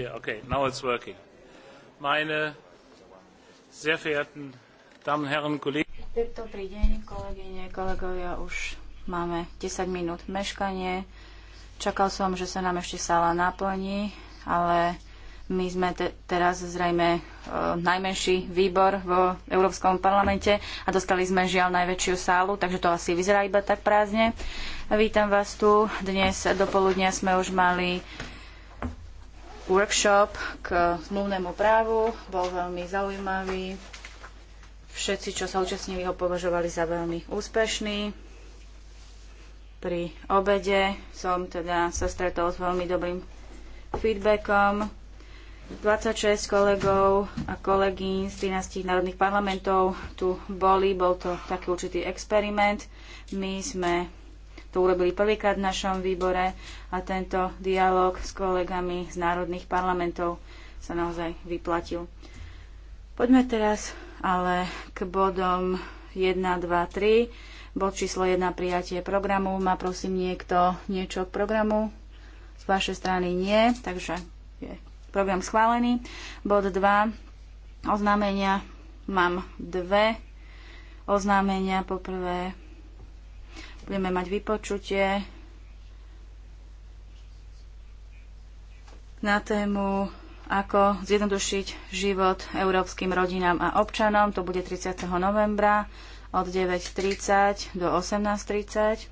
Dobrý deň, kolegyne, kolegovia, už máme 10 minút meškanie. Čakal som, že sa nám ešte sála naplní, ale my sme te- teraz zrejme e, najmenší výbor v Európskom parlamente a dostali sme žiaľ najväčšiu sálu, takže to asi vyzerá iba tak prázdne. Vítam vás tu. Dnes do poludnia sme už mali workshop k zmluvnému právu. Bol veľmi zaujímavý. Všetci, čo sa účastnili, ho považovali za veľmi úspešný. Pri obede som teda sa stretol s veľmi dobrým feedbackom. 26 kolegov a kolegyň z 13 národných parlamentov tu boli. Bol to taký určitý experiment. My sme to urobili prvýkrát v našom výbore a tento dialog s kolegami z národných parlamentov sa naozaj vyplatil. Poďme teraz ale k bodom 1, 2, 3. Bod číslo 1, prijatie programu. Má prosím niekto niečo k programu? Z vašej strany nie, takže je program schválený. Bod 2, oznámenia. Mám dve oznámenia. Poprvé Budeme mať vypočutie na tému ako zjednodušiť život európskym rodinám a občanom. To bude 30. novembra od 9.30 do 18.30.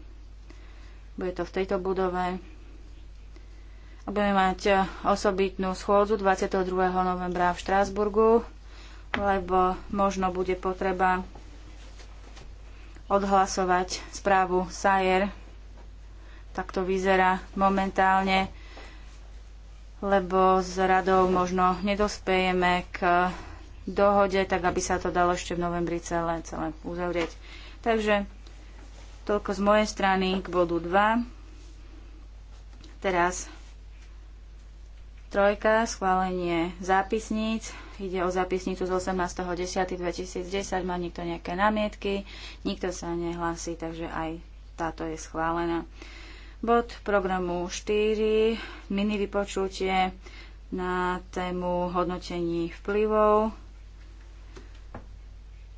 Bude to v tejto budove. A budeme mať osobitnú schôdzu 22. novembra v Štrásburgu, lebo možno bude potreba odhlasovať správu Sajer. Tak to vyzerá momentálne, lebo s radou možno nedospejeme k dohode, tak aby sa to dalo ešte v novembri celé, celé uzavrieť. Takže toľko z mojej strany k bodu 2. Teraz Trojka, schválenie zápisníc. Ide o zápisnicu z 18.10.2010. Má nikto nejaké námietky? Nikto sa nehlási, takže aj táto je schválená. Bod programu 4, mini vypočutie na tému hodnotení vplyvov.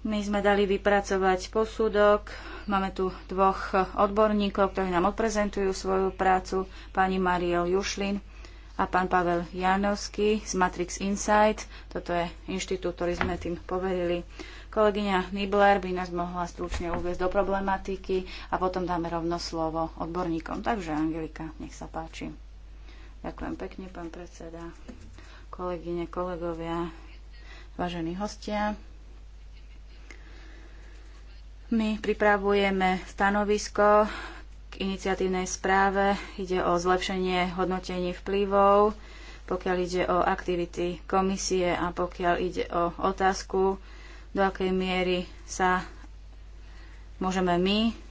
My sme dali vypracovať posudok. Máme tu dvoch odborníkov, ktorí nám odprezentujú svoju prácu. Pani Mariel Jušlin a pán Pavel Janovský z Matrix Insight. Toto je inštitút, ktorý sme tým poverili. Kolegyňa Nibler by nás mohla stručne uviezť do problematiky a potom dáme rovno slovo odborníkom. Takže Angelika, nech sa páči. Ďakujem pekne, pán predseda, kolegyne, kolegovia, vážení hostia. My pripravujeme stanovisko iniciatívnej správe. Ide o zlepšenie hodnotení vplyvov, pokiaľ ide o aktivity komisie a pokiaľ ide o otázku, do akej miery sa môžeme my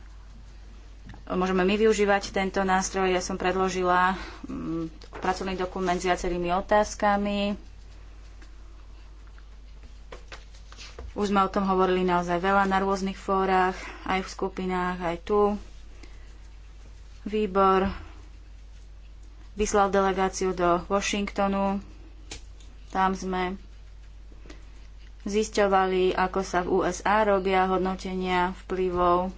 Môžeme my využívať tento nástroj. Ja som predložila mm, pracovný dokument s viacerými otázkami. Už sme o tom hovorili naozaj veľa na rôznych fórach, aj v skupinách, aj tu. Výbor vyslal delegáciu do Washingtonu. Tam sme zisťovali, ako sa v USA robia hodnotenia vplyvov.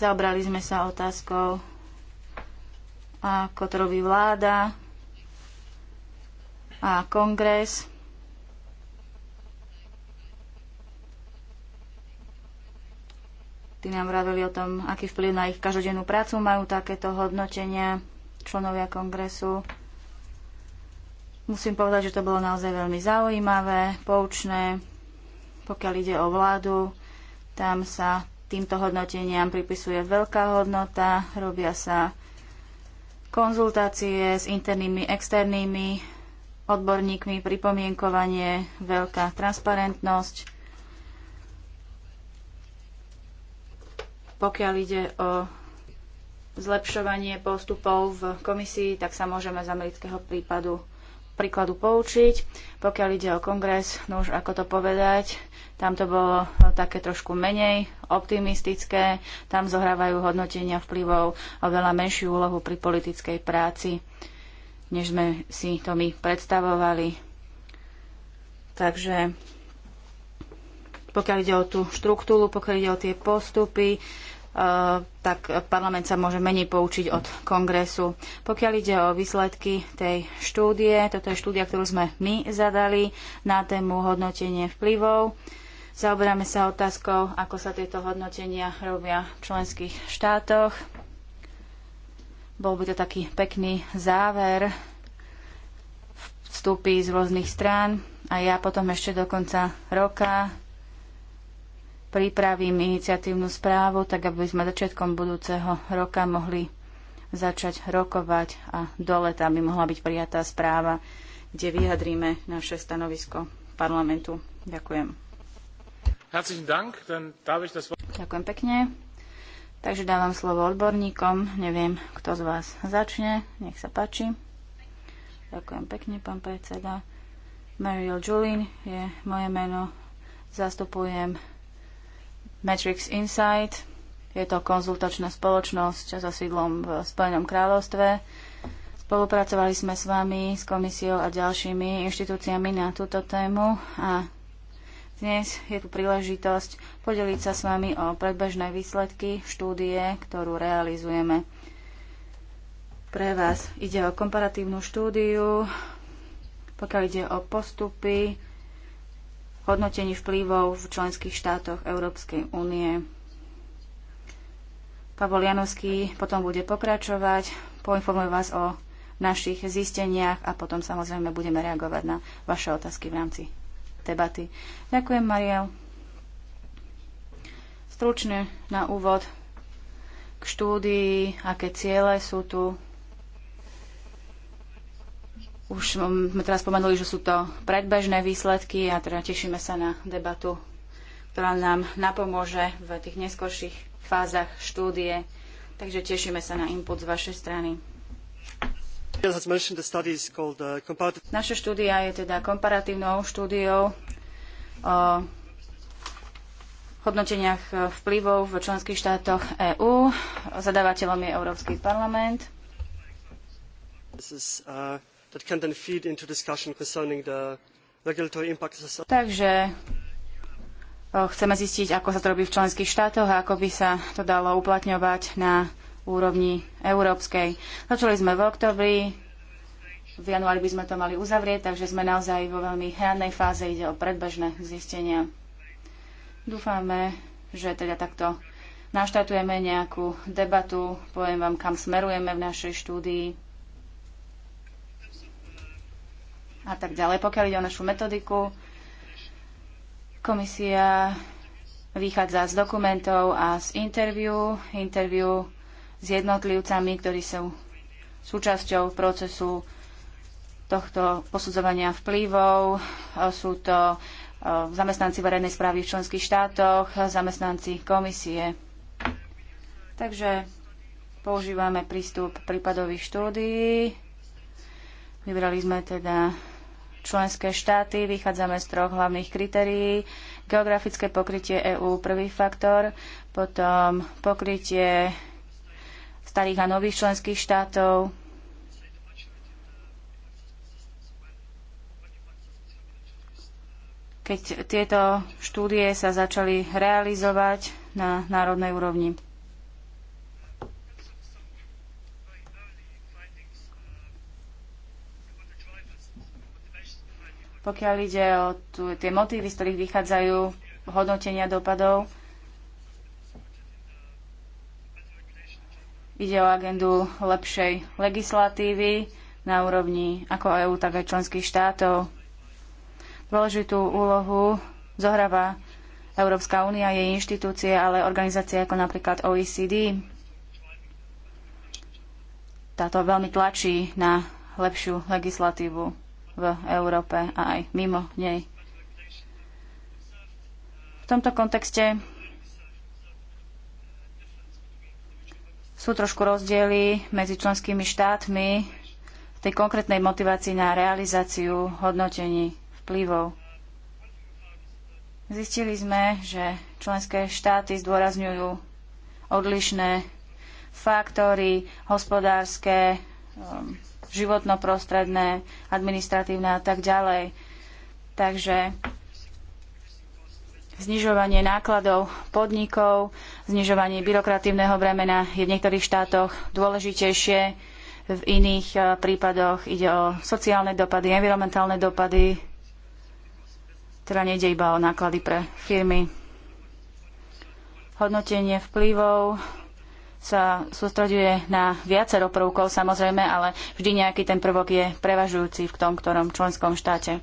Zaobrali sme sa otázkou, ako to robí vláda a kongres. Tí nám vravili o tom, aký vplyv na ich každodennú prácu majú takéto hodnotenia členovia kongresu. Musím povedať, že to bolo naozaj veľmi zaujímavé, poučné. Pokiaľ ide o vládu, tam sa týmto hodnoteniam pripisuje veľká hodnota, robia sa konzultácie s internými, externými odborníkmi, pripomienkovanie, veľká transparentnosť. Pokiaľ ide o zlepšovanie postupov v komisii, tak sa môžeme z amerického prípadu príkladu poučiť. Pokiaľ ide o kongres, no už ako to povedať, tam to bolo také trošku menej optimistické, tam zohrávajú hodnotenia vplyvov veľa menšiu úlohu pri politickej práci, než sme si to my predstavovali. Takže pokiaľ ide o tú štruktúru, pokiaľ ide o tie postupy, Eh, tak parlament sa môže menej poučiť od kongresu. Pokiaľ ide o výsledky tej štúdie, toto je štúdia, ktorú sme my zadali na tému hodnotenie vplyvov. Zaoberáme sa otázkou, ako sa tieto hodnotenia robia v členských štátoch. Bol by to taký pekný záver vstupy z rôznych strán a ja potom ešte do konca roka pripravím iniciatívnu správu, tak aby sme začiatkom budúceho roka mohli začať rokovať a do leta by mohla byť prijatá správa, kde vyjadríme naše stanovisko parlamentu. Ďakujem. Ďakujem pekne. Takže dávam slovo odborníkom. Neviem, kto z vás začne. Nech sa páči. Ďakujem pekne, pán predseda. Mariel Julin je moje meno. Zastupujem Matrix Insight. Je to konzultačná spoločnosť so sídlom v Spojenom kráľovstve. Spolupracovali sme s vami, s komisiou a ďalšími inštitúciami na túto tému a dnes je tu príležitosť podeliť sa s vami o predbežné výsledky štúdie, ktorú realizujeme. Pre vás ide o komparatívnu štúdiu, pokiaľ ide o postupy hodnotení vplyvov v členských štátoch Európskej únie. Pavol Janovský potom bude pokračovať, poinformuje vás o našich zisteniach a potom samozrejme budeme reagovať na vaše otázky v rámci debaty. Ďakujem, Mariel. Stručne na úvod k štúdii, aké ciele sú tu už sme teraz spomenuli, že sú to predbežné výsledky a teda tešíme sa na debatu, ktorá nám napomôže v tých neskorších fázach štúdie. Takže tešíme sa na input z vašej strany. Naša štúdia je teda komparatívnou štúdiou o hodnoteniach vplyvov v členských štátoch EÚ. Zadávateľom je Európsky parlament. This is, uh that can then feed into discussion concerning the regulatory impact. Takže chceme zistiť, ako sa to robí v členských štátoch a ako by sa to dalo uplatňovať na úrovni európskej. Začali sme v oktobri, v januári by sme to mali uzavrieť, takže sme naozaj vo veľmi hranej fáze, ide o predbežné zistenia. Dúfame, že teda takto naštartujeme nejakú debatu, poviem vám, kam smerujeme v našej štúdii a tak ďalej. Pokiaľ ide o našu metodiku, komisia vychádza z dokumentov a z interviu, interviu s jednotlivcami, ktorí sú súčasťou procesu tohto posudzovania vplyvov. Sú to e, zamestnanci verejnej správy v členských štátoch, zamestnanci komisie. Takže používame prístup prípadových štúdií. Vybrali sme teda členské štáty. Vychádzame z troch hlavných kritérií. Geografické pokrytie EÚ, prvý faktor, potom pokrytie starých a nových členských štátov, keď tieto štúdie sa začali realizovať na národnej úrovni. Pokiaľ ide o tu, tie motívy, z ktorých vychádzajú hodnotenia dopadov, ide o agendu lepšej legislatívy na úrovni ako EÚ, tak aj členských štátov. Dôležitú úlohu zohráva Európska únia, jej inštitúcie, ale organizácie ako napríklad OECD. Táto veľmi tlačí na lepšiu legislatívu v Európe a aj mimo nej. V tomto kontexte sú trošku rozdiely medzi členskými štátmi v tej konkrétnej motivácii na realizáciu hodnotení vplyvov. Zistili sme, že členské štáty zdôrazňujú odlišné faktory hospodárske, um, životnoprostredné, administratívne a tak ďalej. Takže znižovanie nákladov podnikov, znižovanie byrokratívneho bremena je v niektorých štátoch dôležitejšie, v iných eh, prípadoch ide o sociálne dopady, environmentálne dopady, teda nejde iba o náklady pre firmy. Hodnotenie vplyvov sa sústreďuje na viacero prvkov samozrejme, ale vždy nejaký ten prvok je prevažujúci v tom ktorom členskom štáte.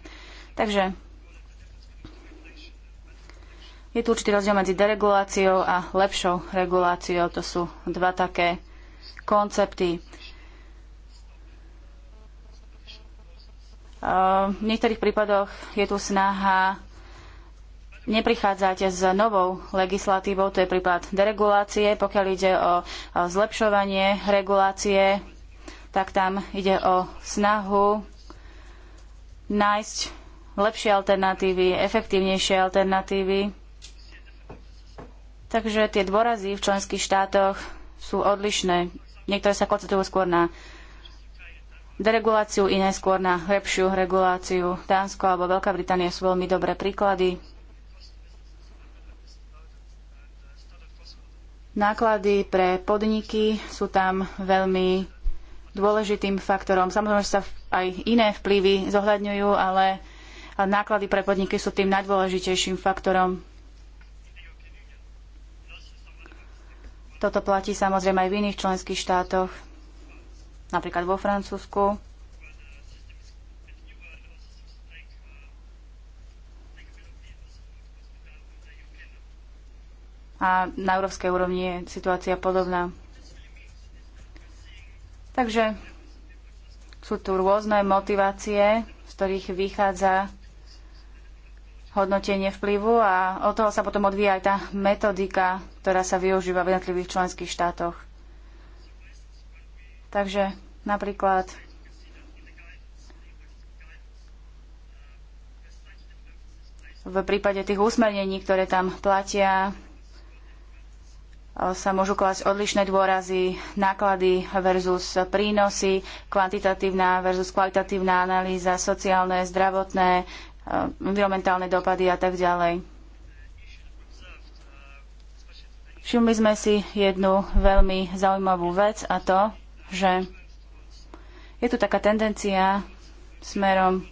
Takže je tu určitý rozdiel medzi dereguláciou a lepšou reguláciou. To sú dva také koncepty. V niektorých prípadoch je tu snaha neprichádzate s novou legislatívou, to je prípad deregulácie. Pokiaľ ide o zlepšovanie regulácie, tak tam ide o snahu nájsť lepšie alternatívy, efektívnejšie alternatívy. Takže tie dôrazy v členských štátoch sú odlišné. Niektoré sa koncentrujú skôr na dereguláciu, iné skôr na lepšiu reguláciu. Dánsko alebo Veľká Británia sú veľmi dobré príklady. Náklady pre podniky sú tam veľmi dôležitým faktorom. Samozrejme, že sa aj iné vplyvy zohľadňujú, ale náklady pre podniky sú tým najdôležitejším faktorom. Toto platí samozrejme aj v iných členských štátoch, napríklad vo Francúzsku. a na európskej úrovni je situácia podobná. Takže sú tu rôzne motivácie, z ktorých vychádza hodnotenie vplyvu a od toho sa potom odvíja aj tá metodika, ktorá sa využíva v jednotlivých členských štátoch. Takže napríklad v prípade tých usmernení, ktoré tam platia, sa môžu klásť odlišné dôrazy, náklady versus prínosy, kvantitatívna versus kvalitatívna analýza, sociálne, zdravotné, e, environmentálne dopady a tak ďalej. Všimli sme si jednu veľmi zaujímavú vec a to, že je tu taká tendencia smerom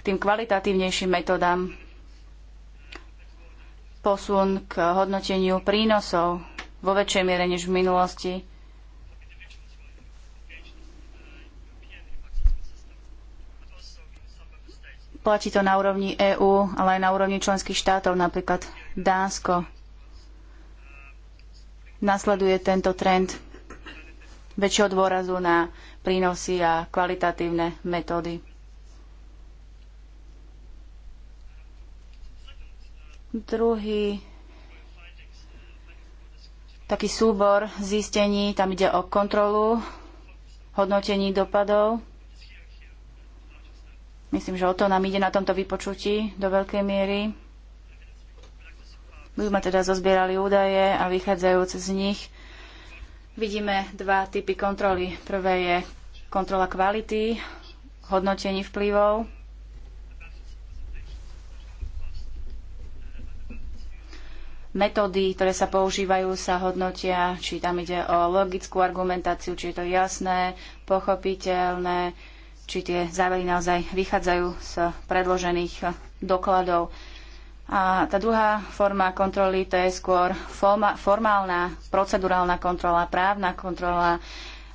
k tým kvalitatívnejším metodám posun k hodnoteniu prínosov vo väčšej miere než v minulosti. Platí to na úrovni EÚ, ale aj na úrovni členských štátov, napríklad Dánsko. Nasleduje tento trend väčšieho dôrazu na prínosy a kvalitatívne metódy. Druhý taký súbor zistení, tam ide o kontrolu, hodnotení dopadov. Myslím, že o to nám ide na tomto vypočutí do veľkej miery. My sme teda zozbierali údaje a vychádzajúce z nich vidíme dva typy kontroly. Prvé je kontrola kvality, hodnotení vplyvov metódy, ktoré sa používajú, sa hodnotia, či tam ide o logickú argumentáciu, či je to jasné, pochopiteľné, či tie závery naozaj vychádzajú z predložených dokladov. A tá druhá forma kontroly to je skôr formálna, procedurálna kontrola, právna kontrola,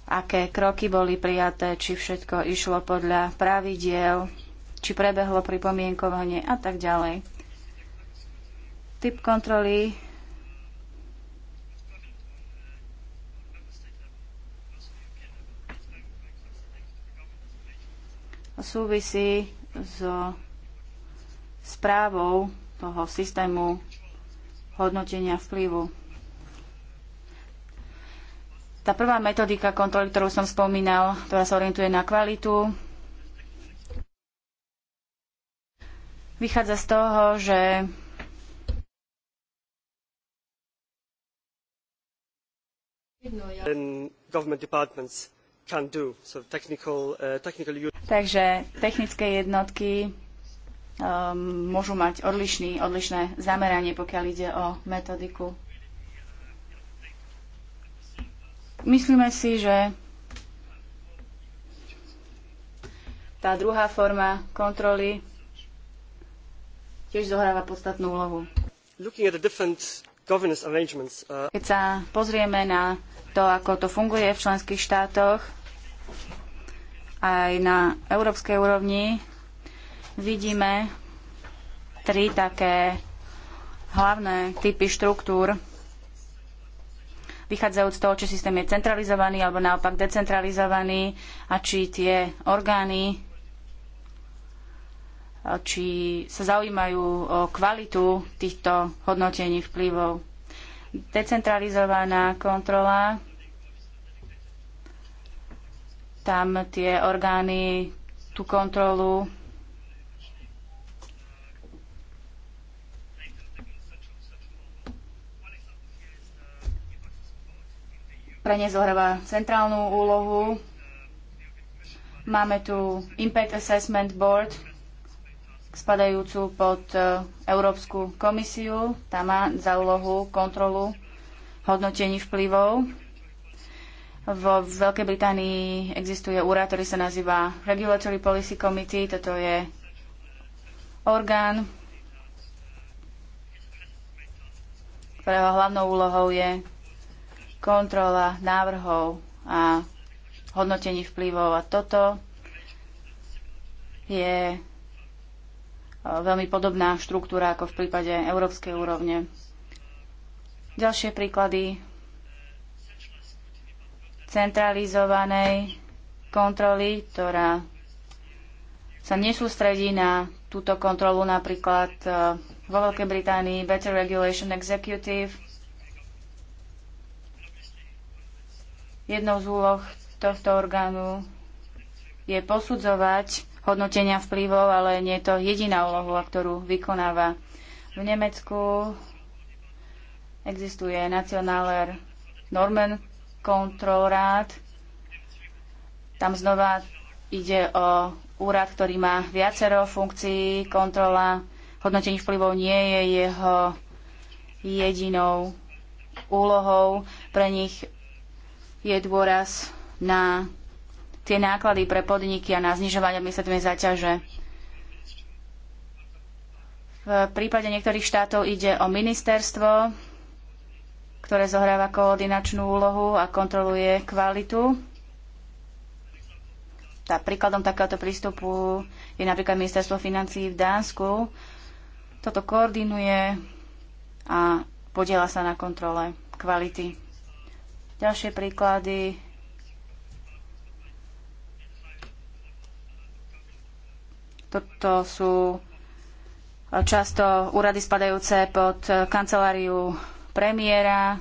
aké kroky boli prijaté, či všetko išlo podľa pravidiel, či prebehlo pripomienkovanie a tak ďalej typ kontroly súvisí so správou toho systému hodnotenia vplyvu. Tá prvá metodika kontroly, ktorú som spomínal, ktorá sa orientuje na kvalitu, vychádza z toho, že Uh, Takže technické jednotky um, môžu mať odlišný, odlišné zameranie, pokiaľ ide o metodiku. Myslíme si, že tá druhá forma kontroly tiež zohráva podstatnú úlohu. Uh, Keď sa pozrieme na to, ako to funguje v členských štátoch aj na európskej úrovni, vidíme tri také hlavné typy štruktúr, vychádzajúc z toho, či systém je centralizovaný alebo naopak decentralizovaný a či tie orgány či sa zaujímajú o kvalitu týchto hodnotení vplyvov decentralizovaná kontrola. Tam tie orgány tú kontrolu pre ne zohráva centrálnu úlohu. Máme tu Impact Assessment Board, spadajúcu pod e, Európsku komisiu. Tá má za úlohu kontrolu hodnotení vplyvov. Vo Veľkej Británii existuje úrad, ktorý sa nazýva Regulatory Policy Committee. Toto je orgán, ktorého hlavnou úlohou je kontrola návrhov a hodnotení vplyvov. A toto je veľmi podobná štruktúra ako v prípade európskej úrovne. Ďalšie príklady centralizovanej kontroly, ktorá sa nesústredí na túto kontrolu napríklad e, vo Veľkej Británii Better Regulation Executive. Jednou z úloh tohto orgánu je posudzovať hodnotenia vplyvov, ale nie je to jediná úloha, ktorú vykonáva. V Nemecku existuje Nationaler Normen Kontrolrát. Tam znova ide o úrad, ktorý má viacero funkcií. Kontrola hodnotení vplyvov nie je jeho jedinou úlohou. Pre nich je dôraz na tie náklady pre podniky a na znižovanie administratívnej záťaže. V prípade niektorých štátov ide o ministerstvo, ktoré zohráva koordinačnú úlohu a kontroluje kvalitu. Tá, príkladom takéhoto prístupu je napríklad ministerstvo financí v Dánsku. Toto koordinuje a podiela sa na kontrole kvality. Ďalšie príklady Toto sú často úrady spadajúce pod kanceláriu premiéra.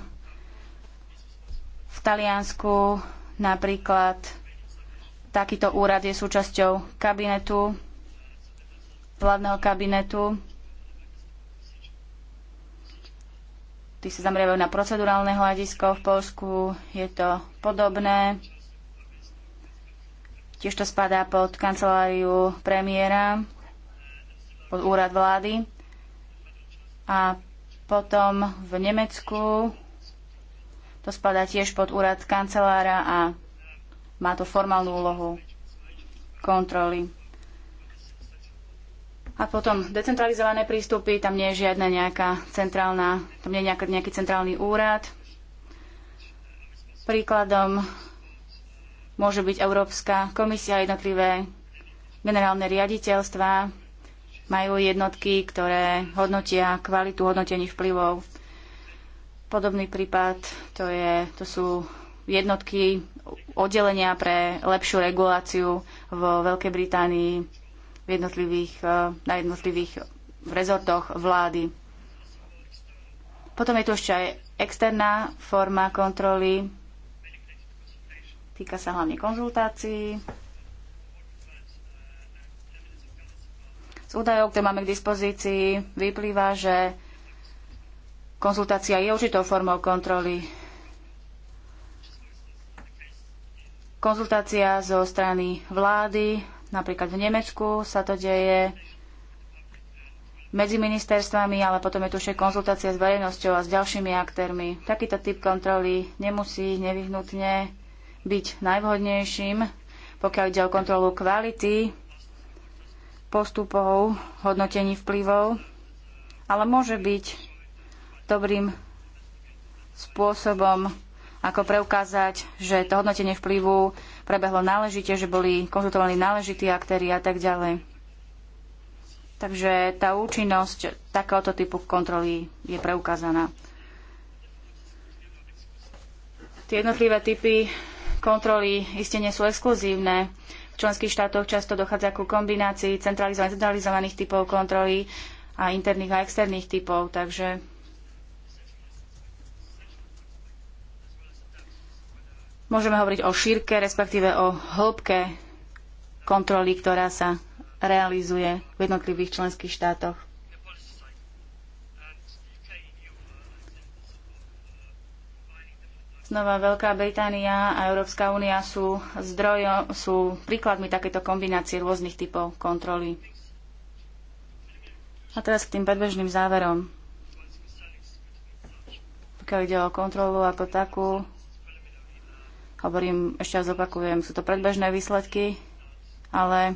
V Taliansku napríklad takýto úrad je súčasťou kabinetu, hlavného kabinetu. Tí sa zameriavajú na procedurálne hľadisko. V Polsku je to podobné. Tiež to spadá pod kanceláriu premiéra, pod úrad vlády. A potom v Nemecku to spadá tiež pod úrad kancelára a má to formálnu úlohu kontroly. A potom decentralizované prístupy, tam nie je žiadna nejaká centrálna, tam nie je nejaký, nejaký centrálny úrad. Príkladom môžu byť Európska komisia, jednotlivé generálne riaditeľstva, majú jednotky, ktoré hodnotia kvalitu hodnotení vplyvov. Podobný prípad to, je, to sú jednotky oddelenia pre lepšiu reguláciu vo Veľkej Británii v jednotlivých, eh, na jednotlivých rezortoch vlády. Potom je tu ešte aj externá forma kontroly, Týka sa hlavne konzultácií, Z údajov, ktoré máme k dispozícii, vyplýva, že konzultácia je určitou formou kontroly. Konzultácia zo strany vlády, napríklad v Nemecku sa to deje medzi ministerstvami, ale potom je tu ešte konzultácia s verejnosťou a s ďalšími aktérmi. Takýto typ kontroly nemusí nevyhnutne byť najvhodnejším, pokiaľ ide o kontrolu kvality postupov, hodnotení vplyvov, ale môže byť dobrým spôsobom, ako preukázať, že to hodnotenie vplyvu prebehlo náležite, že boli konzultovaní náležití aktéry a tak ďalej. Takže tá účinnosť takéhoto typu kontroly je preukázaná. Tie jednotlivé typy Kontroly iste nie sú exkluzívne. V členských štátoch často dochádza ku kombinácii centralizovaných, centralizovaných typov kontroly a interných a externých typov, takže môžeme hovoriť o šírke, respektíve o hĺbke kontroly, ktorá sa realizuje v jednotlivých členských štátoch. Znova Veľká Británia a Európska únia sú, zdrojo, sú príkladmi takéto kombinácie rôznych typov kontroly. A teraz k tým predbežným záverom. Pokiaľ ide o kontrolu ako takú, hovorím, ešte raz opakujem, sú to predbežné výsledky, ale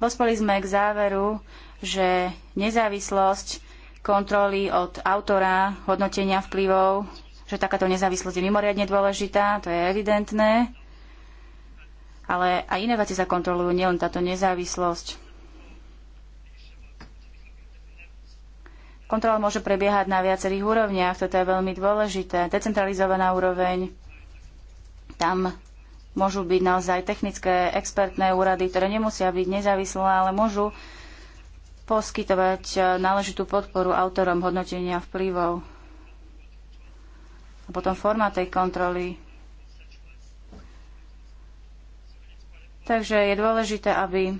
dospeli sme k záveru, že nezávislosť kontroly od autora hodnotenia vplyvov že takáto nezávislosť je mimoriadne dôležitá, to je evidentné, ale aj iné veci sa kontrolujú, nielen táto nezávislosť. Kontrola môže prebiehať na viacerých úrovniach, toto je veľmi dôležité. Decentralizovaná úroveň, tam môžu byť naozaj technické expertné úrady, ktoré nemusia byť nezávislé, ale môžu poskytovať náležitú podporu autorom hodnotenia vplyvov potom forma tej kontroly. Takže je dôležité, aby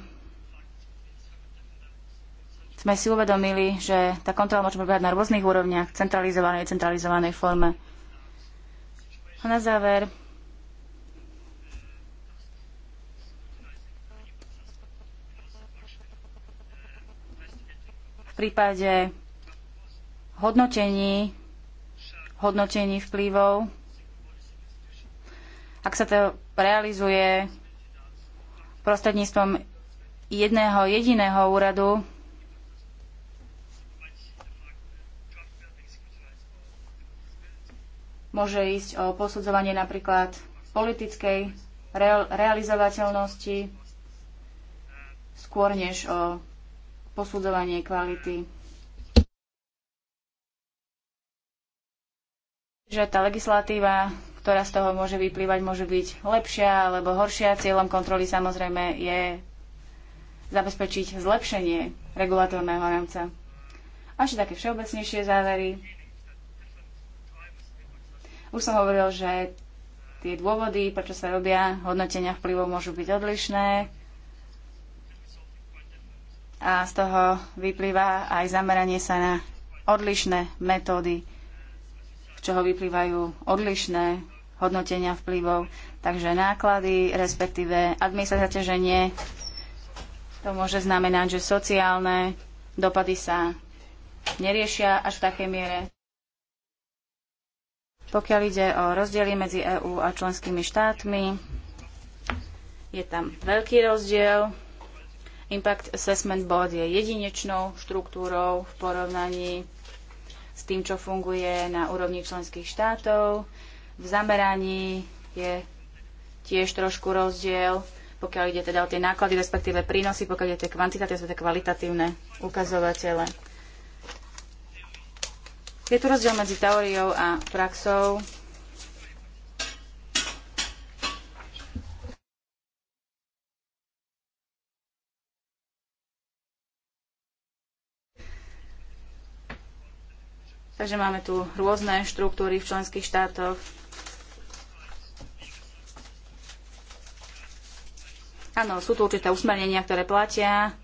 sme si uvedomili, že tá kontrola môže prebiehať na rôznych úrovniach, centralizovanej, centralizovanej forme. A na záver, v prípade hodnotení hodnotení vplyvov. Ak sa to realizuje prostredníctvom jedného jediného úradu, môže ísť o posudzovanie napríklad politickej realizovateľnosti skôr než o posudzovanie kvality že tá legislatíva, ktorá z toho môže vyplývať, môže byť lepšia alebo horšia. Cieľom kontroly samozrejme je zabezpečiť zlepšenie regulatórneho rámca. Až také všeobecnejšie závery. Už som hovoril, že tie dôvody, prečo sa robia hodnotenia vplyvov, môžu byť odlišné a z toho vyplýva aj zameranie sa na odlišné metódy čoho vyplývajú odlišné hodnotenia vplyvov. Takže náklady, respektíve administratívne zaťaženie, to môže znamenať, že sociálne dopady sa neriešia až v takej miere. Pokiaľ ide o rozdiely medzi EÚ a členskými štátmi, je tam veľký rozdiel. Impact Assessment Board je jedinečnou štruktúrou v porovnaní s tým, čo funguje na úrovni členských štátov. V zameraní je tiež trošku rozdiel, pokiaľ ide teda o tie náklady, respektíve prínosy, pokiaľ ide tie kvantitatívne, tie kvalitatívne ukazovatele. Je tu rozdiel medzi teóriou a praxou. Takže máme tu rôzne štruktúry v členských štátoch. Áno, sú tu určité usmernenia, ktoré platia,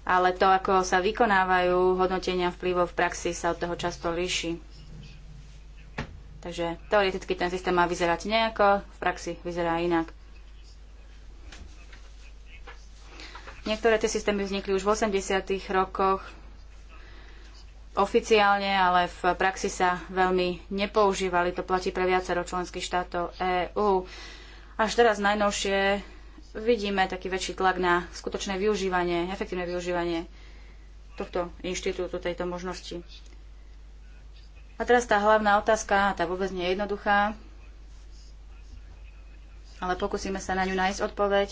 ale to, ako sa vykonávajú hodnotenia vplyvov v praxi, sa od toho často líši. Takže teoreticky ten systém má vyzerať nejako, v praxi vyzerá inak. Niektoré tie systémy vznikli už v 80. rokoch, oficiálne, ale v praxi sa veľmi nepoužívali. To platí pre viacero členských štátov EÚ. Až teraz najnovšie vidíme taký väčší tlak na skutočné využívanie, efektívne využívanie tohto inštitútu, tejto možnosti. A teraz tá hlavná otázka, tá vôbec nie je jednoduchá, ale pokúsime sa na ňu nájsť odpoveď.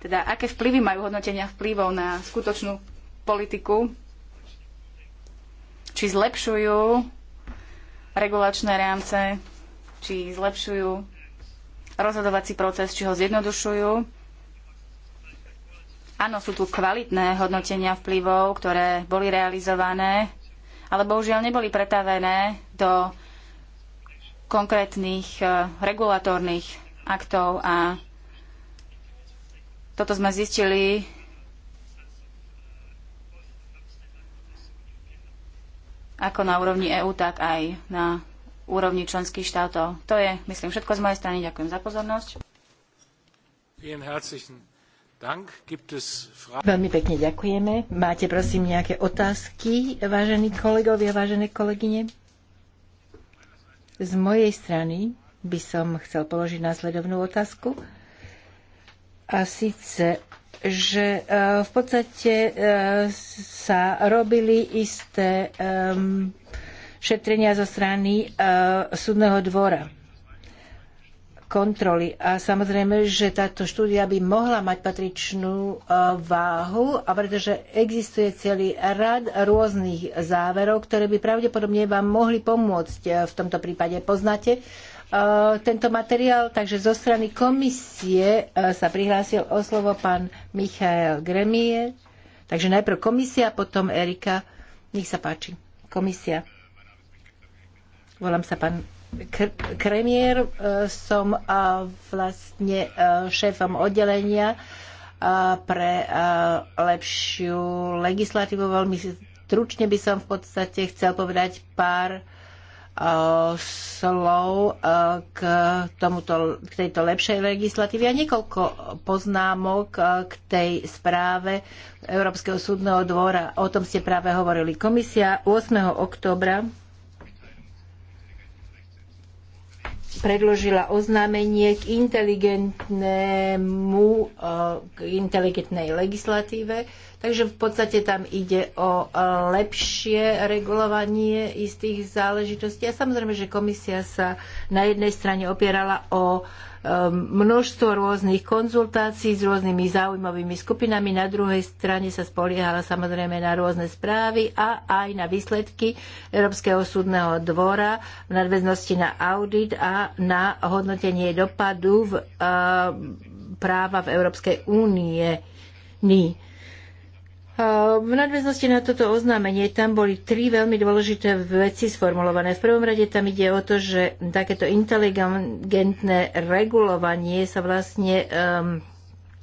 Teda aké vplyvy majú hodnotenia vplyvov na skutočnú politiku? Či zlepšujú regulačné rámce, či zlepšujú rozhodovací proces, či ho zjednodušujú. Áno, sú tu kvalitné hodnotenia vplyvov, ktoré boli realizované, ale bohužiaľ neboli pretavené do konkrétnych eh, regulatórnych aktov a toto sme zistili ako na úrovni EÚ, tak aj na úrovni členských štátov. To je, myslím, všetko z mojej strany. Ďakujem za pozornosť. Veľmi pekne ďakujeme. Máte prosím nejaké otázky, vážení kolegovia, vážené kolegyne? Z mojej strany by som chcel položiť následovnú otázku. A síce že eh, v podstate eh, sa robili isté ehm, šetrenia zo strany eh, súdneho dvora kontroly. A samozrejme, že táto štúdia by mohla mať patričnú váhu, a pretože existuje celý rad rôznych záverov, ktoré by pravdepodobne vám mohli pomôcť v tomto prípade. Poznáte Eh, tento materiál, takže zo strany komisie eh, sa prihlásil o slovo pán Michael Gremier. Takže najprv komisia, potom Erika. Nech sa páči. Komisia. Volám sa pán Kremier, eh, som vlastne šéfom oddelenia pre lepšiu legislatívu. Veľmi stručne by som v podstate chcel povedať pár Eh, slov eh, k, tomuto, k tejto lepšej legislatíve a niekoľko poznámok eh, k tej správe Európskeho súdneho dvora. O tom ste práve hovorili. Komisia 8. oktobra predložila oznámenie k inteligentnému, k inteligentnej legislatíve, Takže v podstate tam ide o e, lepšie regulovanie istých záležitostí. A samozrejme, že komisia sa na jednej strane opierala o e, množstvo rôznych konzultácií s rôznymi záujmovými skupinami. Na druhej strane sa spoliehala samozrejme na rôzne správy a aj na výsledky Európskeho súdneho dvora v nadväznosti na audit a na hodnotenie dopadu v, e, práva v Európskej únie. Nie. V nadväznosti na toto oznámenie tam boli tri veľmi dôležité veci sformulované. V prvom rade tam ide o to, že takéto inteligentné regulovanie sa vlastne um,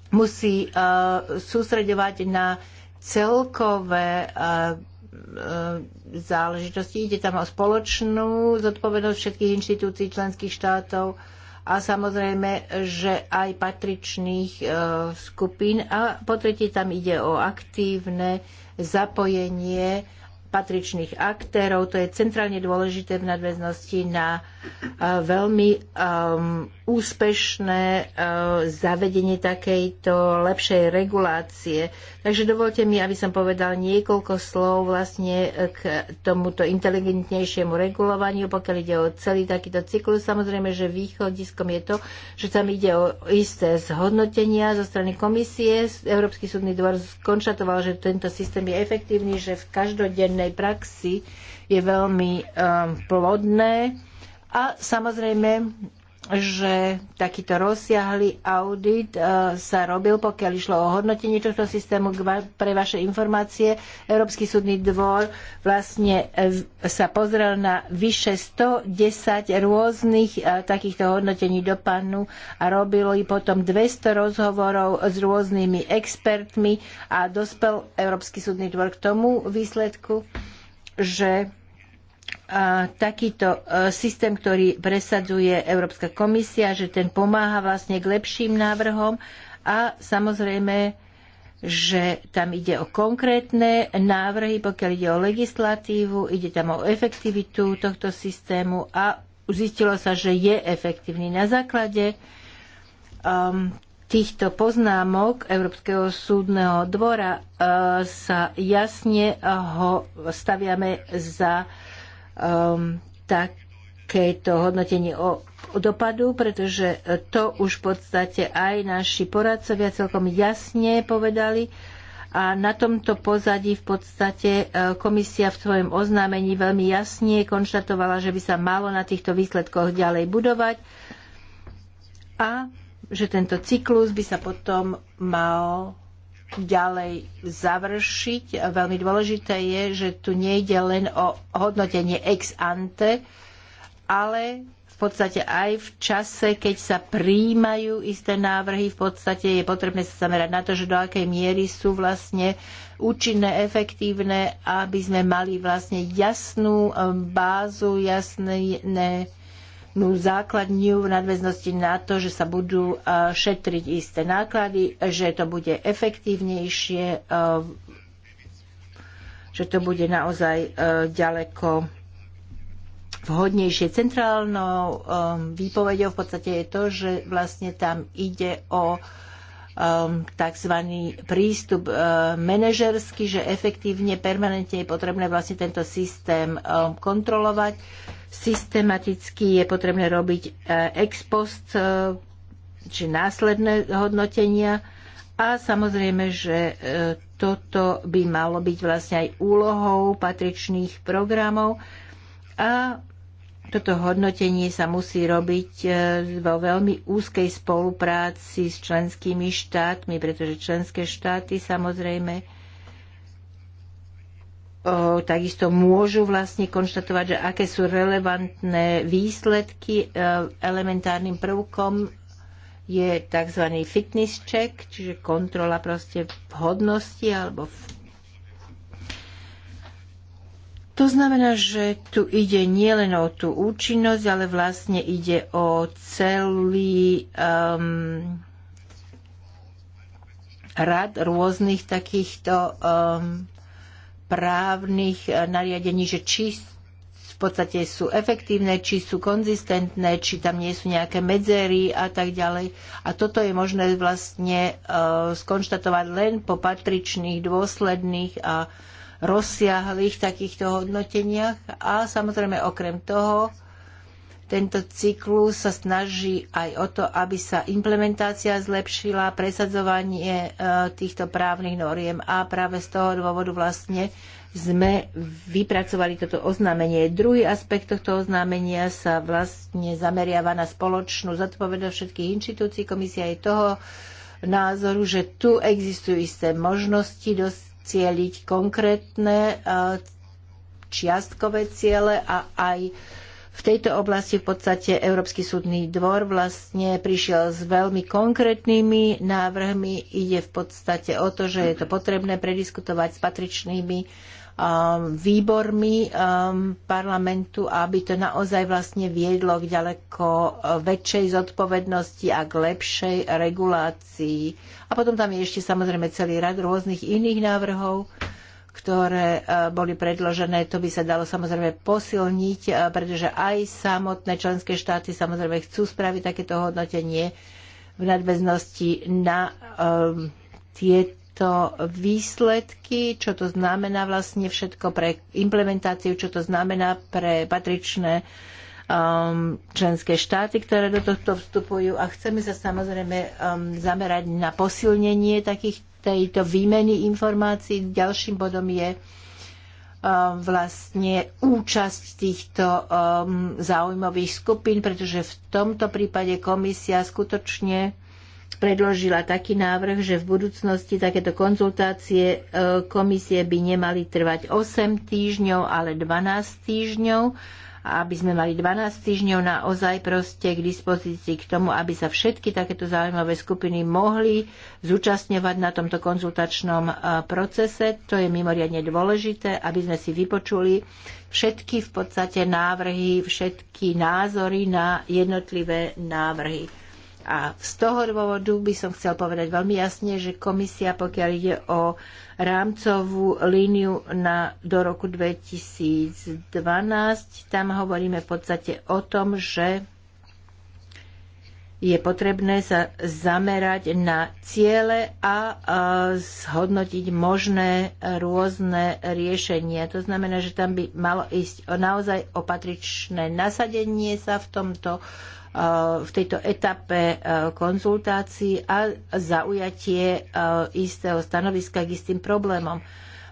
musí uh, sústreďovať na celkové uh, uh záležitosti. Ide tam o spoločnú zodpovednosť všetkých inštitúcií členských štátov, a samozrejme, že aj patričných e, skupín. A po tretie tam ide o aktívne zapojenie patričných aktérov. To je centrálne dôležité v nadväznosti na e, veľmi um, úspešné um, zavedenie takejto lepšej regulácie. Takže dovolte mi, aby som povedal niekoľko slov vlastne k tomuto inteligentnejšiemu regulovaniu, pokiaľ ide o celý takýto cyklus. Samozrejme, že východiskom je to, že tam ide o isté zhodnotenia zo strany komisie. Európsky súdny dvor skonštatoval, že tento systém je efektívny, že v každodenn legislatívnej praxi je veľmi ehm, plodné a samozrejme že takýto rozsiahly audit e, sa robil, pokiaľ išlo o hodnotenie tohto systému pre vaše informácie. Európsky súdny dvor vlastne e, sa pozrel na vyše 110 rôznych e, takýchto hodnotení panu a robilo i potom 200 rozhovorov s rôznymi expertmi a dospel Európsky súdny dvor k tomu výsledku, že takýto e, systém, ktorý presadzuje Európska komisia, že ten pomáha vlastne k lepším návrhom a samozrejme, že tam ide o konkrétne návrhy, pokiaľ ide o legislatívu, ide tam o efektivitu tohto systému a zistilo sa, že je efektívny. Na základe um, týchto poznámok Európskeho súdneho dvora uh, sa jasne uh, ho staviame za uh, um, takéto hodnotenie o, o dopadu, pretože to už v podstate aj naši poradcovia celkom jasne povedali, a na tomto pozadí v podstate uh, komisia v svojom oznámení veľmi jasne konštatovala, že by sa malo na týchto výsledkoch ďalej budovať a že tento cyklus by sa potom mal ďalej završiť. Veľmi dôležité je, že tu nejde len o hodnotenie ex ante, ale v podstate aj v čase, keď sa príjmajú isté návrhy, v podstate je potrebné sa zamerať na to, že do akej miery sú vlastne účinné, efektívne, aby sme mali vlastne jasnú um, bázu, jasné No, základňu v nadväznosti na to, že sa budú e, šetriť isté náklady, že to bude efektívnejšie, e, že to bude naozaj e, ďaleko vhodnejšie. Centrálnou výpovedou v podstate je to, že vlastne tam ide o tzv. prístup manažerský, že efektívne, permanentne je potrebné vlastne tento systém kontrolovať Systematicky je potrebné robiť e, ex post, e, či následné hodnotenia a samozrejme, že e, toto by malo byť vlastne aj úlohou patričných programov a toto hodnotenie sa musí robiť vo veľmi úzkej spolupráci s členskými štátmi, pretože členské štáty samozrejme takisto môžu vlastne konštatovať, že aké sú relevantné výsledky e, elementárnym prvkom je tzv. fitness check, čiže kontrola proste vhodnosti alebo v... To znamená, že tu ide nielen o tú účinnosť, ale vlastne ide o celý um, rad rôznych takýchto um, právnych eh, nariadení, že či v podstate sú efektívne, či sú konzistentné, či tam nie sú nejaké medzery a tak ďalej. A toto je možné vlastne eh, skonštatovať len po patričných, dôsledných a rozsiahlých takýchto hodnoteniach. A samozrejme okrem toho tento cyklus sa snaží aj o to, aby sa implementácia zlepšila, presadzovanie e, týchto právnych noriem a práve z toho dôvodu vlastne sme vypracovali toto oznámenie. Druhý aspekt tohto oznámenia sa vlastne zameriava na spoločnú zodpovednosť všetkých inštitúcií. Komisia je toho názoru, že tu existujú isté možnosti docieliť konkrétne e, čiastkové ciele a aj v tejto oblasti v podstate Európsky súdny dvor vlastne prišiel s veľmi konkrétnymi návrhmi. Ide v podstate o to, že je to potrebné prediskutovať s patričnými um, výbormi um, parlamentu, aby to naozaj vlastne viedlo k ďaleko uh, väčšej zodpovednosti a k lepšej regulácii. A potom tam je ešte samozrejme celý rad rôznych iných návrhov ktoré e, boli predložené, to by sa dalo samozrejme posilniť, e, pretože aj samotné členské štáty samozrejme chcú spraviť takéto hodnotenie v nadväznosti na um, tieto výsledky, čo to znamená vlastne všetko pre implementáciu, čo to znamená pre patričné um, členské štáty, ktoré do tohto vstupujú a chceme sa samozrejme um, zamerať na posilnenie takých tejto výmeny informácií. Ďalším bodom je um, vlastne účasť týchto um, záujmových skupín, pretože v tomto prípade komisia skutočne predložila taký návrh, že v budúcnosti takéto konzultácie uh, komisie by nemali trvať 8 týždňov, ale 12 týždňov aby sme mali 12 týždňov naozaj proste k dispozícii k tomu, aby sa všetky takéto zaujímavé skupiny mohli zúčastňovať na tomto konzultačnom e, procese. To je mimoriadne dôležité, aby sme si vypočuli všetky v podstate návrhy, všetky názory na jednotlivé návrhy a z toho dôvodu by som chcel povedať veľmi jasne, že komisia, pokiaľ ide o rámcovú líniu na, do roku 2012, tam hovoríme v podstate o tom, že je potrebné sa zamerať na ciele a zhodnotiť možné rôzne riešenia. To znamená, že tam by malo ísť naozaj opatričné nasadenie sa v tomto v tejto etape e, konzultácií a zaujatie e, istého stanoviska k istým problémom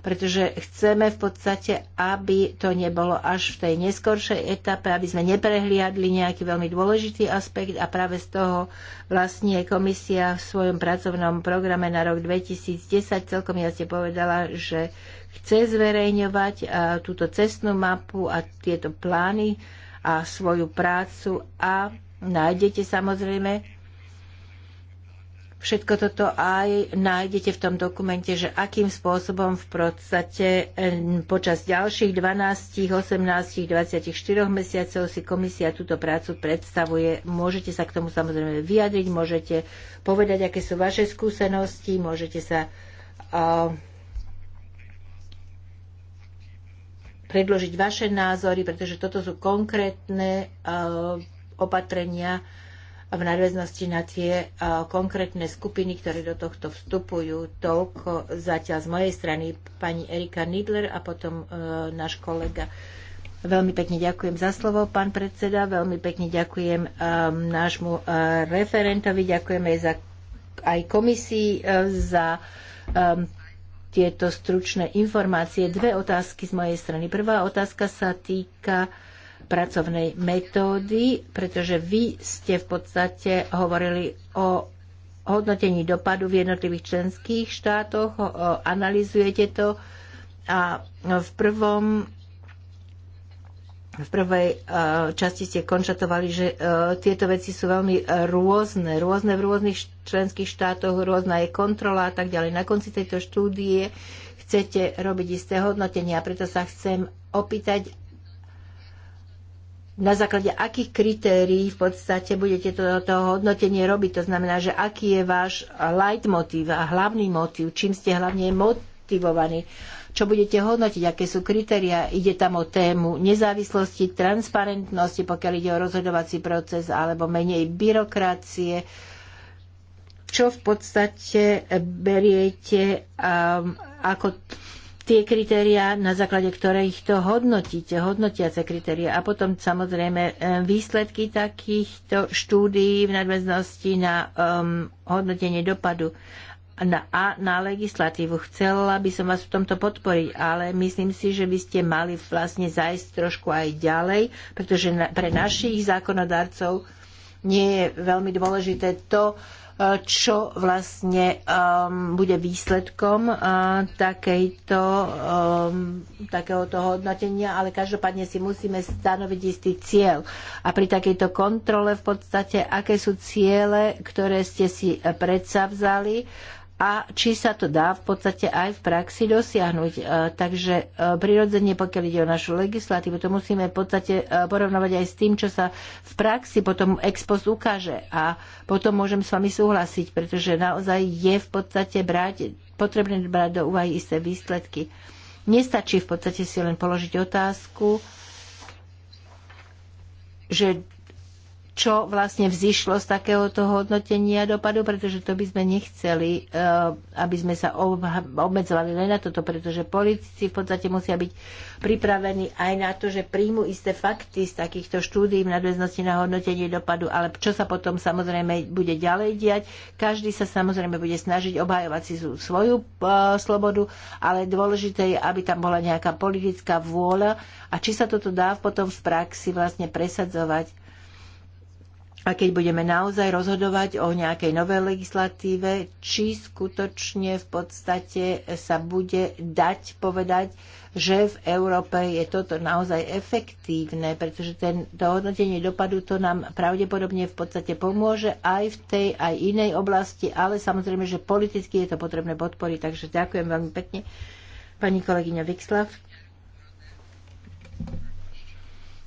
pretože chceme v podstate, aby to nebolo až v tej neskoršej etape, aby sme neprehliadli nejaký veľmi dôležitý aspekt a práve z toho vlastne komisia v svojom pracovnom programe na rok 2010 celkom jasne povedala, že chce zverejňovať e, túto cestnú mapu a tieto plány a svoju prácu a nájdete samozrejme. Všetko toto aj nájdete v tom dokumente, že akým spôsobom v podstate počas ďalších 12, 18, 24 mesiacov si komisia túto prácu predstavuje. Môžete sa k tomu samozrejme vyjadriť, môžete povedať, aké sú vaše skúsenosti, môžete sa uh, predložiť vaše názory, pretože toto sú konkrétne uh, opatrenia v nadväznosti na tie e, konkrétne skupiny, ktoré do tohto vstupujú. Toľko zatiaľ z mojej strany pani Erika Nidler a potom e, náš kolega. Veľmi pekne ďakujem za slovo, pán predseda. Veľmi pekne ďakujem e, nášmu referentovi. Ďakujem aj, za, aj komisii za tieto stručné informácie. Dve otázky z mojej strany. Prvá otázka sa týka pracovnej metódy, pretože vy ste v podstate hovorili o hodnotení dopadu v jednotlivých členských štátoch, analizujete to a v prvom v prvej e, časti ste konštatovali, že e, tieto veci sú veľmi rôzne. Rôzne v rôznych členských štátoch, rôzna je kontrola a tak ďalej. Na konci tejto štúdie chcete robiť isté hodnotenie a preto sa chcem opýtať, na základe akých kritérií v podstate budete to, to hodnotenie robiť. To znamená, že aký je váš leitmotív a hlavný motív, čím ste hlavne motivovaní, čo budete hodnotiť, aké sú kritéria. Ide tam o tému nezávislosti, transparentnosti, pokiaľ ide o rozhodovací proces, alebo menej byrokracie, čo v podstate beriete um, ako tie kritériá, na základe ktorých to hodnotíte, hodnotiace kritériá a potom samozrejme e, výsledky takýchto štúdií v nadväznosti na um, hodnotenie dopadu na, a na legislatívu. Chcela by som vás v tomto podporiť, ale myslím si, že by ste mali vlastne zajsť trošku aj ďalej, pretože na, pre našich zákonodarcov nie je veľmi dôležité to, e, čo vlastne um, bude výsledkom uh, takejto, um, takéhoto hodnotenia, ale každopádne si musíme stanoviť istý cieľ. A pri takejto kontrole v podstate, aké sú ciele, ktoré ste si predsavzali a či sa to dá v podstate aj v praxi dosiahnuť. E, takže e, prirodzene, pokiaľ ide o našu legislatívu, to musíme v podstate e, porovnovať aj s tým, čo sa v praxi potom ex post ukáže. A potom môžem s vami súhlasiť, pretože naozaj je v podstate brať, potrebné brať do úvahy isté výsledky. Nestačí v podstate si len položiť otázku, že čo vlastne vzýšlo z takéhoto hodnotenia dopadu, pretože to by sme nechceli, eh, aby sme sa obmedzovali len na toto, pretože politici v podstate musia byť pripravení aj na to, že príjmu isté fakty z takýchto štúdí v nadväznosti na hodnotenie dopadu, ale čo sa potom samozrejme bude ďalej diať. Každý sa samozrejme bude snažiť obhajovať si svoju eh, slobodu, ale dôležité je, aby tam bola nejaká politická vôľa a či sa toto dá potom v praxi vlastne presadzovať a keď budeme naozaj rozhodovať o nejakej novej legislatíve, či skutočne v podstate sa bude dať povedať, že v Európe je toto naozaj efektívne, pretože ten, to hodnotenie dopadu to nám pravdepodobne v podstate pomôže aj v tej, aj inej oblasti, ale samozrejme, že politicky je to potrebné podporiť. Takže ďakujem veľmi pekne, pani kolegyňa Vixlav.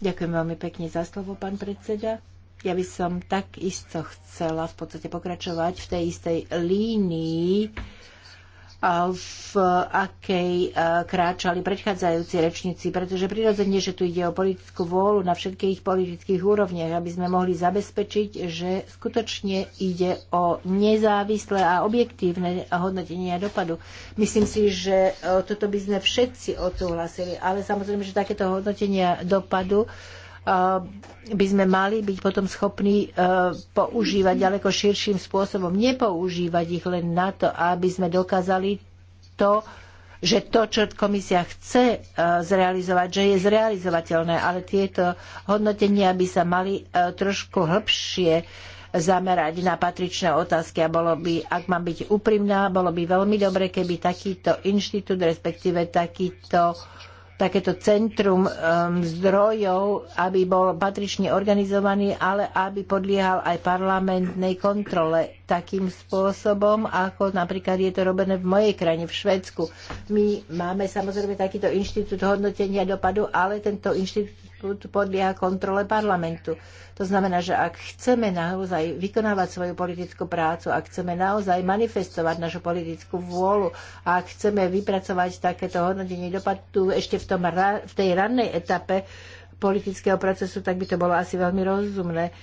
Ďakujem veľmi pekne za slovo, pán predseda. Ja by som takisto chcela v podstate pokračovať v tej istej línii, v akej kráčali predchádzajúci rečníci, pretože prirodzene, že tu ide o politickú vôľu na všetkých politických úrovniach, aby sme mohli zabezpečiť, že skutočne ide o nezávislé a objektívne hodnotenie dopadu. Myslím si, že toto by sme všetci odsúhlasili, ale samozrejme, že takéto hodnotenia dopadu uh, Eh, by sme mali byť potom schopní eh, používať ďaleko širším spôsobom. Nepoužívať ich len na to, aby sme dokázali to, že to, čo komisia chce eh, zrealizovať, že je zrealizovateľné, ale tieto hodnotenia by sa mali trošku hĺbšie zamerať na patričné otázky a bolo by, ak mám byť úprimná, bolo by veľmi dobre, keby takýto inštitút, respektíve takýto uh, takéto centrum um, zdrojov, aby bol patrične organizovaný, ale aby podliehal aj parlamentnej kontrole takým spôsobom, ako napríklad je to robené v mojej krajine, v Švedsku. My máme samozrejme takýto inštitút hodnotenia dopadu, ale tento inštitút podlieha kontrole parlamentu. To znamená, že ak chceme naozaj vykonávať svoju politickú prácu, ak chceme naozaj manifestovať našu politickú vôľu, ak chceme vypracovať takéto hodnotenie dopadu ešte v, tom, v tej rannej etape politického procesu, tak by to bolo asi veľmi rozumné.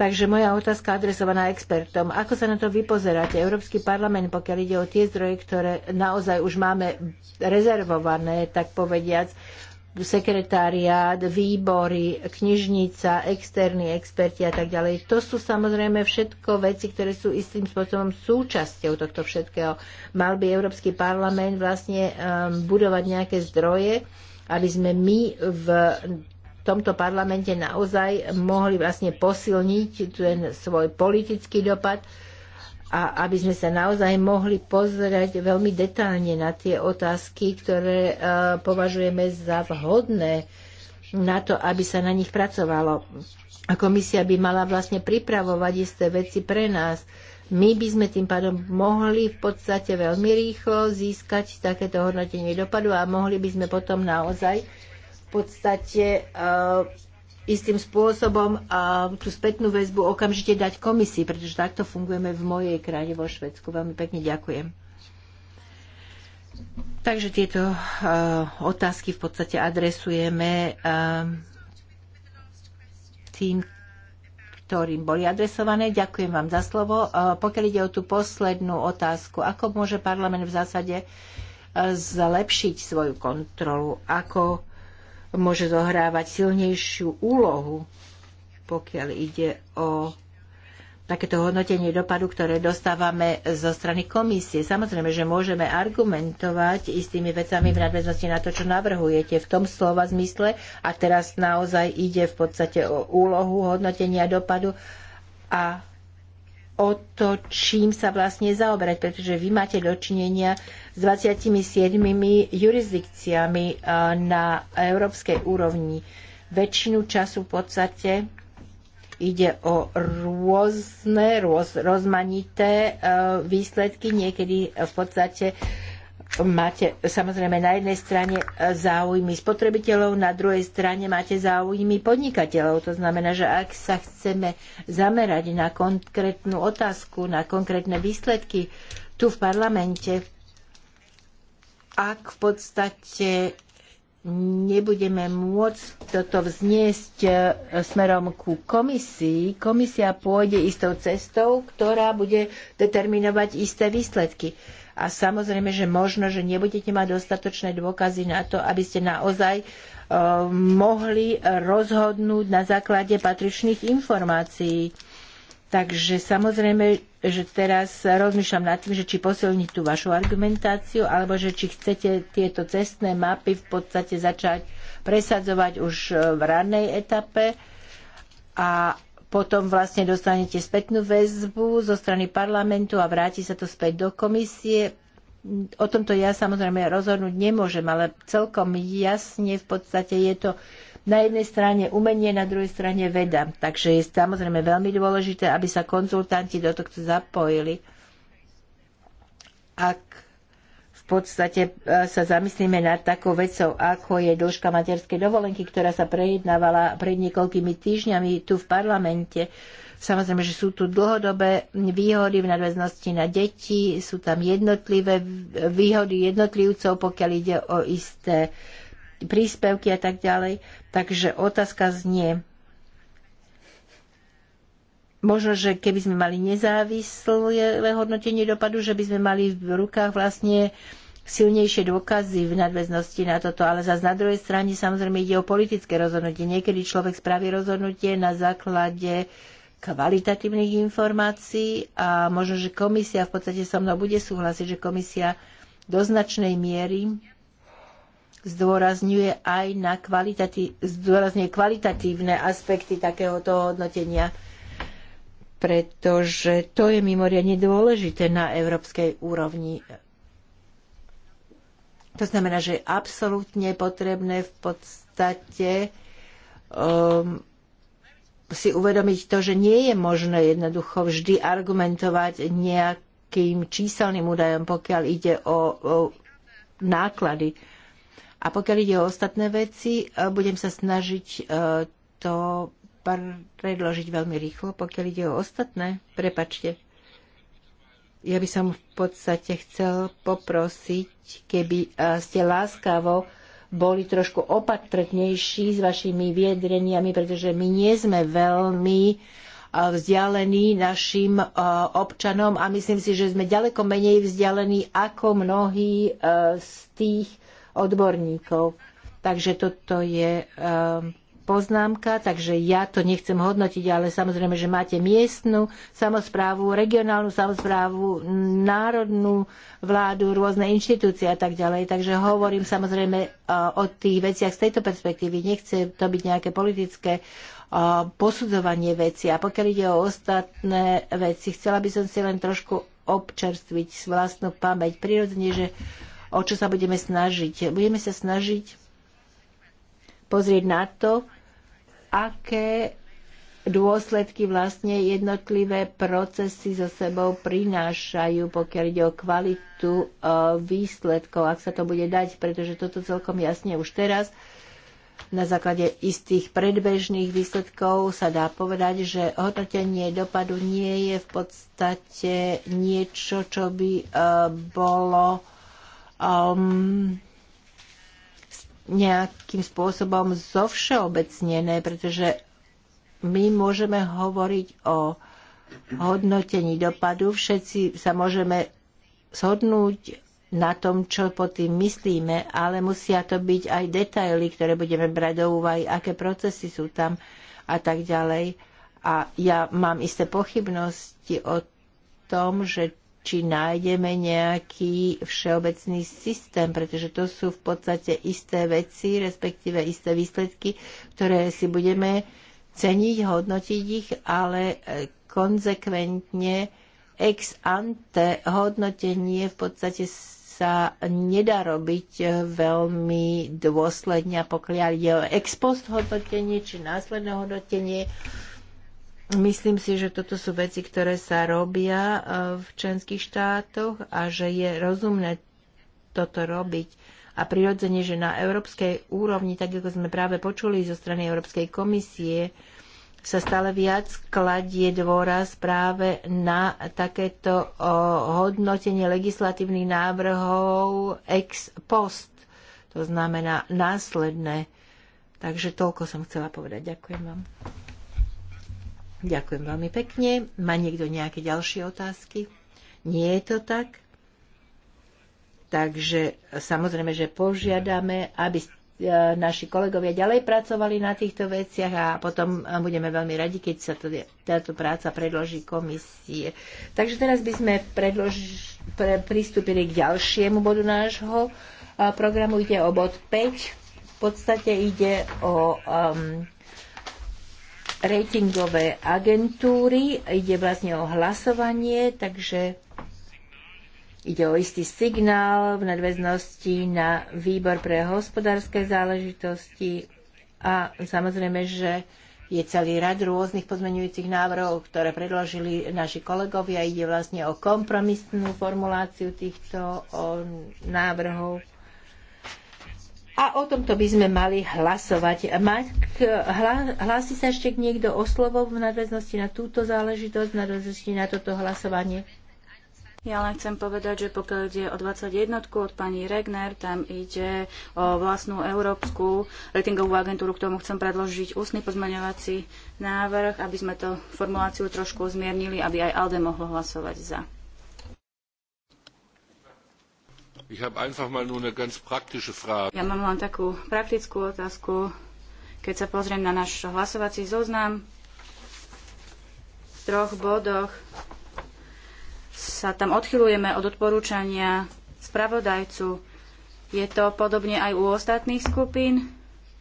Takže moja otázka adresovaná expertom. Ako sa na to vypozeráte? Európsky parlament, pokiaľ ide o tie zdroje, ktoré naozaj už máme rezervované, tak povediac, sekretariát, výbory, knižnica, externí experti a tak ďalej. To sú samozrejme všetko veci, ktoré sú istým spôsobom súčasťou tohto všetkého. Mal by Európsky parlament vlastne um, budovať nejaké zdroje, aby sme my v tomto parlamente naozaj mohli vlastne posilniť ten svoj politický dopad a aby sme sa naozaj mohli pozerať veľmi detálne na tie otázky, ktoré e, považujeme za vhodné na to, aby sa na nich pracovalo. A komisia by mala vlastne pripravovať isté veci pre nás. My by sme tým pádom mohli v podstate veľmi rýchlo získať takéto hodnotenie dopadu a mohli by sme potom naozaj podstate eh, istým spôsobom eh, tú spätnú väzbu okamžite dať komisii, pretože takto fungujeme v mojej krajine vo Švedsku. Veľmi pekne ďakujem. Takže tieto eh, otázky v podstate adresujeme tým, ktorým boli adresované. Ďakujem vám za slovo. Pokiaľ ide o tú poslednú otázku, ako môže parlament v zásade zlepšiť svoju kontrolu, ako môže zohrávať silnejšiu úlohu, pokiaľ ide o takéto hodnotenie dopadu, ktoré dostávame zo strany komisie. Samozrejme, že môžeme argumentovať istými vecami v nadväznosti na to, čo navrhujete v tom slova zmysle a teraz naozaj ide v podstate o úlohu hodnotenia dopadu a o to, čím sa vlastne zaoberať, pretože vy máte dočinenia s 27 jurisdikciami eh, na európskej úrovni. Väčšinu času v podstate ide o rôzne, rôz, rozmanité eh, výsledky. Niekedy eh, v podstate máte samozrejme na jednej strane záujmy spotrebiteľov, na druhej strane máte záujmy podnikateľov. To znamená, že ak sa chceme zamerať na konkrétnu otázku, na konkrétne výsledky tu v parlamente, ak v podstate nebudeme môcť toto vzniesť e, smerom ku komisii, komisia pôjde istou cestou, ktorá bude determinovať isté výsledky. A samozrejme, že možno, že nebudete mať dostatočné dôkazy na to, aby ste naozaj e, mohli rozhodnúť na základe patričných informácií. Takže samozrejme, že teraz rozmýšľam nad tým, že či posilniť tú vašu argumentáciu, alebo že či chcete tieto cestné mapy v podstate začať presadzovať už e, v rannej etape a potom vlastne dostanete spätnú väzbu zo strany parlamentu a vráti sa to späť do komisie. O tomto ja samozrejme rozhodnúť nemôžem, ale celkom jasne v podstate je to na jednej strane umenie, na druhej strane veda. Takže je samozrejme veľmi dôležité, aby sa konzultanti do tohto zapojili. Ak v podstate e, sa zamyslíme nad takou vecou, ako je dĺžka materskej dovolenky, ktorá sa prejednávala pred niekoľkými týždňami tu v parlamente, Samozrejme, že sú tu dlhodobé výhody v nadväznosti na deti, sú tam jednotlivé výhody jednotlivcov, pokiaľ ide o isté uh, príspevky a tak ďalej. Takže otázka znie, možno, že keby sme mali nezávislé hodnotenie dopadu, že by sme mali v rukách vlastne silnejšie dôkazy v nadväznosti na toto, ale zase na druhej strane samozrejme ide o politické rozhodnutie. Niekedy človek spraví rozhodnutie na základe kvalitatívnych informácií a možno, že komisia v podstate so mnou bude súhlasiť, že komisia do značnej miery zdôrazňuje aj na kvalitati- zdôrazňuje kvalitatívne aspekty takéhoto hodnotenia, pretože to je mimoriadne dôležité na európskej úrovni. To znamená, že je absolútne potrebné v podstate um, si uvedomiť to, že nie je možné jednoducho vždy argumentovať nejakým číselným údajom, pokiaľ ide o, o náklady. A pokiaľ ide o ostatné veci, e, budem sa snažiť e, to predložiť veľmi rýchlo. Pokiaľ ide o ostatné, prepačte. Ja by som v podstate chcel poprosiť, keby e, ste láskavo boli trošku opatrnejší s vašimi viedreniami, pretože my nie sme veľmi vzdialení našim občanom a myslím si, že sme ďaleko menej vzdialení ako mnohí z tých odborníkov. Takže toto je ehm, poznámka, takže ja to nechcem hodnotiť, ale samozrejme, že máte miestnu samozprávu, regionálnu samozprávu, národnú vládu, rôzne inštitúcie a tak ďalej. Takže hovorím samozrejme eh, o tých veciach z tejto perspektívy. Nechce to byť nejaké politické eh, posudzovanie veci. A pokiaľ ide o ostatné veci, chcela by som si len trošku občerstviť vlastnú pamäť. Prirodzene, že o čo sa budeme snažiť. Budeme sa snažiť pozrieť na to, aké dôsledky vlastne jednotlivé procesy so sebou prinášajú, pokiaľ ide o kvalitu e, výsledkov, ak sa to bude dať, pretože toto celkom jasne už teraz na základe istých predbežných výsledkov sa dá povedať, že hodnotenie dopadu nie je v podstate niečo, čo by e, bolo um, nejakým spôsobom zovšeobecnené, pretože my môžeme hovoriť o hodnotení dopadu. Všetci sa môžeme zhodnúť na tom, čo po tým myslíme, ale musia to byť aj detaily, ktoré budeme brať do úvahy, aké procesy sú tam a tak ďalej. A ja mám isté pochybnosti o tom, že či nájdeme nejaký všeobecný systém, pretože to sú v podstate isté veci, respektíve isté výsledky, ktoré si budeme ceniť, hodnotiť ich, ale e, konzekventne ex ante hodnotenie v podstate sa nedá robiť e, veľmi dôsledne, pokiaľ je ex post hodnotenie či následné hodnotenie Myslím si, že toto sú veci, ktoré sa robia e, v členských štátoch a že je rozumné toto robiť. A prirodzene, že na európskej úrovni, tak ako sme práve počuli zo strany Európskej komisie, sa stále viac kladie dôraz práve na takéto hodnotenie legislatívnych návrhov ex post, to znamená následné. Takže toľko som chcela povedať. Ďakujem vám. Ďakujem veľmi pekne. Má niekto nejaké ďalšie otázky? Nie je to tak? Takže samozrejme, že požiadame, aby e, naši kolegovia ďalej pracovali na týchto veciach a potom budeme veľmi radi, keď sa to, táto práca predloží komisie. Takže teraz by sme predlož, pre, pristúpili k ďalšiemu bodu nášho e, programu. Ide o bod 5. V podstate ide o um, ratingové agentúry. Ide vlastne o hlasovanie, takže ide o istý signál v nadväznosti na výbor pre hospodárske záležitosti a samozrejme, že je celý rad rôznych pozmeňujúcich návrhov, ktoré predložili naši kolegovia. Ide vlastne o kompromisnú formuláciu týchto návrhov a o tomto by sme mali hlasovať. Mať, hlási sa ešte niekto o slovo v nadväznosti na túto záležitosť, v nadväznosti na toto hlasovanie? Ja len chcem povedať, že pokiaľ ide o 21 od pani Regner, tam ide o vlastnú európsku ratingovú agentúru, k tomu chcem predložiť ústny pozmaňovací návrh, aby sme to formuláciu trošku zmiernili, aby aj ALDE mohlo hlasovať za. Ich habe einfach mal nur eine ganz praktische Frage. Ja mám len takú praktickú otázku. Keď sa pozriem na náš hlasovací zoznam, v troch bodoch sa tam odchylujeme od odporúčania spravodajcu. Je to podobne aj u ostatných skupín,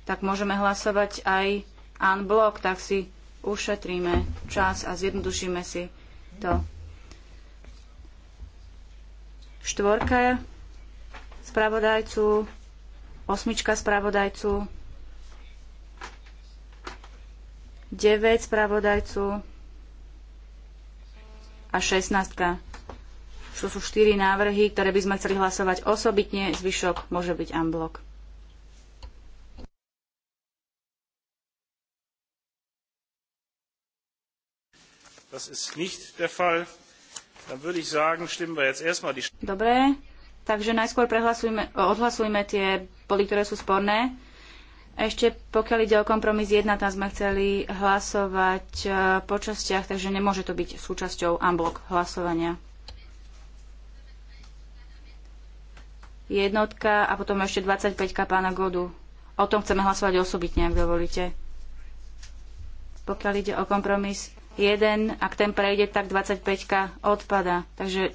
tak môžeme hlasovať aj unblock, tak si ušetríme čas a zjednodušíme si to. Štvorka spravodajcu, osmička spravodajcu, 9 spravodajcu a 16. To sú 4 návrhy, ktoré by sme chceli hlasovať osobitne, zvyšok môže byť unblock. Das ist nicht der Fall. Dann würde ich sagen, stimmen wir jetzt erstmal die Dobre, Takže najskôr odhlasujme tie body, ktoré sú sporné. Ešte pokiaľ ide o kompromis 1, tam sme chceli hlasovať e, po častiach, takže nemôže to byť súčasťou unblock hlasovania. Jednotka a potom ešte 25 pána Godu. O tom chceme hlasovať osobitne, ak dovolíte. Pokiaľ ide o kompromis 1, ak ten prejde, tak 25 odpada. Takže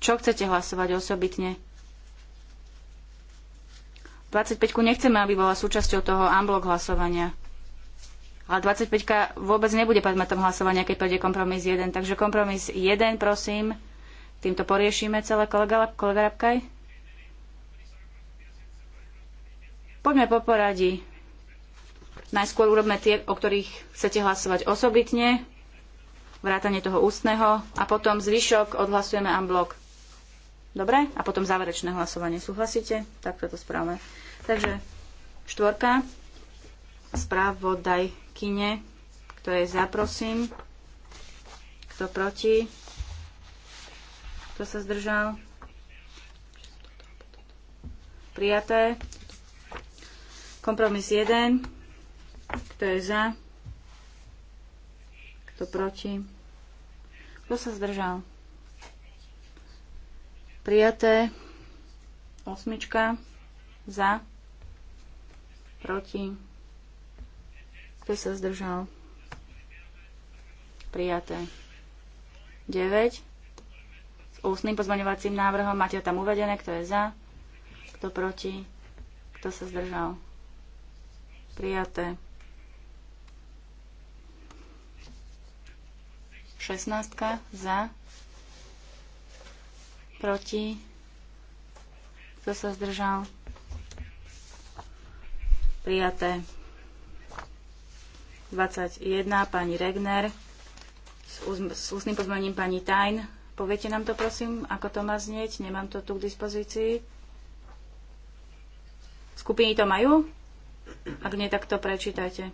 čo chcete hlasovať osobitne? 25 nechceme, aby bola súčasťou toho unblock hlasovania. Ale 25 vôbec nebude predmetom hlasovania, keď pôjde kompromis 1. Takže kompromis 1, prosím. Týmto poriešime celé, kolega, kolega Rabkaj. Poďme po poradí. Najskôr urobme tie, o ktorých chcete hlasovať osobitne, vrátanie toho ústneho a potom zvyšok odhlasujeme unblock. Dobre? A potom záverečné hlasovanie. Súhlasíte? Tak to správame. Takže štvorka. Kine. Kto je za, prosím. Kto proti? Kto sa zdržal? Prijaté. Kompromis 1. Kto je za? Kto proti? Kto sa zdržal? Prijaté. Osmička. Za. Proti. Kto sa zdržal? Prijaté. 9. S ústnym pozmaňovacím návrhom máte tam uvedené, kto je za, kto proti, kto sa zdržal. Prijaté. 16. Za. Proti? Kto sa zdržal? Prijaté. 21. Pani Regner. S, ústnym pozmením pani Tajn. Poviete nám to prosím, ako to má znieť? Nemám to tu k dispozícii. Skupiny to majú? Ak nie, tak to prečítajte.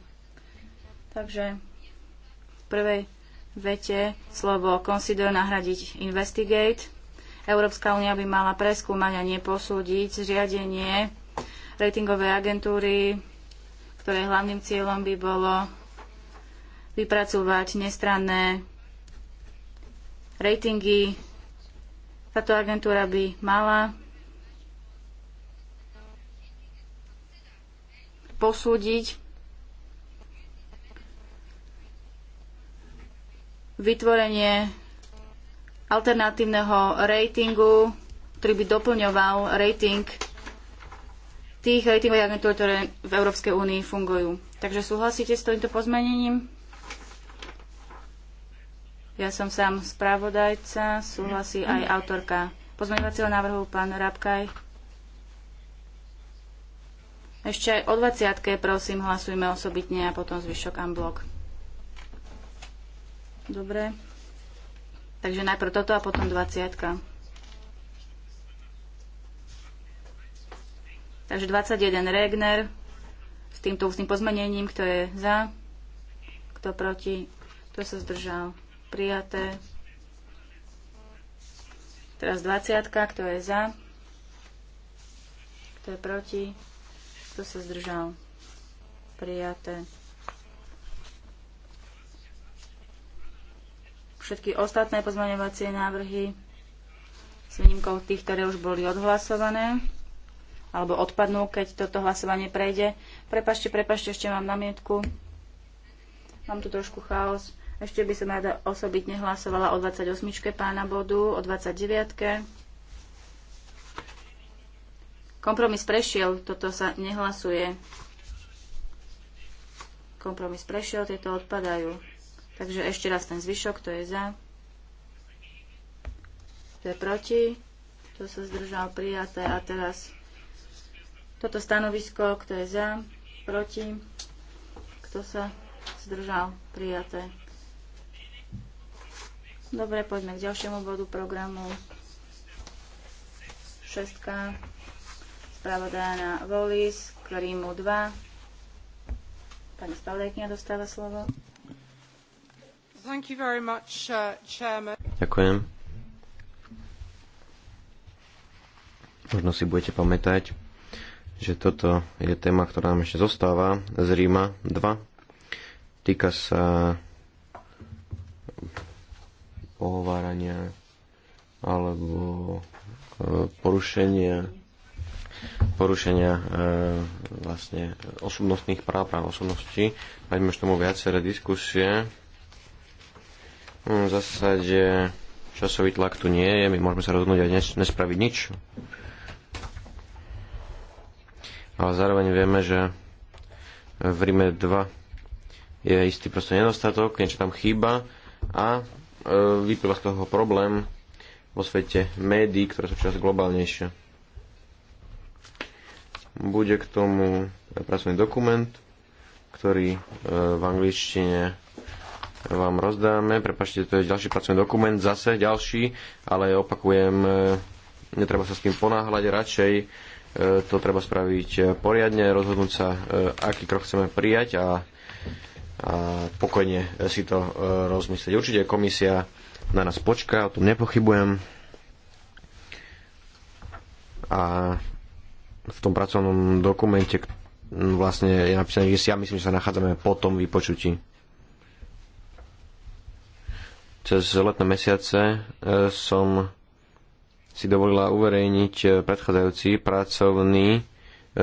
Takže v prvej vete slovo consider nahradiť investigate. Európska únia by mala preskúmať a neposúdiť zriadenie ratingovej agentúry, ktorej hlavným cieľom by bolo vypracovať nestranné ratingy. Táto agentúra by mala posúdiť vytvorenie alternatívneho ratingu, ktorý by doplňoval rating tých ratingových agentúr, ktoré v Európskej únii fungujú. Takže súhlasíte s týmto pozmenením? Ja som sám spravodajca, súhlasí aj autorka pozmeňovacieho návrhu, pán Rabkaj. Ešte aj o 20 prosím, hlasujme osobitne a potom zvyšok unblock. Dobre. Takže najprv toto a potom 20. Takže 21 Regner s týmto ústnym pozmenením, kto je za, kto proti, kto sa zdržal, prijaté. Teraz 20, kto je za, kto je proti, kto sa zdržal, prijaté. Všetky ostatné pozmaňovacie návrhy s výnimkou tých, ktoré už boli odhlasované alebo odpadnú, keď toto hlasovanie prejde. Prepašte, prepašte, ešte mám namietku. Mám tu trošku chaos. Ešte by som rada osobitne hlasovala o 28. pána bodu, o 29. Kompromis prešiel, toto sa nehlasuje. Kompromis prešiel, tieto odpadajú. Takže ešte raz ten zvyšok, kto je za, kto je proti, kto sa zdržal prijaté a teraz toto stanovisko, kto je za, proti, kto sa zdržal prijaté. Dobre, poďme k ďalšiemu bodu programu. Šestka. Správa Diana Volis, Krímu 2. Pani spravodajkňa dostáva slovo. Uh, Možno si budete pamätať, že toto je téma, ktorá nám ešte zostáva z Ríma 2. Týka sa pohovárania alebo e, porušenia porušenia e, vlastne osobnostných práv a osobností. Paďme už tomu viaceré diskusie. Hm, v zásade časový tlak tu nie je, my môžeme sa rozhodnúť nes- nespraviť nič. Ale zároveň vieme, že v Ríme 2 je istý proste nedostatok, niečo tam chýba a e, vyplýva z toho problém vo svete médií, ktoré sú čas globálnejšie. Bude k tomu pracovný dokument, ktorý e, v angličtine vám rozdáme. Prepačte, to je ďalší pracovný dokument, zase ďalší, ale opakujem, e, netreba sa s tým ponáhľať, radšej e, to treba spraviť poriadne, rozhodnúť sa, e, aký krok chceme prijať a, a pokojne si to rozmyslieť. Určite komisia na nás počká, o tom nepochybujem. A v tom pracovnom dokumente vlastne je napísané, že si ja myslím, že sa nachádzame po tom vypočutí. Cez letné mesiace e, som si dovolila uverejniť e, predchádzajúci pracovný e,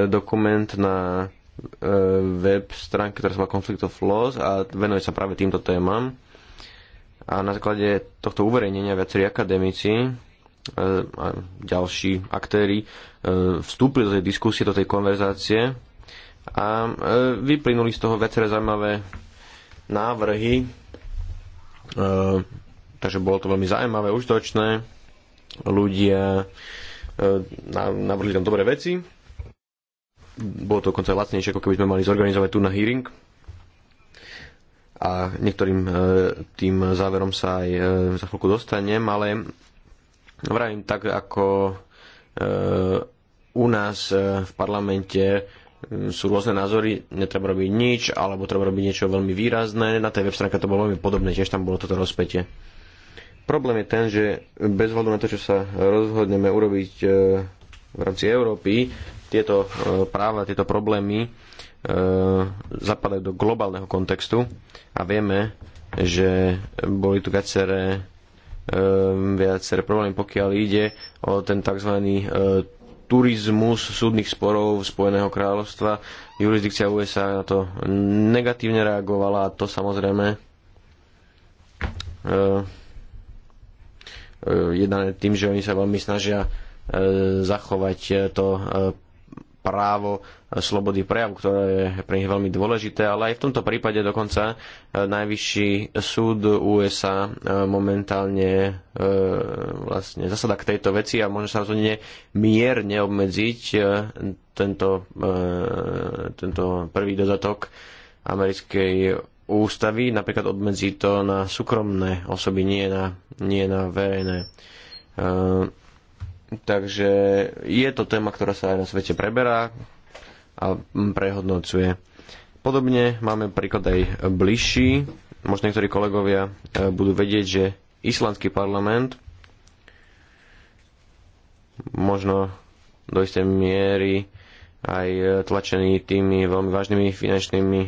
dokument na web stránke, ktorá sa má Conflict of Laws a venuje sa práve týmto témam. A na základe tohto uverejnenia viacerí akademici a ďalší aktéry vstúpili do tej diskusie, do tej konverzácie a vyplynuli z toho viaceré zaujímavé návrhy Eh, takže bolo to veľmi zaujímavé, užitočné. Ľudia eh, navrhli tam dobré veci. Bolo to dokonca lacnejšie, ako keby sme mali zorganizovať tu na hearing. A niektorým eh, tým záverom sa aj za chvíľku dostanem, ale vravím tak, ako u nás v parlamente Ehm, sú rôzne názory, netreba robiť nič, alebo treba robiť niečo veľmi výrazné. Na tej web stránke to bolo veľmi podobné, tiež tam bolo toto rozpätie. Problém je ten, že bez hľadu na to, čo sa rozhodneme urobiť ehm, v rámci Európy, tieto ehm, práva, tieto problémy zapadajú do globálneho kontextu a vieme, že boli tu viaceré, viaceré problémy, pokiaľ ide o ten tzv turizmus súdnych sporov Spojeného kráľovstva. Jurisdikcia USA na to negatívne reagovala a to samozrejme e, e, je dané tým, že oni sa veľmi snažia e, zachovať to právo slobody prejavu, ktoré je pre nich veľmi dôležité, ale aj v tomto prípade dokonca e, najvyšší súd USA e, momentálne e, vlastne zasada k tejto veci a môže sa rozhodne mierne obmedziť tento, tento prvý dodatok americkej ústavy, napríklad obmedzí to na súkromné osoby, nie na, nie na verejné. Takže je to téma, ktorá sa aj na svete preberá, a prehodnocuje. Podobne máme príklad aj bližší. Možno niektorí kolegovia e, budú vedieť, že islandský parlament možno do istej miery aj tlačený tými veľmi vážnymi finančnými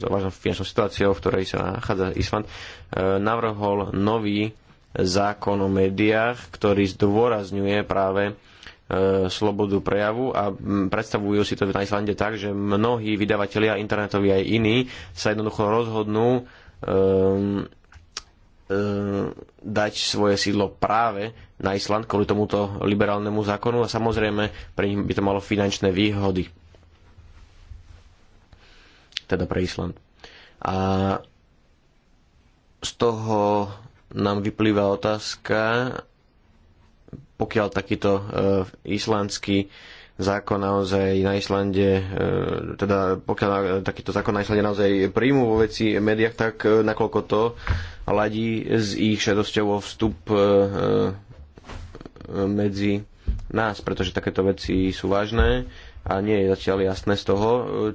e, vážnou finančnou situáciou, v ktorej sa nachádza Island, e, navrhol nový zákon o médiách, ktorý zdôrazňuje práve e, E, slobodu prejavu a predstavujú si to na Islande tak, že mnohí vydavatelia internetoví aj iní sa jednoducho rozhodnú um, um, dať svoje sídlo práve na Island kvôli tomuto liberálnemu zákonu a samozrejme pre nich by to malo finančné výhody. Teda pre Island. A z toho nám vyplýva otázka, pokiaľ takýto e, islandský zákon naozaj na Islande, e, teda pokiaľ takýto zákon na Islande naozaj príjmu vo veci médiách, tak e, nakoľko to ladí s ich šedosťou o vstup medzi nás, pretože takéto veci sú vážne a nie je zatiaľ jasné z toho,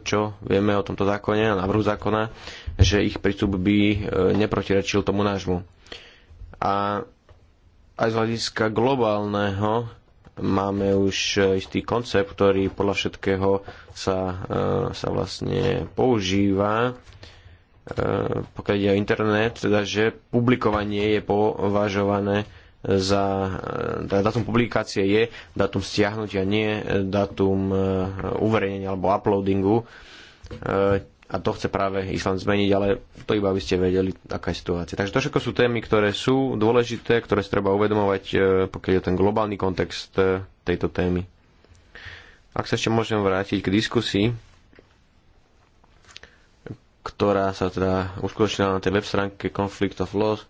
čo vieme o tomto zákone a návrhu zákona, že ich prístup by neprotirečil tomu nášmu. A aj z hľadiska globálneho máme už e, istý koncept, ktorý podľa všetkého sa, e, sa vlastne používa e, pokiaľ ide o internet, teda že publikovanie je považované za teda datum publikácie je datum stiahnutia, nie datum uverejnenia alebo uploadingu a to chce práve Island zmeniť, ale to iba aby ste vedeli, aká je situácia. Takže to všetko sú témy, ktoré sú dôležité, ktoré si treba uvedomovať, e, pokiaľ je ten globálny kontext e, tejto témy. Ak sa ešte môžem vrátiť k diskusii, ktorá sa teda uskutočnila na tej web stránke Conflict of Laws,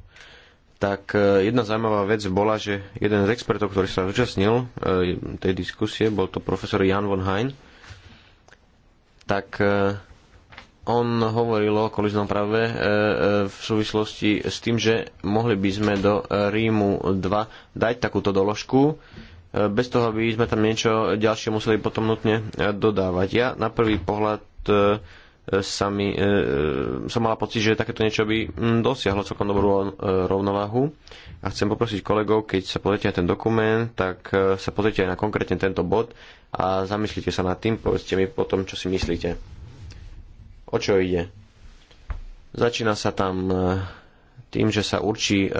tak e, jedna zaujímavá vec bola, že jeden z expertov, ktorý sa zúčastnil tej diskusie, bol to profesor Jan von Hein, tak on hovoril o koliznom práve e, e, v súvislosti s tým, že mohli by sme do Rímu 2 dať takúto doložku, e, bez toho, aby sme tam niečo ďalšie museli potom nutne dodávať. Ja na prvý pohľad sa mi, som mala pocit, že takéto niečo by mm, dosiahlo celkom dobrú rovnováhu. A chcem poprosiť kolegov, keď sa pozrite na ten dokument, tak sa pozrite aj na konkrétne tento bod a zamyslite sa nad tým, povedzte mi potom, čo si myslíte. O čo ide? Začína sa tam e, tým, že sa určí e,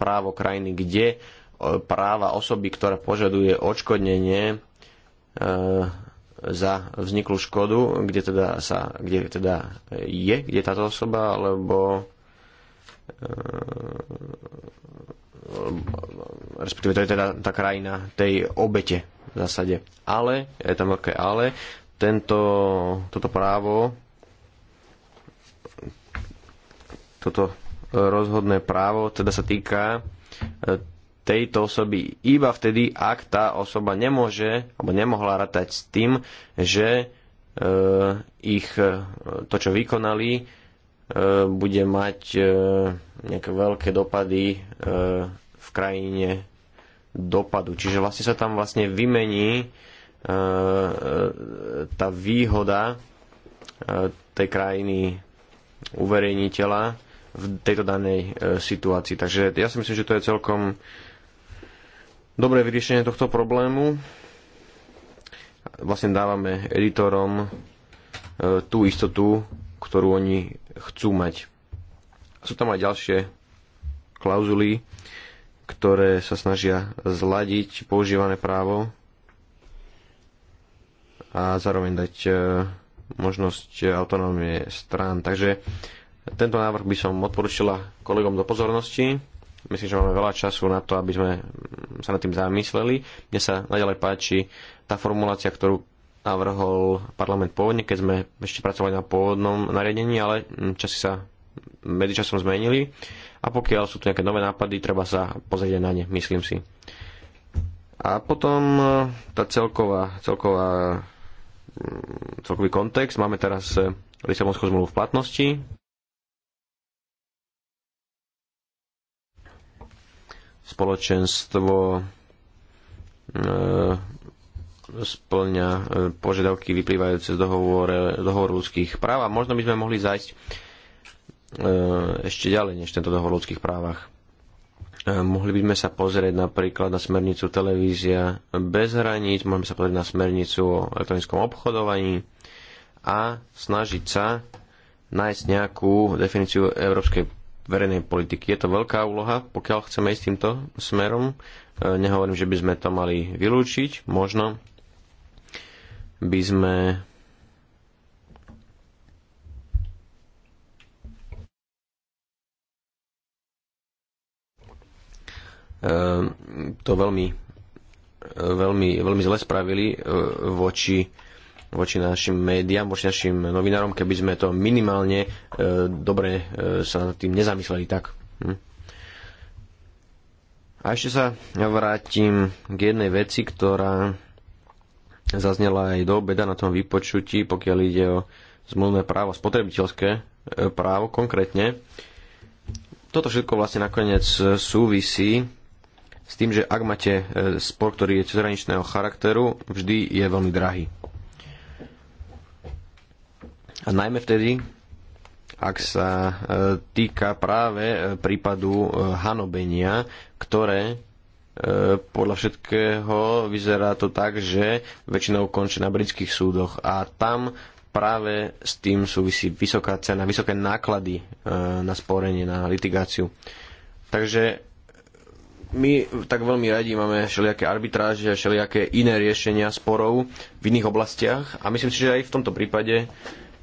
právo krajiny, kde e, práva osoby, ktorá požaduje odškodnenie za vzniklú škodu, kde teda, sa, kde teda je, kde táto osoba, alebo respektíve to je teda tá krajina tej obete v zásade. Ale, je tam veľké ale, tento, toto právo Toto e, rozhodné právo teda sa týka e, tejto osoby iba vtedy, ak tá osoba nemôže alebo nemohla ratať s tým, že e, ich to, čo vykonali, bude mať nejaké veľké dopady v krajine dopadu. Čiže vlastne sa tam vlastne vymení tá výhoda tej krajiny uverejniteľa v tejto danej e, situácii. Takže ja si myslím, že to je celkom dobré vyriešenie tohto problému. Vlastne dávame editorom e, tú istotu, ktorú oni chcú mať. Sú tam aj ďalšie klauzuly, ktoré sa snažia zladiť používané právo a zároveň dať e, možnosť autonómie strán. Takže tento návrh by som odporučila kolegom do pozornosti. Myslím, že máme veľa času na to, aby sme sa nad tým zamysleli. Mne sa naďalej páči tá formulácia, ktorú navrhol parlament pôvodne, keď sme ešte pracovali na pôvodnom nariadení, ale časy sa medzičasom zmenili a pokiaľ sú tu nejaké nové nápady, treba sa pozrieť na ne, myslím si. A potom eh, tá celková, celková mm, celkový kontext. Máme teraz eh, Lisabonskú zmluvu v platnosti, spoločenstvo e, splňa e, požiadavky vyplývajúce z dohovoru, ľudských práv a možno by sme mohli zajsť e, ešte ďalej než tento dohovor o ľudských právach. Mohli by sme sa pozrieť napríklad na smernicu televízia bez hraníc, môžeme sa pozrieť na smernicu o elektronickom obchodovaní a snažiť sa nájsť nejakú definíciu európskej verejnej politiky. Je to veľká úloha, pokiaľ chceme ísť týmto smerom. E, nehovorím, že by sme to mali vylúčiť. Možno by sme e, to veľmi, e, veľmi, veľmi zle spravili voči voči našim médiám, voči našim novinárom, keby sme to minimálne e, dobre e, sa nad tým nezamysleli tak. Hm. A ešte sa vrátim k jednej veci, ktorá zaznela aj do obeda na tom vypočutí, pokiaľ ide o zmluvné právo, spotrebiteľské e, právo konkrétne. Toto všetko vlastne nakoniec e, súvisí s tým, že ak máte e, spor, ktorý je cezhraničného charakteru, vždy je veľmi drahý. A najmä vtedy, ak sa e, týka práve e, prípadu e, hanobenia, ktoré podľa všetkého vyzerá to tak, že väčšinou končí na britských súdoch a tam práve s tým súvisí vysoká cena, vysoké náklady na sporenie, na litigáciu. Takže my tak veľmi radi máme všelijaké arbitráže a všelijaké iné riešenia sporov v iných oblastiach a myslím si, že aj v tomto prípade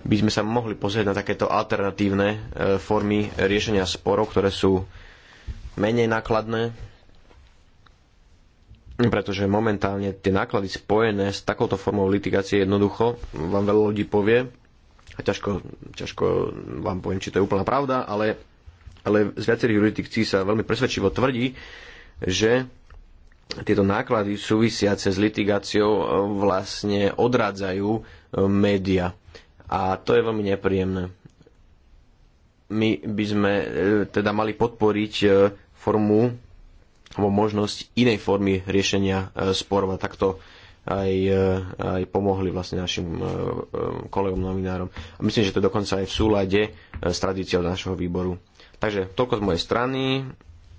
by sme sa mohli pozrieť na takéto alternatívne e, formy riešenia sporov, ktoré sú menej nákladné, pretože momentálne tie náklady spojené s takouto formou litigácie jednoducho vám veľa ľudí povie a ťažko, ťažko vám poviem, či to je úplná pravda, ale, ale z viacerých jurisdikcií sa veľmi presvedčivo tvrdí, že tieto náklady súvisiace s litigáciou e, vlastne odrádzajú e, média a to je veľmi nepríjemné. My by sme e, teda mali podporiť e, formu alebo možnosť inej formy riešenia e, sporov a takto aj, aj pomohli vlastne našim kolegom novinárom. A myslím, že to je dokonca aj v súlade s tradíciou našho výboru. Takže toľko z mojej strany,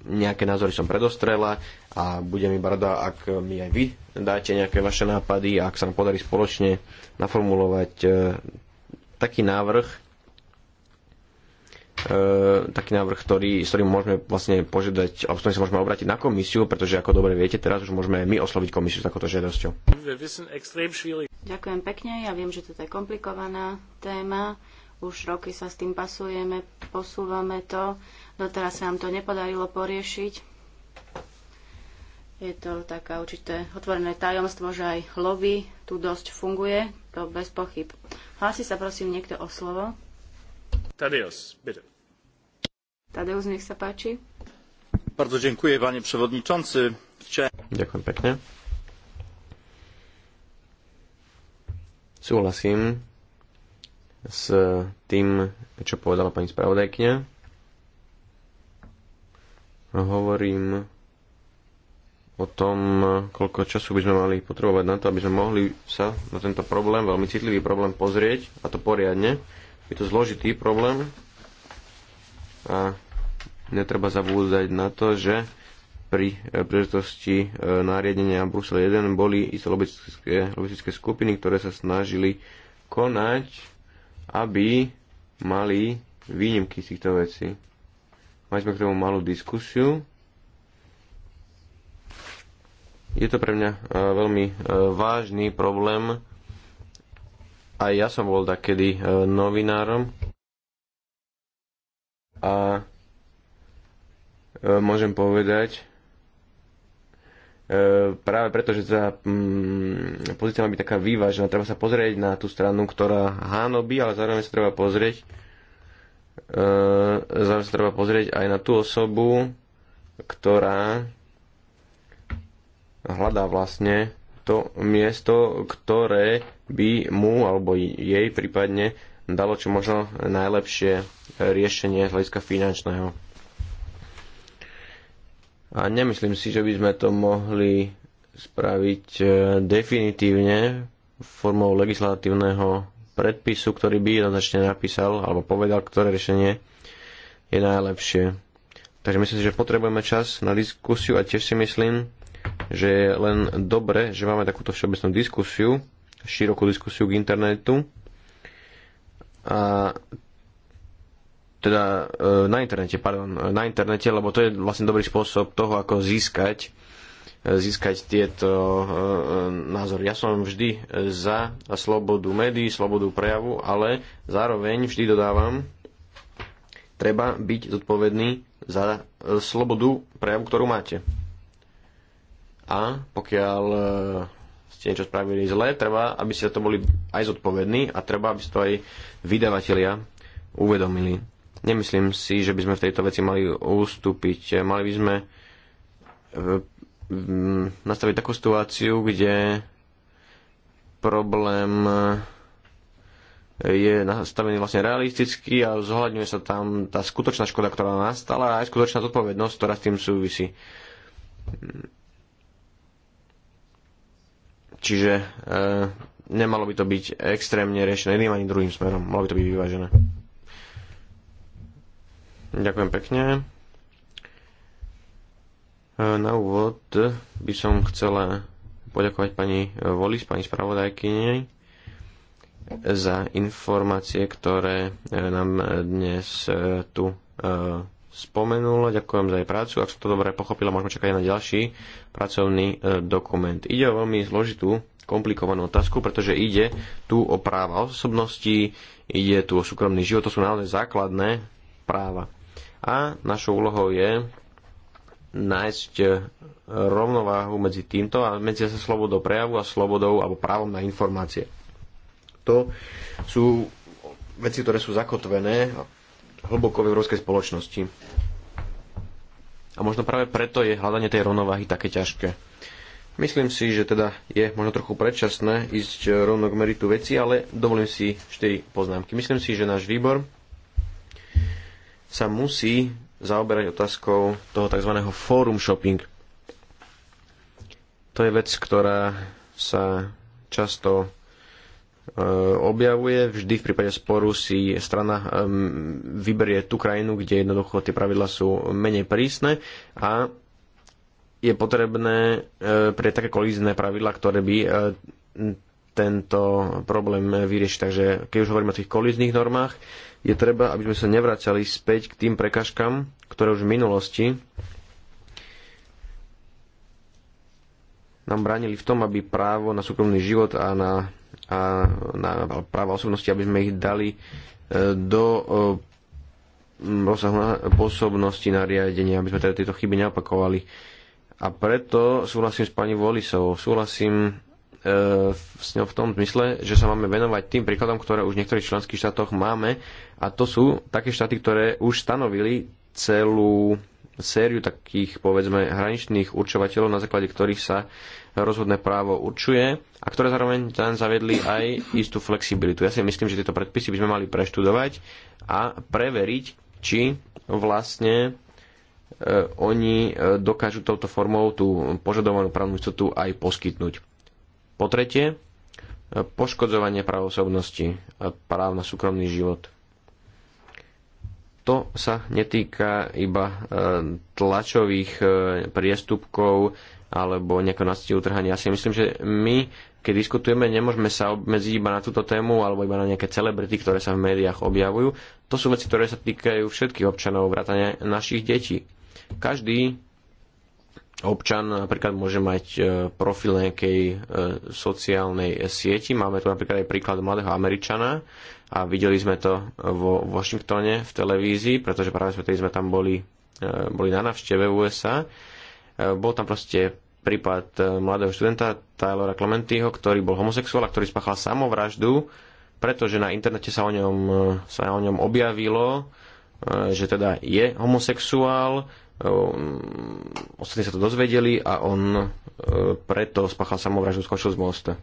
nejaké názory som predostrela a budem mi rada, ak mi aj vy dáte nejaké vaše nápady a ak sa nám podarí spoločne naformulovať taký návrh, e, taký návrh, ktorý, s ktorým môžeme vlastne požiadať, alebo s ktorým sa môžeme obrátiť na komisiu, pretože ako dobre viete, teraz už môžeme my osloviť komisiu s takouto žiadosťou. Ďakujem pekne, ja viem, že toto je komplikovaná téma, už roky sa s tým pasujeme, posúvame to, doteraz sa nám to nepodarilo poriešiť. Je to také určité otvorené tajomstvo, že aj lobby tu dosť funguje, to bez pochyb. Hlási sa prosím niekto o slovo. Tadeus, bitte. Tadeusz, nech sa páči. Bardzo dziękuję, panie przewodniczący. Chciałem... Ďakujem pekne. Súhlasím s tým, čo povedala pani spravodajkňa. Hovorím o tom, koľko času by sme mali potrebovať na to, aby sme mohli sa na tento problém, veľmi citlivý problém pozrieť, a to poriadne. Je to zložitý problém a netreba zabúdať na to, že pri eh, príležitosti eh, nariadenia Brusel 1 boli isté lobistické, lobistické skupiny, ktoré sa snažili konať, aby mali výnimky z týchto vecí. Mali sme k tomu malú diskusiu, je to pre mňa e, veľmi e, vážny problém. Aj ja som bol takedy e, novinárom. A môžem povedať, práve preto, že tá mm, pozícia má byť taká vyvážená. Treba sa pozrieť na tú stranu, ktorá hánobí, ale zároveň sa treba pozrieť zároveň sa treba pozrieť aj na tú osobu, ktorá hľadá vlastne to miesto, ktoré by mu alebo jej prípadne dalo čo možno najlepšie riešenie z hľadiska finančného. A nemyslím si, že by sme to mohli spraviť e, definitívne formou legislatívneho predpisu, ktorý by jednoznačne napísal alebo povedal, ktoré riešenie je najlepšie. Takže myslím si, že potrebujeme čas na diskusiu a tiež si myslím, že je len dobre, že máme takúto všeobecnú diskusiu, širokú diskusiu k internetu a teda e, na internete, pardon, na internete, lebo to je vlastne dobrý spôsob toho, ako získať e, získať tieto e, názory. Ja som vždy za slobodu médií, slobodu prejavu, ale zároveň vždy dodávam, treba byť zodpovedný za slobodu prejavu, ktorú máte a pokiaľ e, ste niečo spravili zle, treba, aby ste to boli aj zodpovední a treba, aby ste to aj vydavatelia uvedomili. Nemyslím si, že by sme v tejto veci mali ustúpiť. Mali by sme e, nastaviť takú situáciu, kde problém e, je nastavený vlastne realisticky a zohľadňuje sa tam tá skutočná škoda, ktorá nastala a aj skutočná zodpovednosť, ktorá s tým súvisí. Čiže e, nemalo by to byť extrémne riešené jedným ani druhým smerom. Malo by to byť vyvážené. Ďakujem pekne. E, na úvod by som chcela poďakovať pani Volis, pani spravodajkyni za informácie, ktoré e, nám dnes e, tu spomenul. Ďakujem za jej prácu. Ak som to dobre pochopila, môžeme čakať na ďalší pracovný e, dokument. Ide o veľmi zložitú, komplikovanú otázku, pretože ide tu o práva osobnosti, ide tu o súkromný život, to sú naozaj základné práva. A našou úlohou je nájsť e, rovnováhu medzi týmto a medzi sa slobodou prejavu a slobodou alebo právom na informácie. To sú veci, ktoré sú zakotvené hlboko v európskej spoločnosti. A možno práve preto je hľadanie tej rovnováhy také ťažké. Myslím si, že teda je možno trochu predčasné ísť e, rovno k meritu veci, ale dovolím si 4 poznámky. Myslím si, že náš výbor sa musí zaoberať otázkou toho tzv. forum shopping. To je vec, ktorá sa často Eh, objavuje. Vždy v prípade sporu si strana eh, vyberie tú krajinu, kde jednoducho tie pravidla sú menej prísne a je potrebné eh, pre také kolízne pravidla, ktoré by tento problém vyriešiť. Takže keď už hovoríme o tých kolíznych normách, je treba, aby sme sa nevracali späť k tým prekažkám, ktoré už v minulosti nám bránili v tom, aby právo na súkromný život a na a na práva osobnosti, aby sme ich dali e, do e, rozsahu pôsobnosti na riadenie, aby sme teda tieto chyby neopakovali. A preto súhlasím s pani Volisovou, súhlasím e, s ňou v tom zmysle, že sa máme venovať tým príkladom, ktoré už v niektorých členských štátoch máme a to sú také štáty, ktoré už stanovili celú sériu takých povedzme hraničných určovateľov, na základe ktorých sa rozhodné právo určuje a ktoré zároveň tam zavedli aj istú flexibilitu. Ja si myslím, že tieto predpisy by sme mali preštudovať a preveriť, či vlastne e, oni e, dokážu touto formou tú požadovanú právnu istotu aj poskytnúť. Po tretie, e, poškodzovanie právosobnosti a práv na súkromný život. To sa netýka iba tlačových priestupkov, alebo nejakého násilu utrhania. Ja si myslím, že my, keď diskutujeme, nemôžeme sa obmedziť iba na túto tému alebo iba na nejaké celebrity, ktoré sa v médiách objavujú. To sú veci, ktoré sa týkajú všetkých občanov, vrátane našich detí. Každý občan napríklad môže mať e, profil nejakej e, sociálnej sieti. Máme tu napríklad aj príklad mladého Američana a videli sme to vo Washingtone v televízii, pretože práve sme, sme tam boli, e, boli na návšteve USA. Bol tam proste prípad e, mladého študenta Tylora Clementyho, ktorý bol homosexuál a ktorý spáchal samovraždu, pretože na internete sa o ňom, e, sa o ňom objavilo, e, že teda je homosexuál, mm, ostatní sa to dozvedeli a on preto spáchal samovraždu, skočil z mosta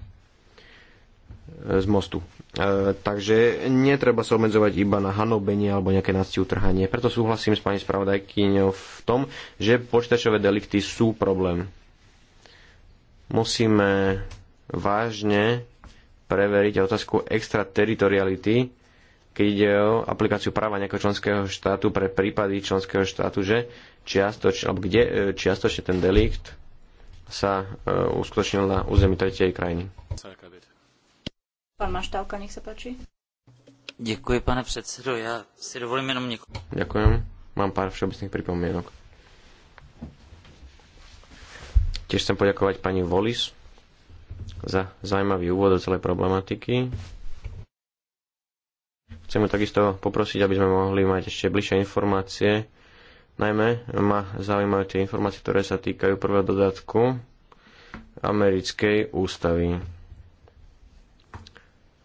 z mostu. E, takže netreba sa obmedzovať iba na hanobenie alebo nejaké násti utrhanie. Preto súhlasím s pani spravodajkyňou v tom, že počítačové delikty sú problém musíme vážne preveriť otázku extrateritoriality, keď ide o aplikáciu práva nejakého členského štátu pre prípady členského štátu, že čiastočne, alebo kde e, čiastočne ten delikt sa e, uskutočnil na území tretej krajiny. Pán Maštávka, nech sa páči. Ďakujem, pane predsedo. Ja si dovolím jenom niekoho. Ďakujem. Mám pár všeobecných pripomienok Tiež chcem poďakovať pani Volis za zaujímavý úvod do celej problematiky. Chcem ju takisto poprosiť, aby sme mohli mať ešte bližšie informácie. Najmä ma zaujímajú tie informácie, ktoré sa týkajú prvého dodatku americkej ústavy.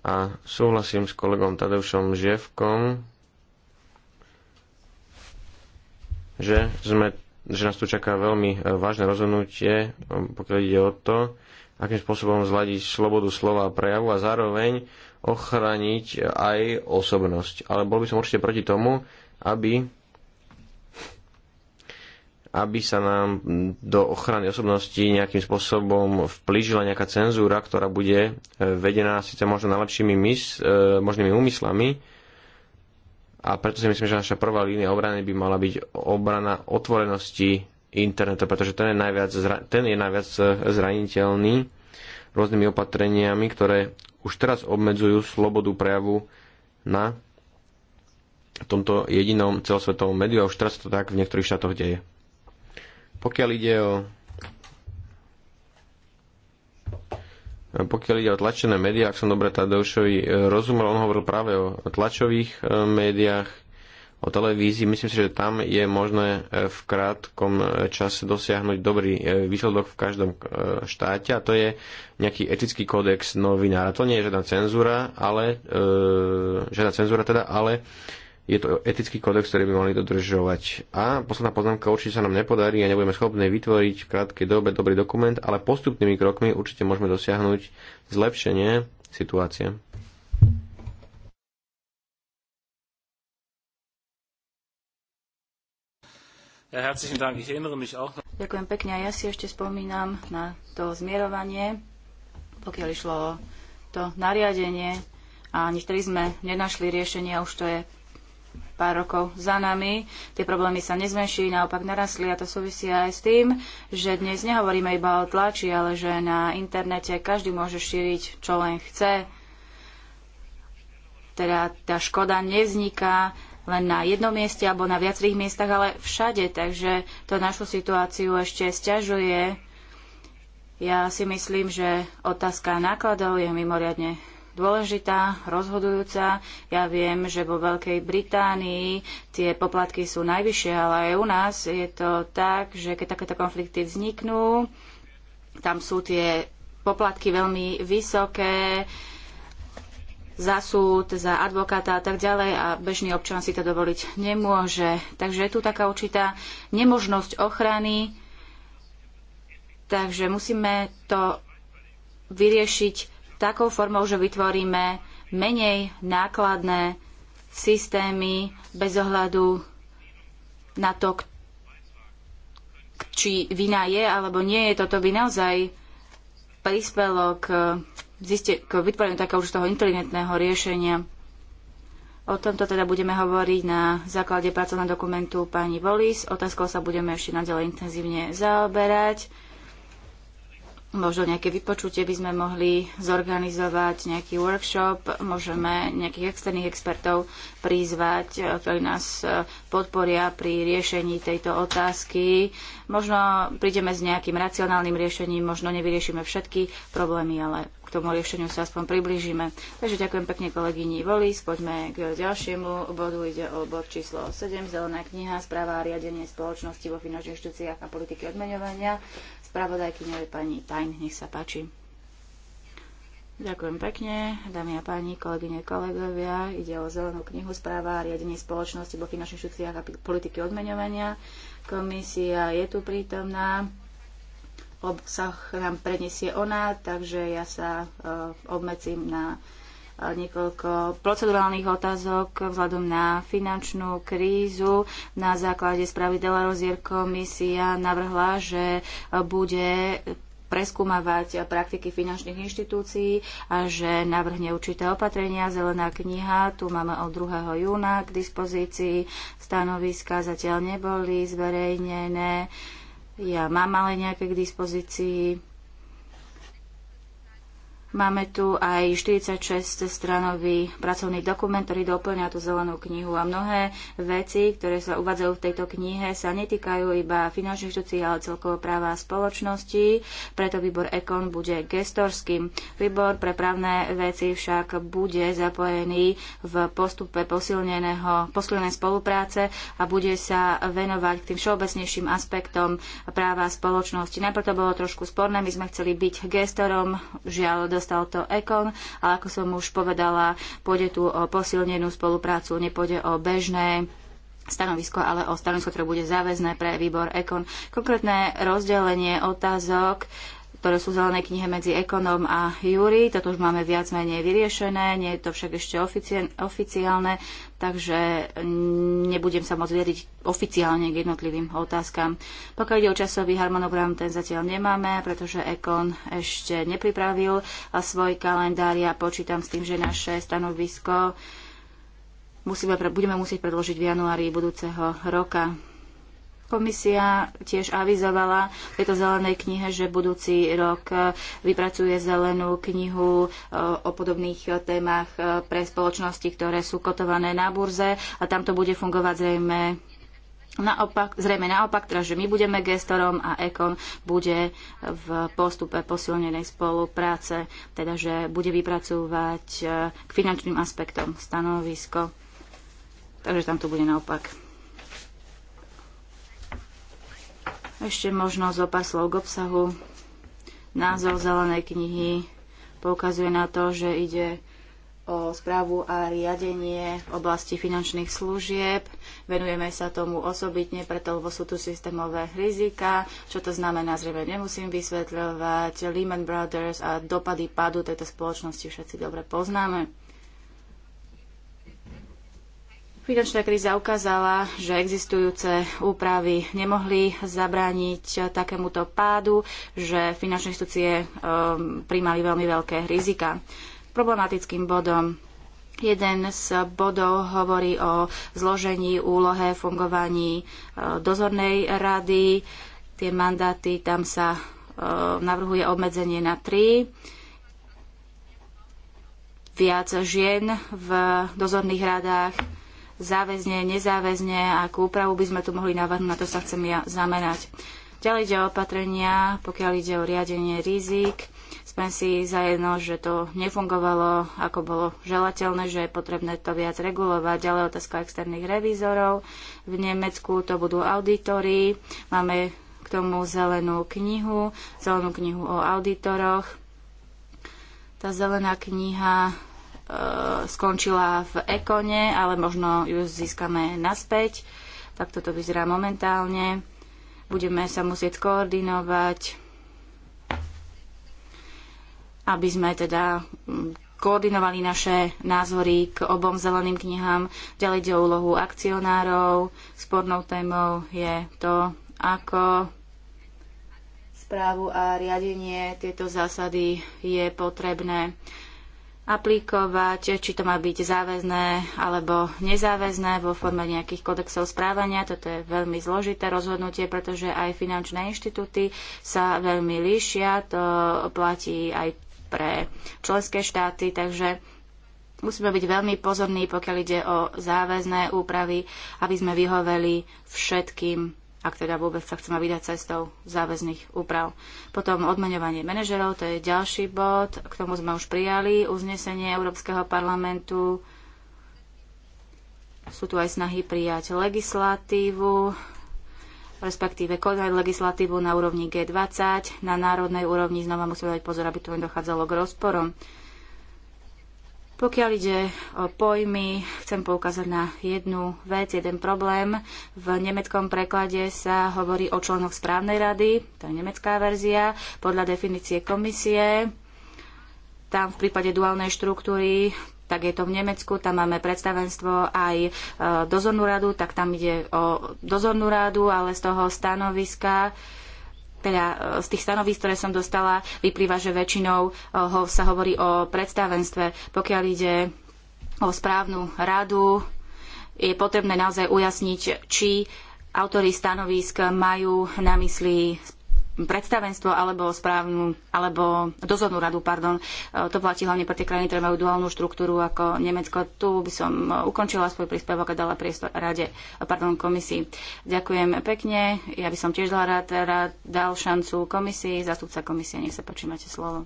A súhlasím s kolegom Tadeušom Žievkom, že sme že nás tu čaká veľmi e, vážne rozhodnutie, um, pokiaľ ide o to, akým spôsobom zladiť slobodu slova a prejavu a zároveň ochraniť aj osobnosť. Ale bol by som určite proti tomu, aby aby sa nám do ochrany osobnosti nejakým spôsobom vplížila nejaká cenzúra, ktorá bude e, vedená síce možno najlepšími mys, e, možnými úmyslami, a preto si myslím, že naša prvá línia obrany by mala byť obrana otvorenosti internetu, pretože ten je najviac, zra- ten je najviac e, zraniteľný rôznymi opatreniami, ktoré už teraz obmedzujú slobodu prejavu na tomto jedinom celosvetovom médiu a už teraz to tak v niektorých štátoch deje. Pokiaľ ide o Pokiaľ ide o tlačené médiá, ak som dobre Tadeušovi e, rozumel, on hovoril práve o tlačových e, médiách, o televízii. Myslím si, že tam je možné e, v krátkom čase dosiahnuť dobrý výsledok v každom štáte a to je nejaký etický kódex novinára. To nie je žiadna cenzúra, ale, žiadna cenzúra teda, ale je to etický kódex, ktorý by mali dodržovať. A posledná poznámka, určite sa nám nepodarí a nebudeme schopní vytvoriť v krátkej dobe dobrý dokument, ale postupnými krokmi určite môžeme dosiahnuť zlepšenie situácie. Ďakujem pekne. Ja si ešte spomínam na to zmierovanie, pokiaľ išlo o to nariadenie. A niektorí sme nenašli riešenie, už to je pár rokov za nami. Tie problémy sa nezmenší, naopak narastli a to súvisí aj s tým, že dnes nehovoríme iba o tlači, ale že na internete každý môže šíriť, čo len chce. Teda tá škoda nevzniká len na jednom mieste alebo na viacerých miestach, ale všade. Takže to našu situáciu ešte stiažuje. Ja si myslím, že otázka nákladov je mimoriadne dôležitá, rozhodujúca. Ja viem, že vo Veľkej Británii tie poplatky sú najvyššie, ale aj u nás je to tak, že keď takéto konflikty vzniknú, tam sú tie poplatky veľmi vysoké za súd, za advokáta a tak ďalej a bežný občan si to dovoliť nemôže. Takže je tu taká určitá nemožnosť ochrany, takže musíme to vyriešiť takou formou, že vytvoríme menej nákladné systémy bez ohľadu na to, či vina je alebo nie je. Toto by naozaj prispelo k, ziste, k vytvoreniu takého už toho inteligentného riešenia. O tomto teda budeme hovoriť na základe pracovného dokumentu pani Volis. Otázkou sa budeme ešte naďalej intenzívne zaoberať. Možno nejaké vypočutie by sme mohli zorganizovať, nejaký workshop, môžeme nejakých externých expertov prizvať, eh, ktorí nás eh, podporia pri riešení tejto otázky. Možno prídeme s nejakým racionálnym riešením, možno nevyriešime všetky problémy, ale k tomu riešeniu sa aspoň približíme. Takže ďakujem pekne kolegyni Voli. Poďme k ďalšiemu bodu. Ide o bod číslo 7, zelená kniha, správa a riadenie spoločnosti vo finančných inštitúciách a politiky odmeňovania spravodajky, je pani Tajn. Nech sa páči. Ďakujem pekne, dámy a páni, kolegyne, kolegovia. Ide o zelenú knihu správa a riadenie spoločnosti vo finančných štúciách a politiky odmeňovania. Komisia je tu prítomná. Obsah nám prenesie ona, takže ja sa e, obmedzím na niekoľko procedurálnych otázok vzhľadom na finančnú krízu. Na základe správy Delarozier komisia navrhla, že bude preskúmavať praktiky finančných inštitúcií a že navrhne určité opatrenia. Zelená kniha, tu máme od 2. júna k dispozícii. Stanoviska zatiaľ neboli zverejnené. Ja mám ale nejaké k dispozícii Máme tu aj 46 stranový pracovný dokument, ktorý doplňa tú zelenú knihu a mnohé veci, ktoré sa uvádzajú v tejto knihe, sa netýkajú iba finančných štúcií, ale celkovo práva spoločnosti. Preto výbor EKON bude gestorským. Výbor pre právne veci však bude zapojený v postupe posilneného, posilnené spolupráce a bude sa venovať k tým všeobecnejším aspektom práva spoločnosti. Najprv to bolo trošku sporné, my sme chceli byť gestorom, žiaľ dostal to Ekon, ale ako som už povedala, pôjde tu o posilnenú spoluprácu, nepôjde o bežné stanovisko, ale o stanovisko, ktoré bude záväzné pre výbor Ekon. Konkrétne rozdelenie otázok ktoré sú zelené knihe medzi ekonom a Júri. Toto už máme viac menej vyriešené, nie je to však ešte oficiálne, takže nebudem sa môcť vyjadriť oficiálne k jednotlivým otázkam. Pokiaľ ide o časový harmonogram, ten zatiaľ nemáme, pretože Ekon ešte nepripravil svoj kalendár. Ja počítam s tým, že naše stanovisko musíme, budeme musieť predložiť v januári budúceho roka. Komisia tiež avizovala v tejto zelenej knihe, že budúci rok e, vypracuje zelenú knihu e, o podobných e, témach pre spoločnosti, ktoré sú kotované na burze a tam to bude fungovať zrejme Naopak, zrejme naopak, teda, že my budeme gestorom a ECON bude v postupe posilnenej spolupráce, teda že bude vypracúvať k finančným aspektom stanovisko. Takže tam to bude naopak. Ešte možno zopaslov k obsahu. Názov zelenej knihy poukazuje na to, že ide o správu a riadenie v oblasti finančných služieb. Venujeme sa tomu osobitne, preto lebo sú tu systémové rizika. Čo to znamená, zrejme nemusím vysvetľovať. Lehman Brothers a dopady padu tejto spoločnosti všetci dobre poznáme. Finančná kríza ukázala, že existujúce úpravy nemohli zabrániť takémuto pádu, že finančné inštitúcie um, príjmali veľmi veľké rizika. Problematickým bodom Jeden z bodov hovorí o zložení, úlohe, fungovaní uh, dozornej rady. Tie mandáty, tam sa uh, navrhuje obmedzenie na tri. Viac žien v dozorných radách záväzne, nezáväzne, akú úpravu by sme tu mohli navrhnúť, na to sa chcem ja zamerať. Ďalej ide o opatrenia, pokiaľ ide o riadenie rizik. Sme si zajedno, že to nefungovalo, ako bolo želateľné, že je potrebné to viac regulovať. Ďalej otázka externých revízorov. V Nemecku to budú auditory. Máme k tomu zelenú knihu, zelenú knihu o auditoroch. Tá zelená kniha E, skončila v Ekone, ale možno ju získame naspäť. Tak toto vyzerá momentálne. Budeme sa musieť koordinovať, aby sme teda koordinovali naše názory k obom zeleným knihám. Ďalej ide o úlohu akcionárov. Spornou témou je to, ako správu a riadenie tieto zásady je potrebné aplikovať, či to má byť záväzné alebo nezáväzné vo forme nejakých kodexov správania. Toto je veľmi zložité rozhodnutie, pretože aj finančné inštitúty sa veľmi líšia. To platí aj pre členské štáty, takže musíme byť veľmi pozorní, pokiaľ ide o záväzné úpravy, aby sme vyhoveli všetkým ak teda vôbec sa chceme vydať cestou záväzných úprav. Potom odmeňovanie manažerov, to je ďalší bod, k tomu sme už prijali uznesenie Európskeho parlamentu. Sú tu aj snahy prijať legislatívu, respektíve konať legislatívu na úrovni G20, na národnej úrovni znova musíme dať pozor, aby tu nedochádzalo k rozporom. Pokiaľ ide o pojmy, chcem poukázať na jednu vec, jeden problém. V nemeckom preklade sa hovorí o členoch správnej rady, to je nemecká verzia, podľa definície komisie. Tam v prípade duálnej štruktúry tak je to v Nemecku, tam máme predstavenstvo aj e, dozornú radu, tak tam ide o dozornú radu, ale z toho stanoviska teda e, z tých stanovísk, ktoré som dostala, vyplýva, že väčšinou e, ho, sa hovorí o predstavenstve. Pokiaľ ide o správnu radu, je potrebné naozaj ujasniť, či autori stanovísk majú na mysli predstavenstvo alebo správnu, alebo dozornú radu, pardon. E, to platí hlavne pre tie krajiny, ktoré majú duálnu štruktúru ako Nemecko. Tu by som e, ukončila svoj príspevok a dala priestor rade, e, pardon, komisii. Ďakujem pekne. Ja by som tiež dala rád, rád dal šancu komisii. Zastupca komisie, nech sa páči, máte slovo.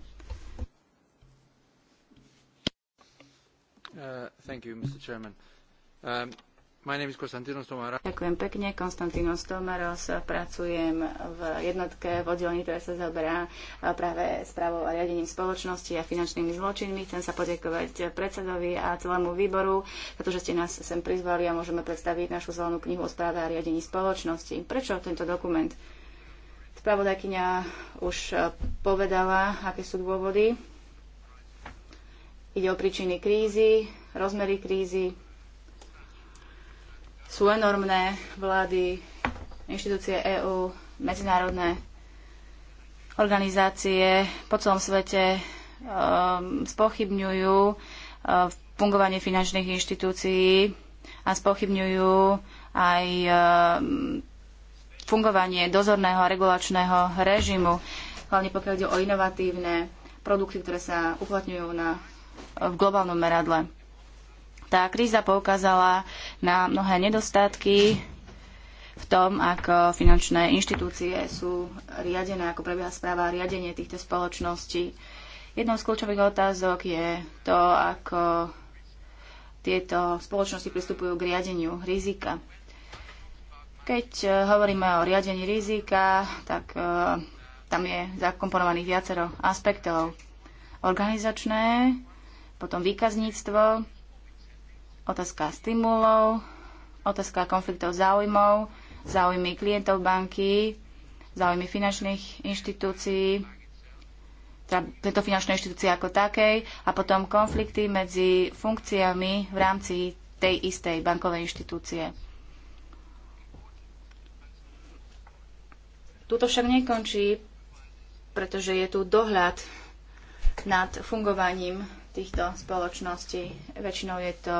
Uh, thank you, Mr. Chairman. Um, Ďakujem pekne, Konstantinos Tomaros. Pracujem v jednotke v oddelení, ktoré sa zaoberá práve správou a riadením spoločnosti a finančnými zločinmi. Chcem sa podiekovať predsedovi a celému výboru, pretože ste nás sem prizvali a môžeme predstaviť našu zelenú knihu o správe a riadení spoločnosti. Prečo tento dokument? Spravodajkyňa už eh, povedala, aké sú dôvody. Ide o príčiny krízy, rozmery krízy, sú enormné. Vlády, inštitúcie EÚ, medzinárodné organizácie po celom svete um, spochybňujú um, fungovanie finančných inštitúcií a spochybňujú aj um, fungovanie dozorného a regulačného režimu, hlavne pokiaľ ide o inovatívne produkty, ktoré sa uplatňujú na, v globálnom meradle. Tá kríza poukázala na mnohé nedostatky v tom, ako eh, finančné inštitúcie sú riadené, ako prebieha správa a riadenie týchto spoločností. Jednou z kľúčových otázok je to, ako eh, tieto spoločnosti pristupujú k riadeniu rizika. Keď eh, hovoríme o riadení rizika, tak tam je zakomponovaných viacero aspektov. Organizačné, potom výkazníctvo, otázka stimulov, otázka konfliktov záujmov, záujmy klientov banky, záujmy finančných inštitúcií, teda tejto finančnej inštitúcie ako takej a potom konflikty medzi funkciami v rámci tej istej bankovej inštitúcie. Tuto však nekončí, pretože je tu dohľad nad fungovaním týchto spoločností. Väčšinou je to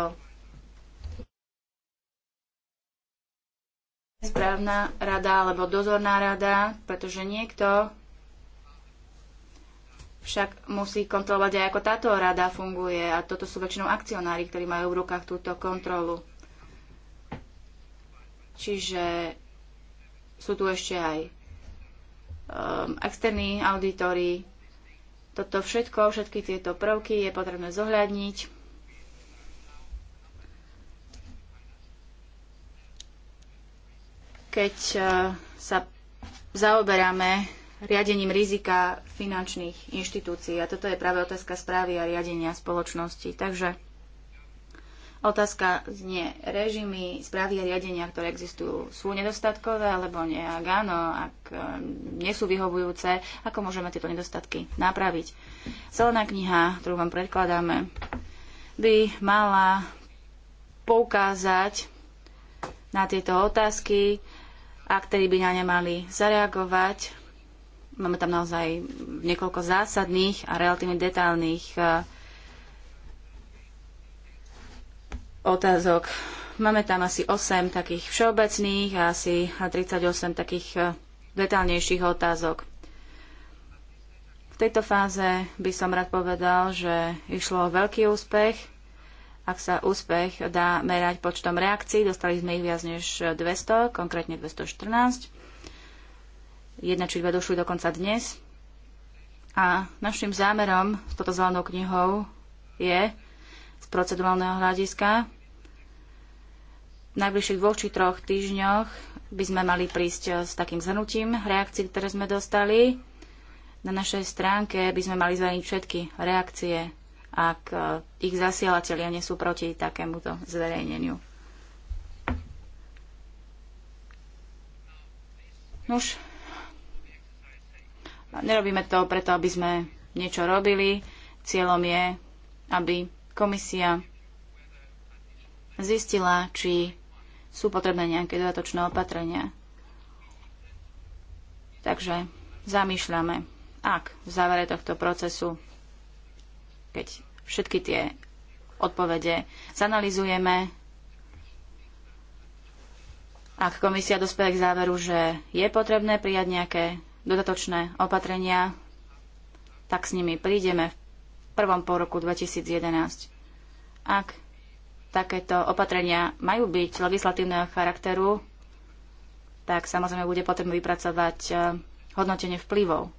správna rada alebo dozorná rada, pretože niekto však musí kontrolovať aj ako táto rada funguje a toto sú väčšinou akcionári, ktorí majú v rukách túto kontrolu. Čiže sú tu ešte aj um, externí auditory. Toto všetko, všetky tieto prvky je potrebné zohľadniť keď e, sa zaoberáme riadením rizika finančných inštitúcií. A toto je práve otázka správy a riadenia spoločnosti. Takže otázka znie, režimy správy a riadenia, ktoré existujú, sú nedostatkové alebo nie? Ak áno, ak e, nie sú vyhovujúce, ako môžeme tieto nedostatky napraviť? Zelená kniha, ktorú vám predkladáme, by mala poukázať na tieto otázky, aktéry by na ne mali zareagovať. Máme tam naozaj niekoľko zásadných a relatívne detailných e, otázok. Máme tam asi 8 takých všeobecných a asi 38 takých e, detálnejších otázok. V tejto fáze by som rád povedal, že išlo o veľký úspech ak sa úspech dá merať počtom reakcií, dostali sme ich viac než 200, konkrétne 214. Jedna či dve došli dokonca dnes. A našim zámerom s toto zelenou knihou je z procedurálneho hľadiska v najbližších dvoch či troch týždňoch by sme mali prísť s takým zhrnutím reakcií, ktoré sme dostali. Na našej stránke by sme mali zverejniť všetky reakcie ak e, ich zasielatelia nie sú proti takémuto zverejneniu. Nuž, nerobíme to preto, aby sme niečo robili. Cieľom je, aby komisia zistila, či sú potrebné nejaké dodatočné opatrenia. Takže zamýšľame, ak v závere tohto procesu keď všetky tie odpovede zanalizujeme, ak komisia dospeje k záveru, že je potrebné prijať nejaké dodatočné opatrenia, tak s nimi prídeme v prvom pol roku 2011. Ak takéto opatrenia majú byť legislatívneho charakteru, tak samozrejme bude potrebné vypracovať eh, hodnotenie vplyvov.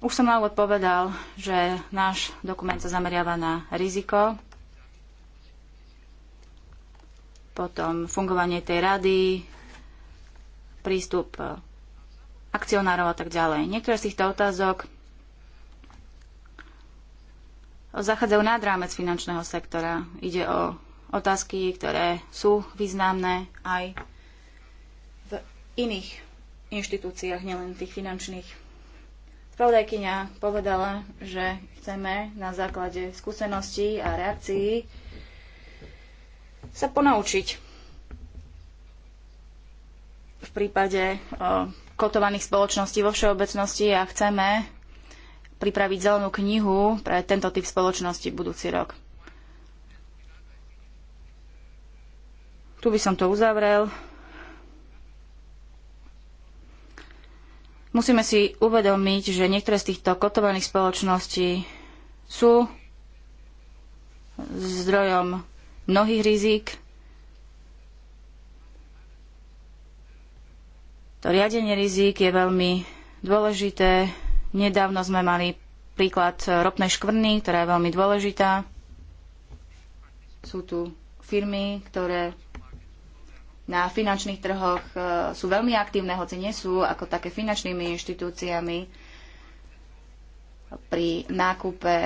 Už som na úvod povedal, že náš dokument sa zameriava na riziko, potom fungovanie tej rady, prístup akcionárov a tak ďalej. Niektoré z týchto otázok zachádzajú nad rámec finančného sektora. Ide o otázky, ktoré sú významné aj v iných inštitúciách, nielen tých finančných. Spravodajkyňa povedala, že chceme na základe skúseností a reakcií sa ponaučiť v prípade kotovaných spoločností vo všeobecnosti a chceme pripraviť zelenú knihu pre tento typ spoločnosti budúci rok. Tu by som to uzavrel. Musíme si uvedomiť, že niektoré z týchto kotovaných spoločností sú zdrojom mnohých rizík. To riadenie rizík je veľmi dôležité. Nedávno sme mali príklad ropnej škvrny, ktorá je veľmi dôležitá. Sú tu firmy, ktoré na finančných trhoch e, sú veľmi aktívne, hoci nie sú ako také finančnými inštitúciami pri nákupe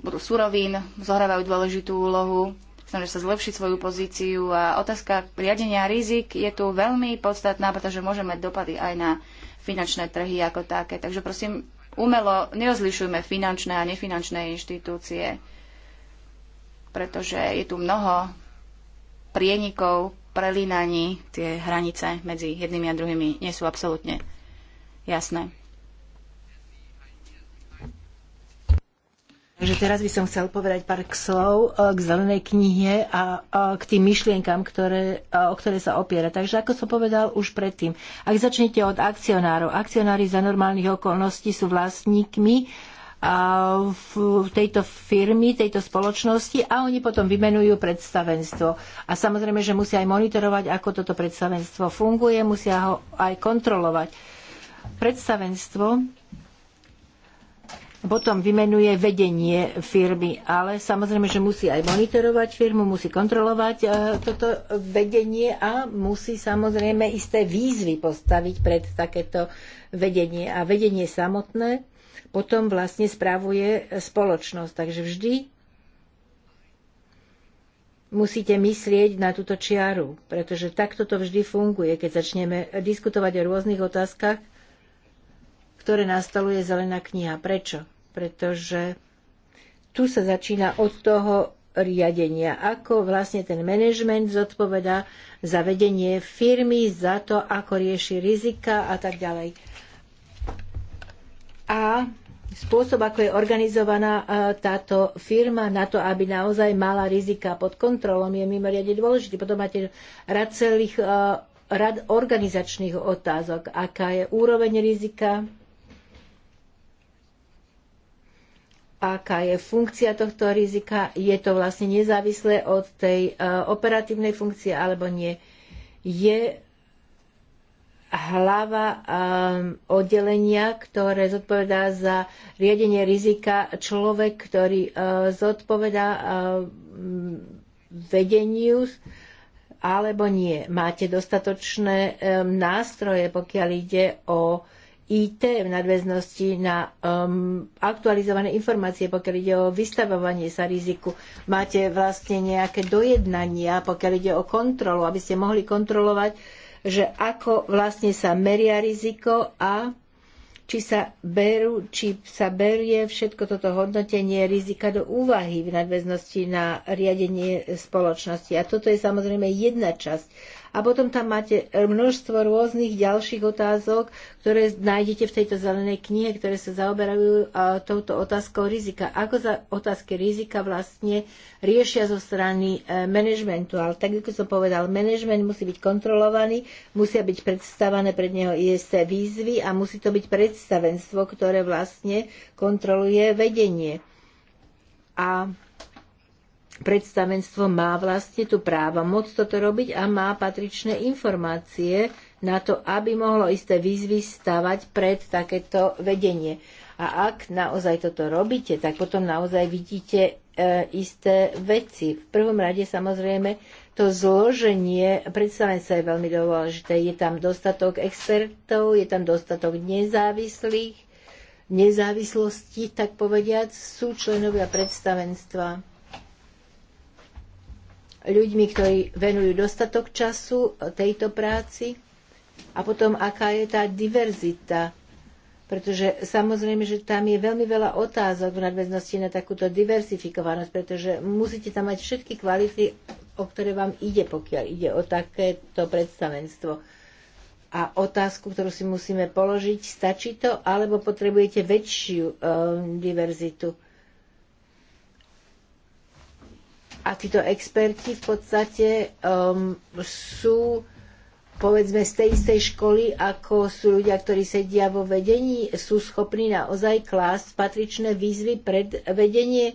e, surovín zohrávajú dôležitú úlohu, snažia sa zlepšiť svoju pozíciu a otázka riadenia rizik je tu veľmi podstatná, pretože môže mať dopady aj na finančné trhy ako také. Takže prosím, umelo nerozlišujme finančné a nefinančné inštitúcie, pretože je tu mnoho prienikov prelínaní, tie hranice medzi jednými a druhými nie sú absolútne jasné. Takže teraz by som chcel povedať pár slov eh, k zelenej knihe a eh, k tým myšlienkam, ktoré, eh, o ktoré sa opiera. Takže ako som povedal už predtým, ak začnete od akcionárov, akcionári za normálnych okolností sú vlastníkmi v tejto firmy, tejto spoločnosti a oni potom vymenujú predstavenstvo. A samozrejme, že musia aj monitorovať, ako toto predstavenstvo funguje, musia ho aj kontrolovať. Predstavenstvo potom vymenuje vedenie firmy, ale samozrejme, že musí aj monitorovať firmu, musí kontrolovať e, toto vedenie a musí samozrejme isté výzvy postaviť pred takéto vedenie. A vedenie samotné potom vlastne spravuje spoločnosť. Takže vždy musíte myslieť na túto čiaru, pretože takto to vždy funguje, keď začneme diskutovať o rôznych otázkach, ktoré nastaluje zelená kniha. Prečo? Pretože tu sa začína od toho riadenia, ako vlastne ten manažment zodpoveda za vedenie firmy, za to, ako rieši rizika a tak ďalej a spôsob, ako je organizovaná e, táto firma na to, aby naozaj mala rizika pod kontrolom, je mimoriadne dôležitý. Potom máte rad celých e, rad organizačných otázok, aká je úroveň rizika, aká je funkcia tohto rizika, je to vlastne nezávislé od tej e, operatívnej funkcie alebo nie. Je hlava um, oddelenia, ktoré zodpovedá za riadenie rizika, človek, ktorý uh, zodpovedá uh, vedeniu alebo nie. Máte dostatočné um, nástroje, pokiaľ ide o IT v nadväznosti na um, aktualizované informácie, pokiaľ ide o vystavovanie sa riziku. Máte vlastne nejaké dojednania, pokiaľ ide o kontrolu, aby ste mohli kontrolovať že ako vlastne sa meria riziko a či sa, berú, či sa berie všetko toto hodnotenie rizika do úvahy v nadväznosti na riadenie spoločnosti. A toto je samozrejme jedna časť a potom tam máte e, množstvo rôznych ďalších otázok, ktoré nájdete v tejto zelenej knihe, ktoré sa zaoberajú e, touto otázkou rizika. Ako za otázky rizika vlastne riešia zo strany e, manažmentu. Ale tak, ako som povedal, manažment musí byť kontrolovaný, musia byť predstavané pred neho ISC výzvy a musí to byť predstavenstvo, ktoré vlastne kontroluje vedenie. A predstavenstvo má vlastne tú práva moc toto robiť a má patričné informácie na to, aby mohlo isté výzvy stavať pred takéto vedenie. A ak naozaj toto robíte, tak potom naozaj vidíte e, isté veci. V prvom rade samozrejme to zloženie predstavenstva je veľmi dôležité. Je tam dostatok expertov, je tam dostatok nezávislých, nezávislosti, tak povediať, sú členovia predstavenstva ľuďmi, ktorí venujú dostatok času e, tejto práci a potom aká je tá diverzita. Pretože samozrejme, že tam je veľmi veľa otázok v nadväznosti na takúto diversifikovanosť, pretože musíte tam mať všetky kvality, o ktoré vám ide, pokiaľ ide o takéto predstavenstvo. A otázku, ktorú si musíme položiť, stačí to, alebo potrebujete väčšiu um, diverzitu? A títo experti v podstate um, sú povedzme z tej istej školy, ako sú ľudia, ktorí sedia vo vedení, sú schopní naozaj klásť patričné výzvy pred vedenie,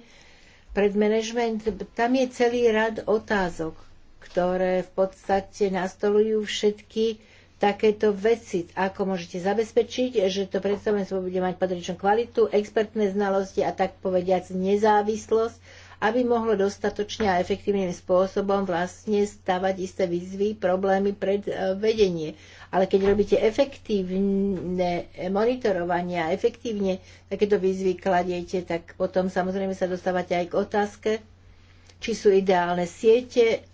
pred manažment. Tam je celý rad otázok, ktoré v podstate nastolujú všetky takéto veci, ako môžete zabezpečiť, že to predstavenstvo bude mať patričnú kvalitu, expertné znalosti a tak povediac nezávislosť aby mohlo dostatočne a efektívnym spôsobom vlastne stavať isté výzvy, problémy pred e, vedenie. Ale keď robíte efektívne monitorovanie a efektívne takéto výzvy kladiete, tak potom samozrejme sa dostávate aj k otázke, či sú ideálne siete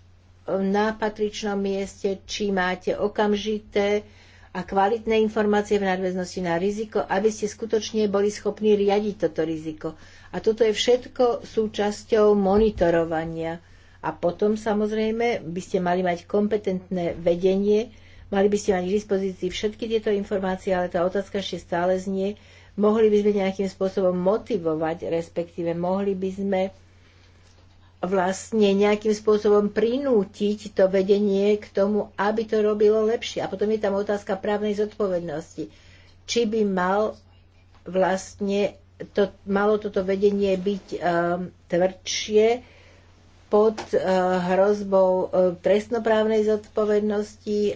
na patričnom mieste, či máte okamžité a kvalitné informácie v nadväznosti na riziko, aby ste skutočne boli schopní riadiť toto riziko. A toto je všetko súčasťou monitorovania. A potom samozrejme by ste mali mať kompetentné vedenie, mali by ste mať k dispozícii všetky tieto informácie, ale tá otázka ešte stále znie, mohli by sme nejakým spôsobom motivovať, respektíve mohli by sme vlastne nejakým spôsobom prinútiť to vedenie k tomu, aby to robilo lepšie. A potom je tam otázka právnej zodpovednosti. Či by mal vlastne to, malo toto vedenie byť um, tvrdšie pod uh, hrozbou uh, trestnoprávnej zodpovednosti, uh,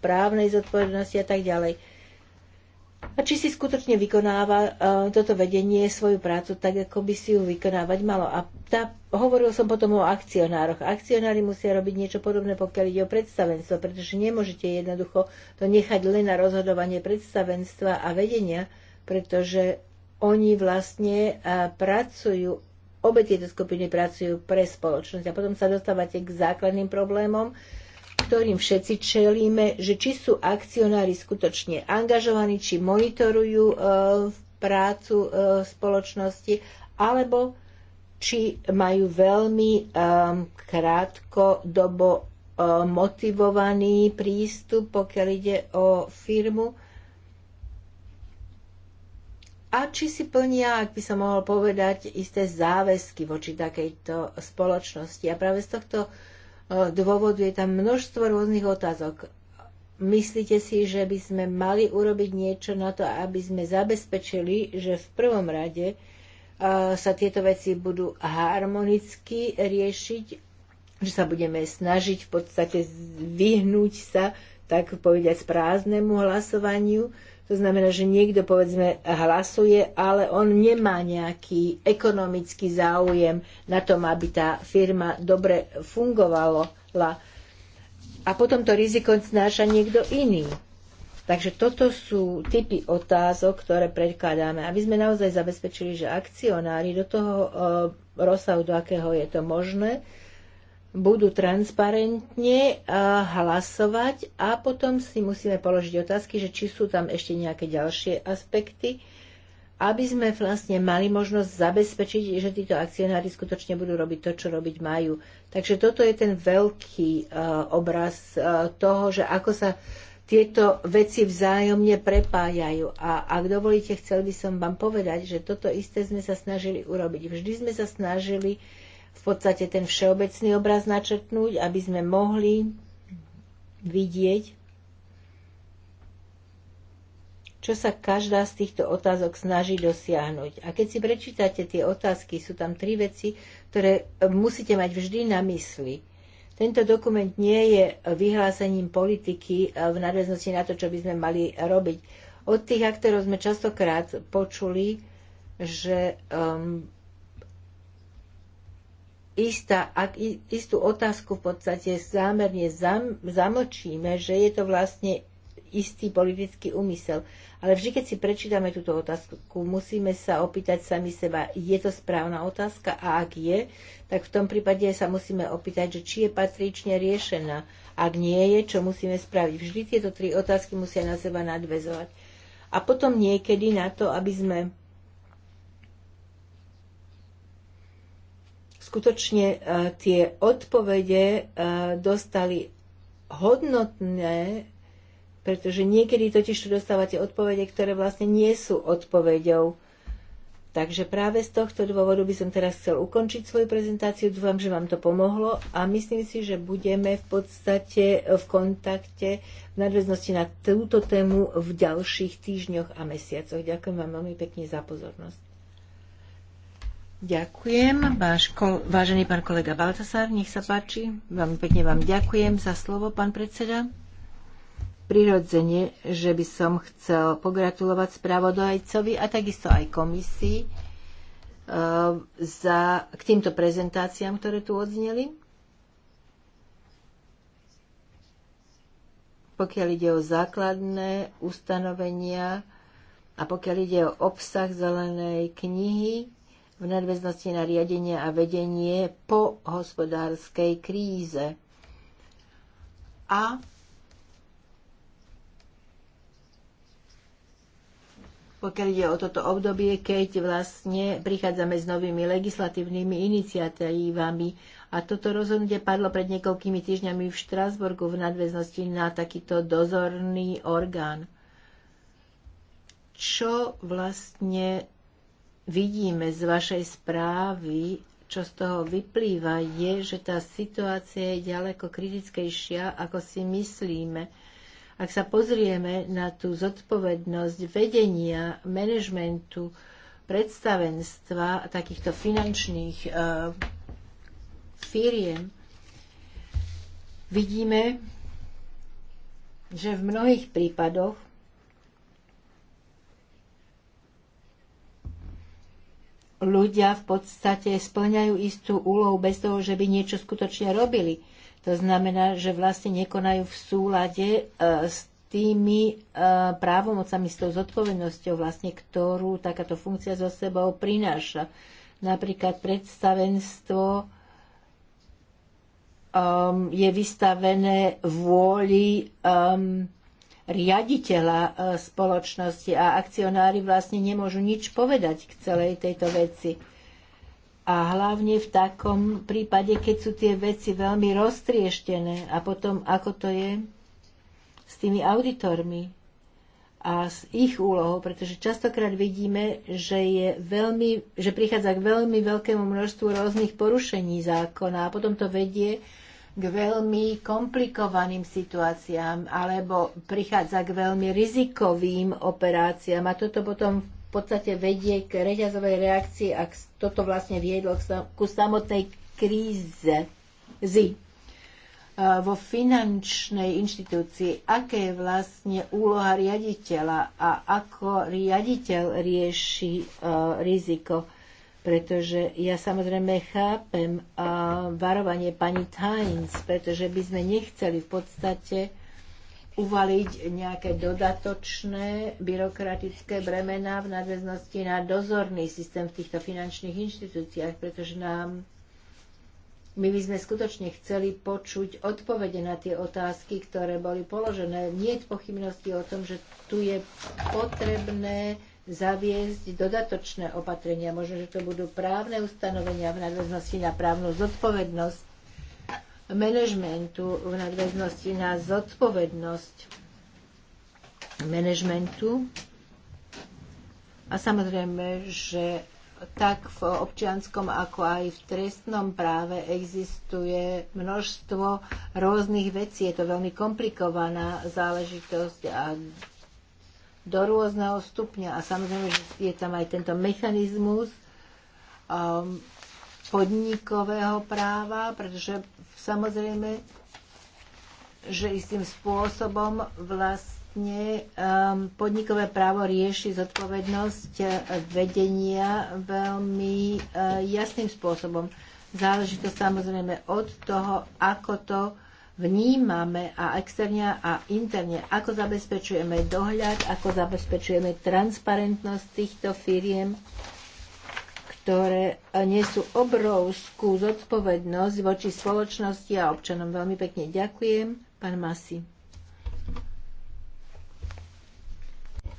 právnej zodpovednosti a tak ďalej. A či si skutočne vykonáva uh, toto vedenie svoju prácu tak, ako by si ju vykonávať malo. A tá, hovoril som potom o akcionároch. Akcionári musia robiť niečo podobné, pokiaľ ide o predstavenstvo, pretože nemôžete jednoducho to nechať len na rozhodovanie predstavenstva a vedenia, pretože oni vlastne pracujú, obe tieto skupiny pracujú pre spoločnosť. A potom sa dostávate k základným problémom, ktorým všetci čelíme, že či sú akcionári skutočne angažovaní, či monitorujú e, prácu e, spoločnosti, alebo či majú veľmi krátko, e, krátkodobo motivovaný prístup, pokiaľ ide o firmu a či si plnia, ak by som mohol povedať, isté záväzky voči takejto spoločnosti. A práve z tohto e, dôvodu je tam množstvo rôznych otázok. Myslíte si, že by sme mali urobiť niečo na to, aby sme zabezpečili, že v prvom rade e, sa tieto veci budú harmonicky riešiť, že sa budeme snažiť v podstate vyhnúť sa, tak povedať, prázdnemu hlasovaniu, to znamená, že niekto povedzme hlasuje, ale on nemá nejaký ekonomický záujem na tom, aby tá firma dobre fungovala. A potom to riziko znáša niekto iný. Takže toto sú typy otázok, ktoré predkladáme, aby sme naozaj zabezpečili, že akcionári do toho e, rozsahu, do akého je to možné, budú transparentne eh, hlasovať a potom si musíme položiť otázky, že či sú tam ešte nejaké ďalšie aspekty, aby sme vlastne mali možnosť zabezpečiť, že títo akcionári skutočne budú robiť to, čo robiť majú. Takže toto je ten veľký eh, obraz eh, toho, že ako sa tieto veci vzájomne prepájajú. A ak dovolíte, chcel by som vám povedať, že toto isté sme sa snažili urobiť. Vždy sme sa snažili uh, v podstate ten všeobecný obraz načrtnúť, aby sme mohli vidieť, čo sa každá z týchto otázok snaží dosiahnuť. A keď si prečítate tie otázky, sú tam tri veci, ktoré musíte mať vždy na mysli. Tento dokument nie je vyhlásením politiky v nadväznosti na to, čo by sme mali robiť. Od tých aktorov sme častokrát počuli, že um, istá, ak istú otázku v podstate zámerne zam, zamlčíme, že je to vlastne istý politický úmysel. Ale vždy, keď si prečítame túto otázku, musíme sa opýtať sami seba, je to správna otázka a ak je, tak v tom prípade sa musíme opýtať, že či je patrične riešená. Ak nie je, čo musíme spraviť. Vždy tieto tri otázky musia na seba nadvezovať. A potom niekedy na to, aby sme skutočne e, tie odpovede e, dostali hodnotné, pretože niekedy totiž tu dostávate odpovede, ktoré vlastne nie sú odpovedou. Takže práve z tohto dôvodu by som teraz chcel ukončiť svoju prezentáciu. Dúfam, že vám to pomohlo a myslím si, že budeme v podstate e, v kontakte v nadväznosti na túto tému v ďalších týždňoch a mesiacoch. Ďakujem vám veľmi pekne za pozornosť. Ďakujem. Váš ko- vážený pán kolega Baltasar, nech sa páči. Veľmi pekne vám ďakujem za slovo, pán predseda. Prirodzene, že by som chcel pogratulovať spravodajcovi a takisto aj komisii e, za, k týmto prezentáciám, ktoré tu odzneli. Pokiaľ ide o základné ustanovenia a pokiaľ ide o obsah zelenej knihy, v nadväznosti na riadenie a vedenie po hospodárskej kríze. A pokiaľ ide o toto obdobie, keď vlastne prichádzame s novými legislatívnymi iniciatívami. A toto rozhodnutie padlo pred niekoľkými týždňami v Štrasburgu v nadväznosti na takýto dozorný orgán. Čo vlastne vidíme z vašej správy, čo z toho vyplýva, je, že tá situácia je ďaleko kritickejšia, ako si myslíme. Ak sa pozrieme na tú zodpovednosť vedenia, manažmentu, predstavenstva takýchto finančných uh, firiem, vidíme, že v mnohých prípadoch ľudia v podstate splňajú istú úlohu bez toho, že by niečo skutočne robili. To znamená, že vlastne nekonajú v súlade e, s tými e, právomocami, s tou zodpovednosťou, vlastne, ktorú takáto funkcia so sebou prináša. Napríklad predstavenstvo um, je vystavené vôli um, riaditeľa e, spoločnosti a akcionári vlastne nemôžu nič povedať k celej tejto veci. A hlavne v takom prípade, keď sú tie veci veľmi roztrieštené a potom ako to je s tými auditormi a s ich úlohou, pretože častokrát vidíme, že, je veľmi, že prichádza k veľmi veľkému množstvu rôznych porušení zákona a potom to vedie k veľmi komplikovaným situáciám alebo prichádza k veľmi rizikovým operáciám a toto potom v podstate vedie k reťazovej reakcii a toto vlastne viedlo ku samotnej kríze. Zi e, vo finančnej inštitúcii, aké je vlastne úloha riaditeľa a ako riaditeľ rieši uh, riziko pretože ja samozrejme chápem varovanie pani Tynes, pretože by sme nechceli v podstate uvaliť nejaké dodatočné byrokratické bremená v nadväznosti na dozorný systém v týchto finančných inštitúciách, pretože nám my by sme skutočne chceli počuť odpovede na tie otázky, ktoré boli položené. Nie je pochybnosti o tom, že tu je potrebné zaviesť dodatočné opatrenia. Možno, že to budú právne ustanovenia v nadväznosti na právnu zodpovednosť manažmentu, v nadväznosti na zodpovednosť manažmentu. A samozrejme, že tak v občianskom, ako aj v trestnom práve existuje množstvo rôznych vecí. Je to veľmi komplikovaná záležitosť a do rôzneho stupňa. A samozrejme, že je tam aj tento mechanizmus um, podnikového práva, pretože samozrejme, že istým spôsobom vlastne um, podnikové právo rieši zodpovednosť uh, vedenia veľmi uh, jasným spôsobom. Záleží to samozrejme od toho, ako to uh, vnímame a externe a interne, ako zabezpečujeme dohľad, ako zabezpečujeme transparentnosť týchto firiem, ktoré nesú obrovskú zodpovednosť voči spoločnosti a občanom. Veľmi pekne ďakujem. Pán Masi.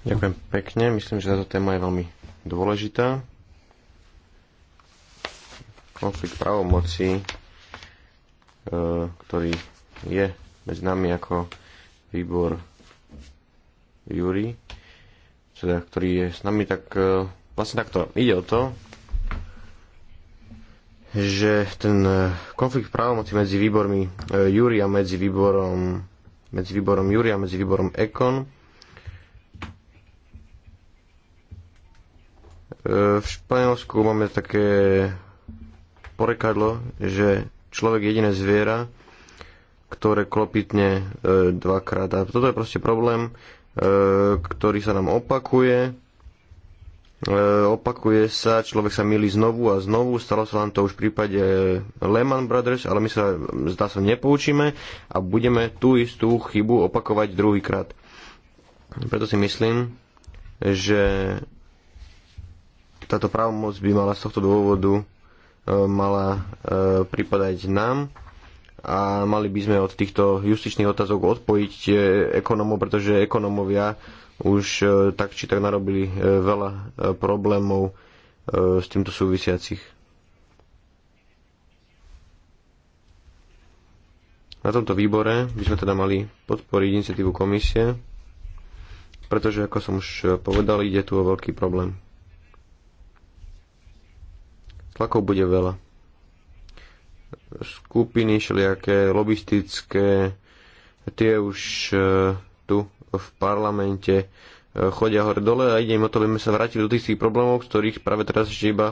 Ďakujem pekne. Myslím, že táto téma je veľmi dôležitá. Konflikt pravomoci, e, ktorý je medzi nami ako výbor Júri, teda, ktorý je s nami, tak e, vlastne takto ide o to, že ten e, konflikt právomoci medzi výbormi e, Júri a medzi výborom medzi výborom Júri a medzi výborom Ekon v Španielsku máme také porekadlo, že človek jediné zviera, ktoré klopitne e, dvakrát. A toto je proste problém, e, ktorý sa nám opakuje. E, opakuje sa, človek sa milí znovu a znovu, stalo sa nám to už v prípade Lehman Brothers, ale my sa zdá sa nepoučíme a budeme tú istú chybu opakovať druhýkrát. Preto si myslím, že táto právomoc by mala z tohto dôvodu mala pripadať nám a mali by sme od týchto justičných otázok odpojiť eh, ekonomov, pretože ekonomovia už eh, tak či tak narobili eh, veľa problémov s týmto súvisiacich. Na tomto výbore by sme teda mali podporiť iniciatívu komisie, pretože, ako som už povedal, ide tu o veľký problém. Tlakov bude veľa skupiny, všelijaké lobistické, tie už e, tu v parlamente e, chodia hore dole a ide o to, aby sme sa vrátili do tých, tých problémov, z ktorých práve teraz ešte iba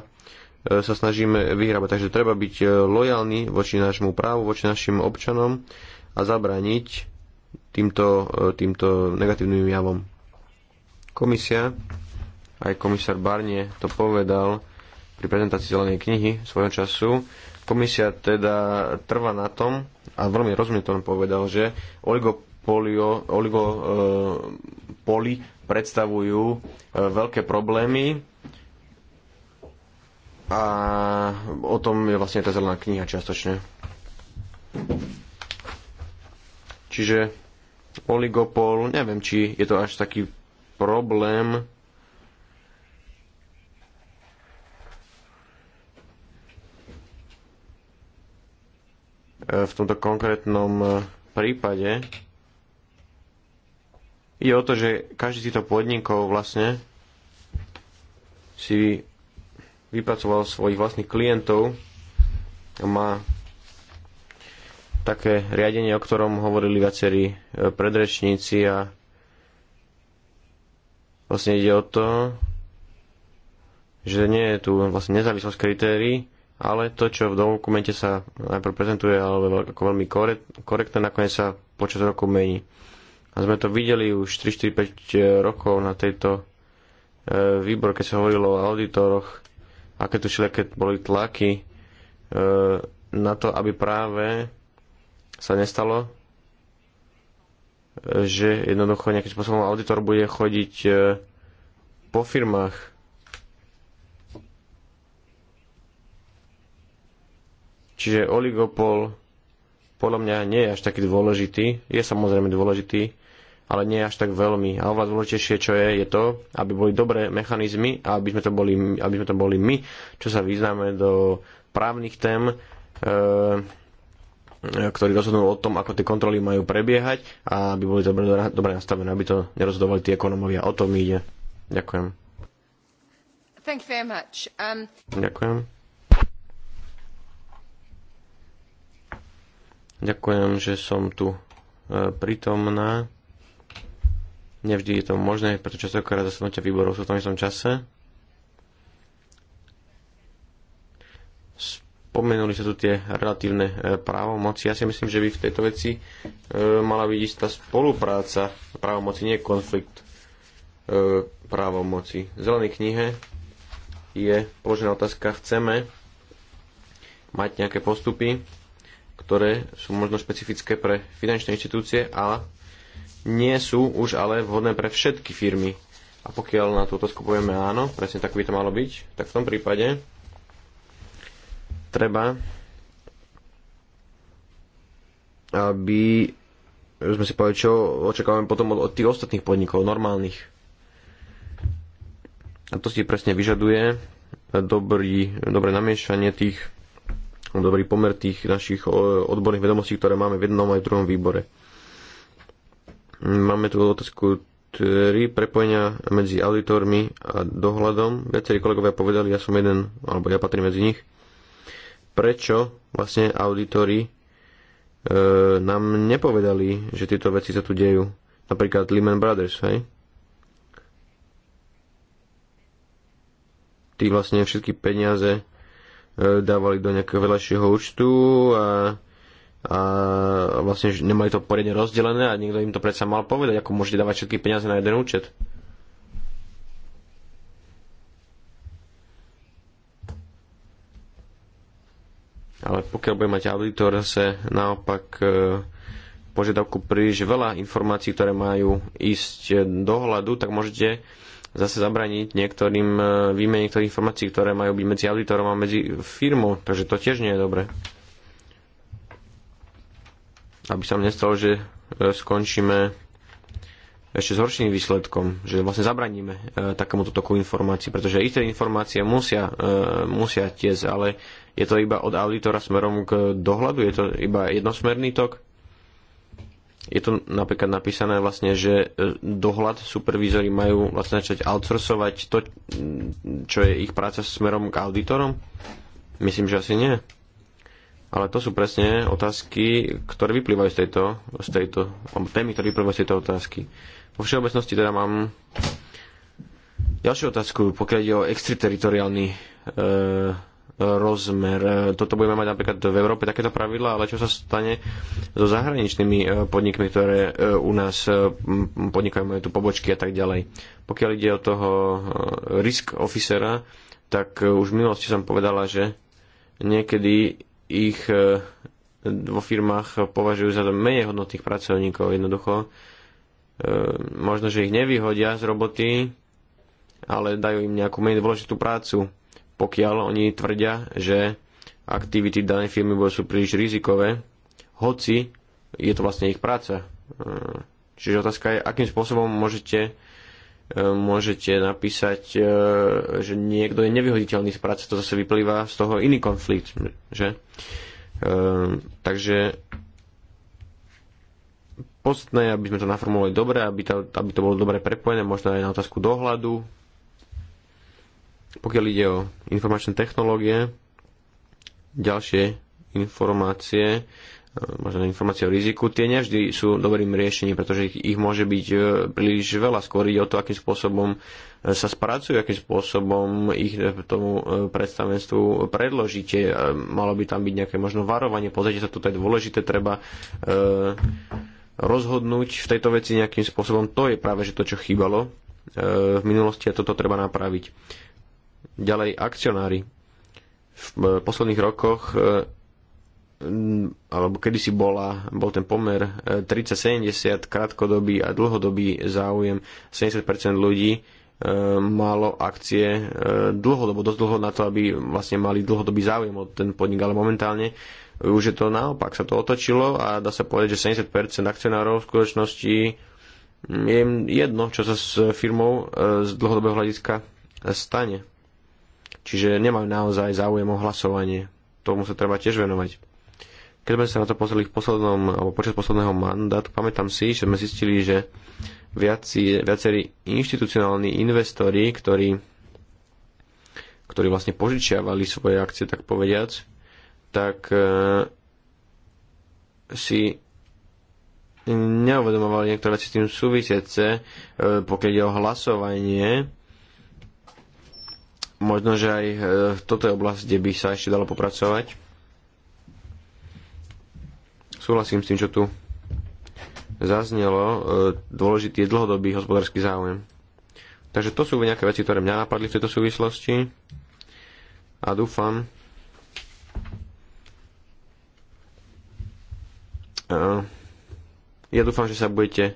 e, sa snažíme vyhrábať. Takže treba byť lojálny voči nášmu právu, voči našim občanom a zabrániť týmto, týmto negatívnym javom. Komisia, aj komisár Barnie to povedal pri prezentácii zelenej knihy svojho času, Komisia teda trvá na tom, a veľmi rozumne to povedal, že oligopoli oligopoly predstavujú e, veľké problémy a o tom je vlastne tá zelená kniha čiastočne. Čiže oligopol, neviem, či je to až taký problém, v tomto konkrétnom e, prípade ide o to, že každý z týchto podnikov vlastne si vypracoval svojich vlastných klientov a má také riadenie, o ktorom hovorili viacerí e, predrečníci a vlastne ide o to, že nie je tu vlastne nezávislosť kritérií, ale to, čo v dokumente sa najprv prezentuje alebo ako veľmi korektné, nakoniec sa počas roku mení. A sme to videli už 3-4-5 e, rokov na tejto e, výbor, keď sa hovorilo o auditoroch, aké tu všelijaké boli tlaky e, na to, aby práve sa nestalo, e, že jednoducho nejakým spôsobom auditor bude chodiť e, po firmách Čiže oligopol podľa mňa nie je až taký dôležitý. Je samozrejme dôležitý, ale nie je až tak veľmi. A oveľa dôležitejšie, čo je, je to, aby boli dobré mechanizmy a aby sme to boli, aby sme to boli my, čo sa význame do právnych tém, e, e ktorí rozhodnú o tom, ako tie kontroly majú prebiehať a aby boli dobre, dobre nastavené, aby to nerozhodovali tie ekonomovia. O tom ide. Ďakujem. Thank you very much. Um... Ďakujem. Ďakujem, že som tu e, prítomná. Nevždy je to možné, pretože častokrát zasadnutia výborov sú v tom istom čase. Spomenuli sa tu tie relatívne e, právomoci. Ja si myslím, že by v tejto veci e, mala byť istá spolupráca právomoci, nie konflikt právomoci. V zelenej knihe je položená otázka, chceme mať nejaké postupy, ktoré sú možno špecifické pre finančné inštitúcie a nie sú už ale vhodné pre všetky firmy. A pokiaľ na túto skupujeme áno, presne tak by to malo byť, tak v tom prípade treba, aby sme si povedali, čo očakávame potom od, od tých ostatných podnikov, normálnych. A to si presne vyžaduje dobrý, dobré namiešanie tých dobrý pomer tých našich odborných vedomostí, ktoré máme v jednom aj v druhom výbore. Máme tu otázku 3 prepojenia medzi auditormi a dohľadom. Viacerí kolegovia povedali, ja som jeden, alebo ja patrím medzi nich. Prečo vlastne auditori e, nám nepovedali, že tieto veci sa tu dejú? Napríklad Lehman Brothers, hej? Tí vlastne všetky peniaze E, dávali do nejakého vedľajšieho účtu a, a vlastne nemali to poriadne rozdelené a niekto im to predsa mal povedať, ako môžete dávať všetky peniaze na jeden účet. Ale pokiaľ bude mať auditor zase naopak e, požiadavku príliš veľa informácií, ktoré majú ísť do hľadu, tak môžete zase zabraniť niektorým e, výmene niektorých informácií, ktoré majú byť medzi auditorom a medzi firmou. Takže to tiež nie je dobré. Aby sa nestalo, že e, skončíme ešte s horším výsledkom, že vlastne zabraníme e, takémuto toku informácií, pretože isté informácie musia, e, musia tiesť, ale je to iba od auditora smerom k dohľadu, je to iba jednosmerný tok je to napríklad napísané vlastne, že e, dohľad supervízory majú vlastne začať outsourcovať to, čo je ich práca smerom k auditorom? Myslím, že asi nie. Ale to sú presne otázky, ktoré vyplývajú z tejto, z tejto témy, ktoré vyplývajú z tejto otázky. Vo všeobecnosti teda mám ďalšiu otázku, pokiaľ ide o extriteritoriálny e, rozmer. Toto budeme mať napríklad v Európe takéto pravidla, ale čo sa stane so zahraničnými e, podnikmi, ktoré e, u nás e, podnikajú, majú tu pobočky a tak ďalej. Pokiaľ ide o toho risk officera, tak už v minulosti som povedala, že niekedy ich vo firmách považujú za menej hodnotných pracovníkov. Jednoducho, možno, že ich nevyhodia z roboty, ale dajú im nejakú menej dôležitú prácu pokiaľ oni tvrdia, že aktivity danej firmy sú príliš rizikové, hoci je to vlastne ich práca. Hm. Čiže otázka je, akým spôsobom môžete, hm, môžete napísať, hm, že niekto je nevyhoditeľný z práce, to zase vyplýva z toho iný konflikt. Že? Takže podstatné, aby sme to naformulovali dobre, aby to, aby to bolo dobre prepojené, možno aj na otázku dohľadu, pokiaľ ide o informačné technológie, ďalšie informácie, e, možno informácie o riziku, tie nevždy sú dobrým riešením, pretože ich, ich môže byť e, príliš veľa. Skôr ide o to, akým spôsobom e, sa spracujú, akým spôsobom ich tomu predstavenstvu predložíte. Malo by tam byť nejaké možno varovanie, pozrite sa, toto je dôležité, treba rozhodnúť v tejto veci nejakým spôsobom. To je práve že to, čo chýbalo v minulosti a toto treba napraviť. Ďalej akcionári. V e, posledných rokoch e, alebo kedysi bola, bol ten pomer 30-70 e, krátkodobý a dlhodobý záujem. 70% ľudí malo akcie dlhodobo, dosť dlho na to, aby vlastne mali dlhodobý záujem o ten podnik, ale momentálne už je to naopak, sa to otočilo a dá sa povedať, že 70% akcionárov v skutočnosti je jedno, čo sa s firmou z dlhodobého hľadiska stane. Čiže nemajú naozaj záujem o hlasovanie. Tomu sa treba tiež venovať. Keď sme sa na to pozreli v poslednom, alebo počas posledného mandátu, pamätám si, že sme zistili, že viaci, viacerí inštitucionálni investori, ktorí, ktorí vlastne požičiavali svoje akcie, tak povediac, tak e, si neuvedomovali niektoré veci s tým súvisiace, e, pokiaľ je o hlasovanie, možno, že aj e, toto je oblasť, kde by sa ešte dalo popracovať. Súhlasím s tým, čo tu zaznelo. E, dôležitý je dlhodobý hospodársky záujem. Takže to sú nejaké veci, ktoré mňa napadli v tejto súvislosti. A dúfam, e, ja dúfam, že sa budete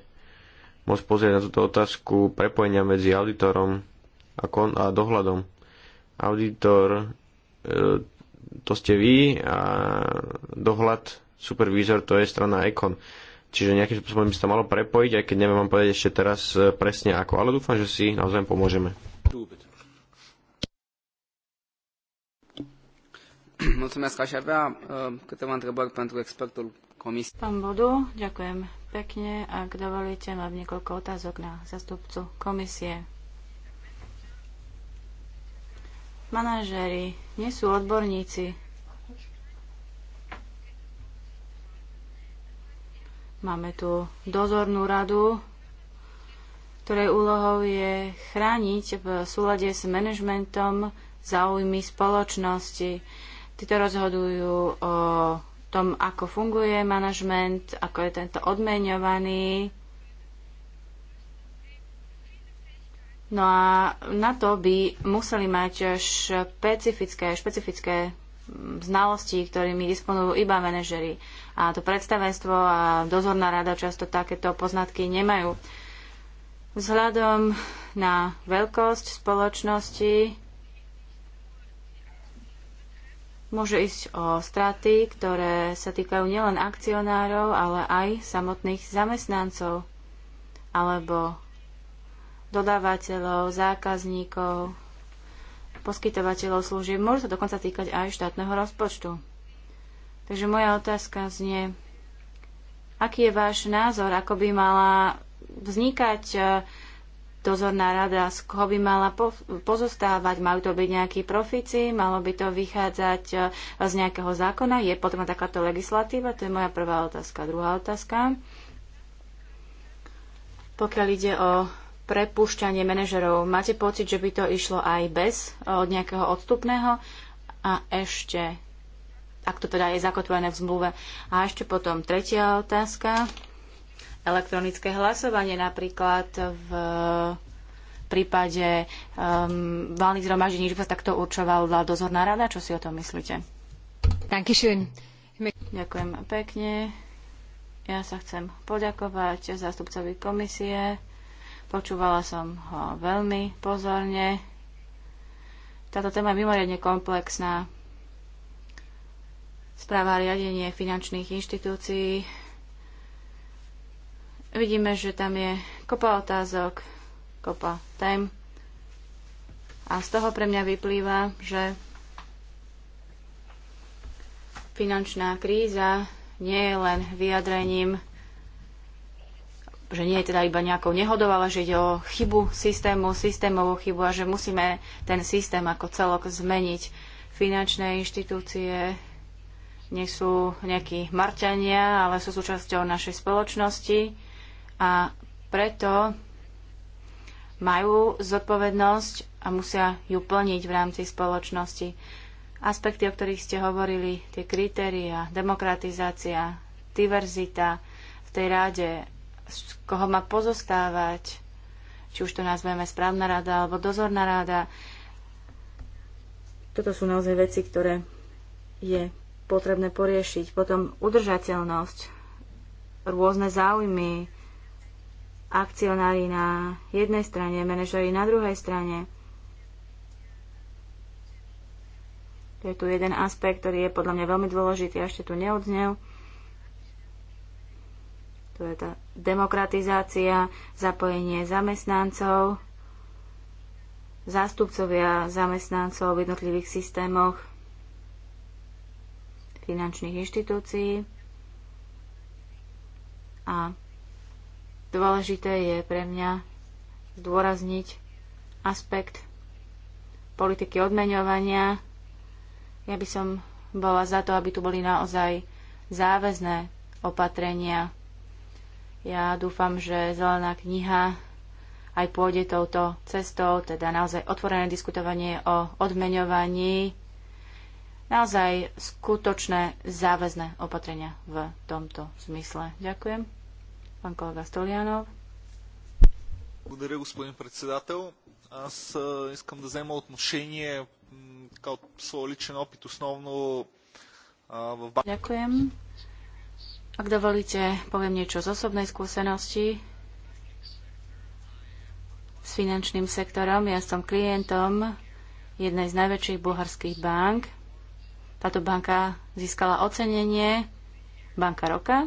môcť pozrieť na túto otázku prepojenia medzi auditorom a, kon- a dohľadom. Auditor e, to ste vy a dohľad, supervízor to je strana Econ. Čiže nejakým spôsobom by sa to malo prepojiť, aj keď neviem vám povedať ešte teraz e, presne ako, ale dúfam, že si naozaj pomôžeme. Mulțumesc. Aș avea uh, câteva întrebări pentru expertul comisiei. Pan Bodu, ďakujem pekne. Ak dovolíte, mám niekoľko otázok na zastupcu komisie. manažéri, nie sú odborníci. Máme tu dozornú radu, ktorej úlohou je chrániť v súlade s manažmentom záujmy spoločnosti. Títo rozhodujú o tom, ako funguje manažment, ako je tento odmeňovaný, No a na to by museli mať špecifické, špecifické znalosti, ktorými disponujú iba manažery. A to predstavenstvo a dozorná rada často takéto poznatky nemajú. Vzhľadom na veľkosť spoločnosti môže ísť o straty, ktoré sa týkajú nielen akcionárov, ale aj samotných zamestnancov alebo dodávateľov, zákazníkov, poskytovateľov služieb. Môže sa dokonca týkať aj štátneho rozpočtu. Takže moja otázka znie, aký je váš názor, ako by mala vznikať e, dozorná rada, z koho by mala pozostávať, majú to byť nejakí profici, malo by to vychádzať e, z nejakého zákona, je potrebná takáto legislatíva, to je moja prvá otázka. Druhá otázka, pokiaľ ide o Prepúšťanie manažerov. Máte pocit, že by to išlo aj bez eh, od nejakého odstupného? A ešte, ak to teda je zakotvené v zmluve. A ešte potom tretia otázka. Elektronické hlasovanie napríklad v prípade um, valných zhromaždení, že sa takto určoval dozorná rada. Čo si o tom myslíte? Dankeschön. Ďakujem pekne. Ja sa chcem poďakovať zástupcovi komisie. Počúvala som ho veľmi pozorne. Táto téma je mimoriadne komplexná. Správa riadenie finančných inštitúcií. Vidíme, že tam je kopa otázok, kopa tém. A z toho pre mňa vyplýva, že finančná kríza nie je len vyjadrením že nie je teda iba nejakou nehodou, ale že ide o chybu systému, systémovú chybu a že musíme ten systém ako celok zmeniť. Finančné inštitúcie nie sú nejakí marťania, ale sú súčasťou našej spoločnosti a preto majú zodpovednosť a musia ju plniť v rámci spoločnosti. Aspekty, o ktorých ste hovorili, tie kritéria, demokratizácia, diverzita v tej ráde, z koho má pozostávať, či už to nazveme správna rada alebo dozorná rada. Toto sú naozaj veci, ktoré je potrebné poriešiť. Potom udržateľnosť, rôzne záujmy, akcionári na jednej strane, manažeri na druhej strane. To je tu jeden aspekt, ktorý je podľa mňa veľmi dôležitý a ešte tu neodznel to je tá demokratizácia, zapojenie zamestnancov, zástupcovia zamestnancov v jednotlivých systémoch finančných inštitúcií. A dôležité je pre mňa zdôrazniť aspekt politiky odmeňovania. Ja by som bola za to, aby tu boli naozaj záväzné opatrenia ja dúfam, že zelená kniha aj pôjde touto cestou, teda naozaj otvorené diskutovanie o odmeňovaní, naozaj skutočné záväzne opatrenia v tomto zmysle. Ďakujem. Pán kolega Stolianov. Благодаря, господин председател. Аз искам да взема отношение от своя личен опит, основно в... Ďakujem. Ak dovolíte, poviem niečo z osobnej skúsenosti s finančným sektorom. Ja som klientom jednej z najväčších bulharských bank. Táto banka získala ocenenie Banka roka.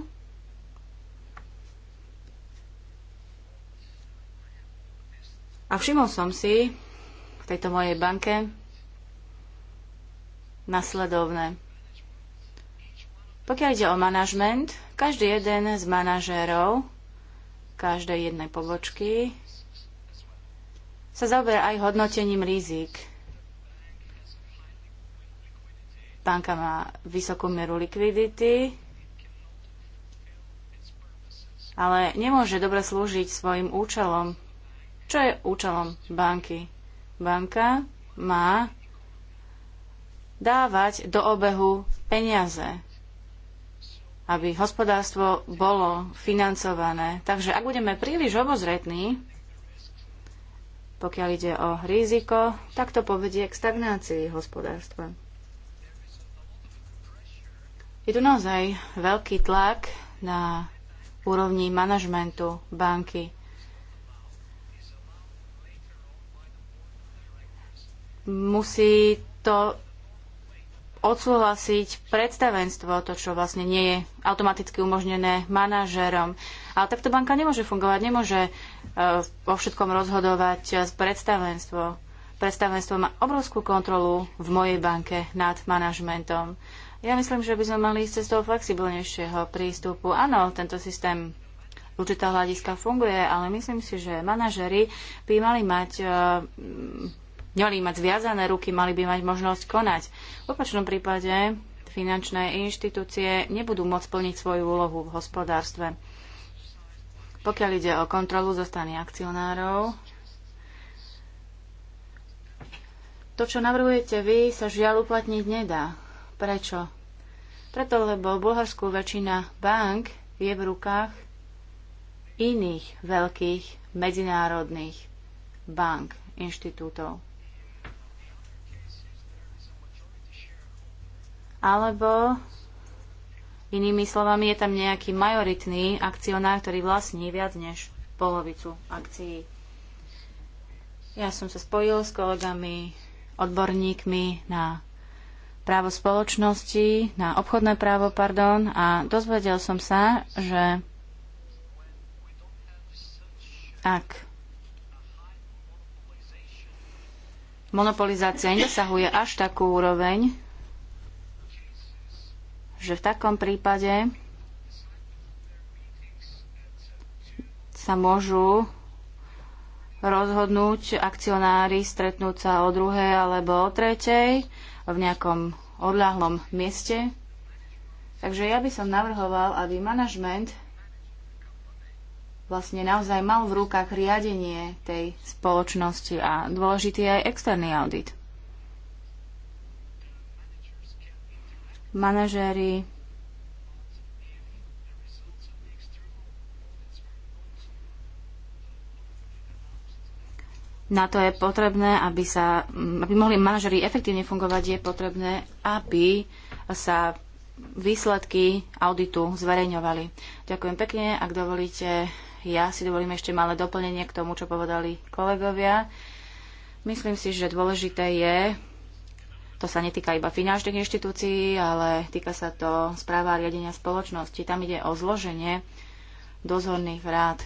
A všimol som si v tejto mojej banke nasledovné. Pokiaľ ide o manažment, každý jeden z manažérov každej jednej pobočky sa zaoberá aj hodnotením rizik. Banka má vysokú mieru likvidity, ale nemôže dobre slúžiť svojim účelom. Čo je účelom banky? Banka má dávať do obehu peniaze aby hospodárstvo bolo financované. Takže ak budeme príliš obozretní, pokiaľ ide o riziko, tak to povedie k stagnácii hospodárstva. Je tu naozaj veľký tlak na úrovni manažmentu banky. Musí to odsúhlasiť predstavenstvo, to, čo vlastne nie je automaticky umožnené manažérom. Ale takto banka nemôže fungovať, nemôže e, vo všetkom rozhodovať z predstavenstvo. Predstavenstvo má obrovskú kontrolu v mojej banke nad manažmentom. Ja myslím, že by sme mali ísť cestou flexibilnejšieho prístupu. Áno, tento systém určitého hľadiska funguje, ale myslím si, že manažery by mali mať e, nemali mať zviazané ruky, mali by mať možnosť konať. V opačnom prípade finančné inštitúcie nebudú môcť plniť svoju úlohu v hospodárstve. Pokiaľ ide o kontrolu zo strany akcionárov, to, čo navrhujete vy, sa žiaľ uplatniť nedá. Prečo? Preto, lebo bulharskú Bulharsku väčšina bank je v rukách iných veľkých medzinárodných bank, inštitútov. alebo inými slovami je tam nejaký majoritný akcionár, ktorý vlastní viac než polovicu akcií. Ja som sa spojil s kolegami, odborníkmi na právo spoločnosti, na obchodné právo, pardon, a dozvedel som sa, že ak monopolizácia nedosahuje až takú úroveň, že v takom prípade sa môžu rozhodnúť akcionári stretnúť sa o druhej alebo o tretej v nejakom odľahlom mieste. Takže ja by som navrhoval, aby manažment vlastne naozaj mal v rukách riadenie tej spoločnosti a dôležitý je aj externý audit. manažéri Na to je potrebné, aby, sa, mm, aby mohli manažeri efektívne fungovať, je potrebné, aby sa výsledky auditu zverejňovali. Ďakujem pekne. Ak dovolíte, ja si dovolím ešte malé doplnenie k tomu, čo povedali kolegovia. Myslím si, že dôležité je to sa netýka iba finančných inštitúcií, ale týka sa to správa a riadenia spoločnosti. Tam ide o zloženie dozorných rád.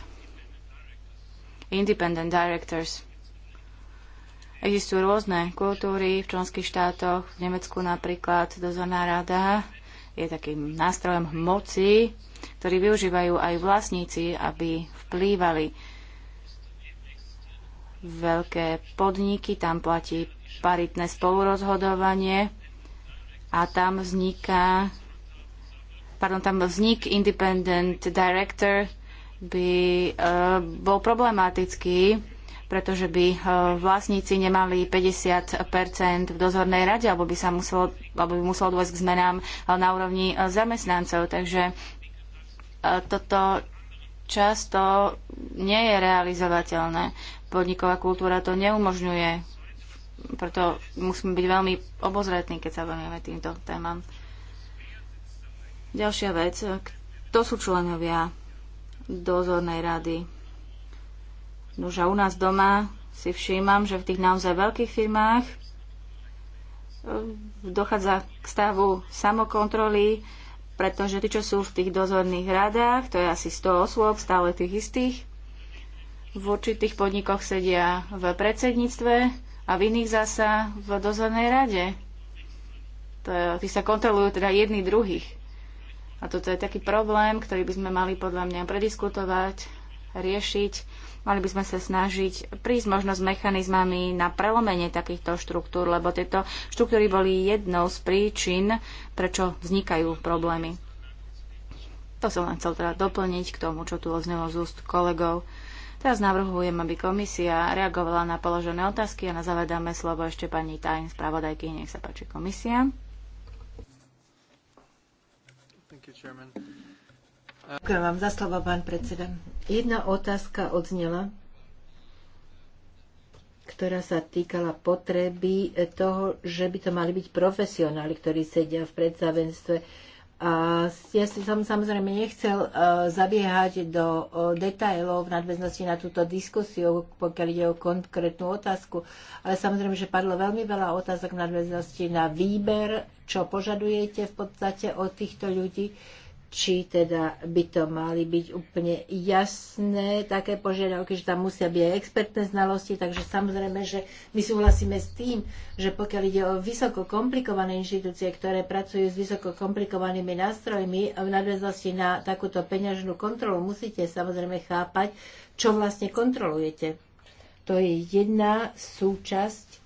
Independent directors. Existujú rôzne kultúry v členských štátoch. V Nemecku napríklad dozorná rada je takým nástrojom moci, ktorý využívajú aj vlastníci, aby vplývali veľké podniky, tam platí paritné spolurozhodovanie a tam vzniká pardon, tam vznik independent director by uh, bol problematický, pretože by uh, vlastníci nemali 50% v dozornej rade, alebo by sa muselo, alebo by muselo dôjsť k zmenám uh, na úrovni uh, zamestnancov. Takže uh, toto často nie je realizovateľné. Podniková kultúra to neumožňuje preto musíme byť veľmi obozretní, keď sa venujeme týmto témam. Ďalšia vec, kto sú členovia dozornej rady? No že u nás doma si všímam, že v tých naozaj veľkých firmách eh, dochádza k stavu samokontroly, pretože tí, čo sú v tých dozorných radách, to je asi 100 osôb, stále tých istých, v určitých podnikoch sedia v predsedníctve, a v iných zasa v dozornej rade. To je, tí sa kontrolujú teda jedni druhých. A toto je taký problém, ktorý by sme mali podľa mňa prediskutovať, riešiť. Mali by sme sa snažiť prísť možno s mechanizmami na prelomenie takýchto štruktúr, lebo tieto štruktúry boli jednou z príčin, prečo vznikajú problémy. To som len chcel teda doplniť k tomu, čo tu oznelo z úst kolegov. Teraz navrhujem, aby komisia reagovala na položené otázky a na záver dáme slovo ešte pani Tajn, spravodajky. Nech sa páči komisia. Ďakujem vám za slovo, pán predseda. Jedna otázka odznela, ktorá sa týkala potreby toho, že by to mali byť profesionáli, ktorí sedia v predstavenstve ja som samozrejme nechcel e, zabiehať do e, detajlov v nadväznosti na túto diskusiu, pokiaľ ide o konkrétnu otázku, ale samozrejme, že padlo veľmi veľa otázok v nadväznosti na výber, čo požadujete v podstate od týchto ľudí či teda by to mali byť úplne jasné také požiadavky, že tam musia byť aj expertné znalosti, takže samozrejme, že my súhlasíme s tým, že pokiaľ ide o vysoko komplikované inštitúcie, ktoré pracujú s vysoko komplikovanými nástrojmi v nadväznosti na takúto peňažnú kontrolu, musíte samozrejme chápať, čo vlastne kontrolujete. To je jedna súčasť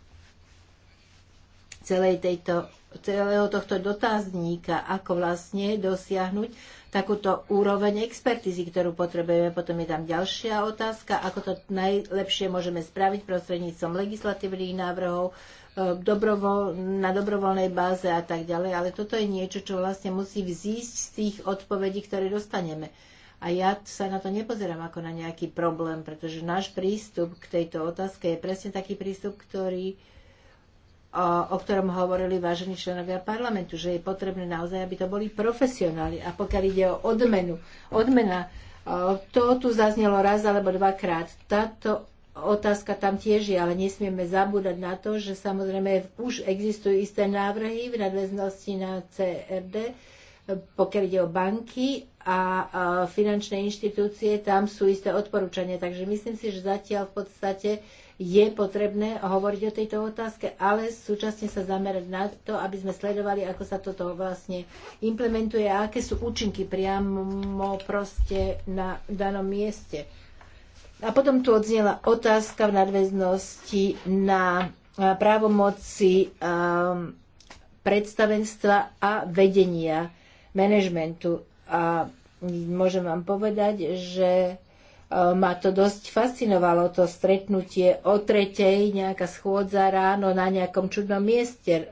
celej tejto celého tohto dotazníka, ako vlastne dosiahnuť takúto úroveň expertízy, ktorú potrebujeme. Potom je tam ďalšia otázka, ako to najlepšie môžeme spraviť prostredníctvom legislatívnych návrhov, eh, dobrovoľ, na dobrovoľnej báze a tak ďalej. Ale toto je niečo, čo vlastne musí vzísť z tých odpovedí, ktoré dostaneme. A ja sa na to nepozerám ako na nejaký problém, pretože náš prístup k tejto otázke je presne taký prístup, ktorý o, ktorom hovorili vážení členovia parlamentu, že je potrebné naozaj, aby to boli profesionáli. A pokiaľ ide o odmenu, odmena, to tu zaznelo raz alebo dvakrát. Táto otázka tam tiež je, ale nesmieme zabúdať na to, že samozrejme už existujú isté návrhy v nadväznosti na CRD, pokiaľ ide o banky a finančné inštitúcie, tam sú isté odporúčania. Takže myslím si, že zatiaľ v podstate je potrebné hovoriť o tejto otázke, ale súčasne sa zamerať na to, aby sme sledovali, ako sa toto vlastne implementuje a aké sú účinky priamo proste na danom mieste. A potom tu odznela otázka v nadväznosti na právomoci um, predstavenstva a vedenia manažmentu. A môžem vám povedať, že Eh, ma to dosť fascinovalo, to stretnutie o tretej, nejaká schôdza ráno na nejakom čudnom mieste.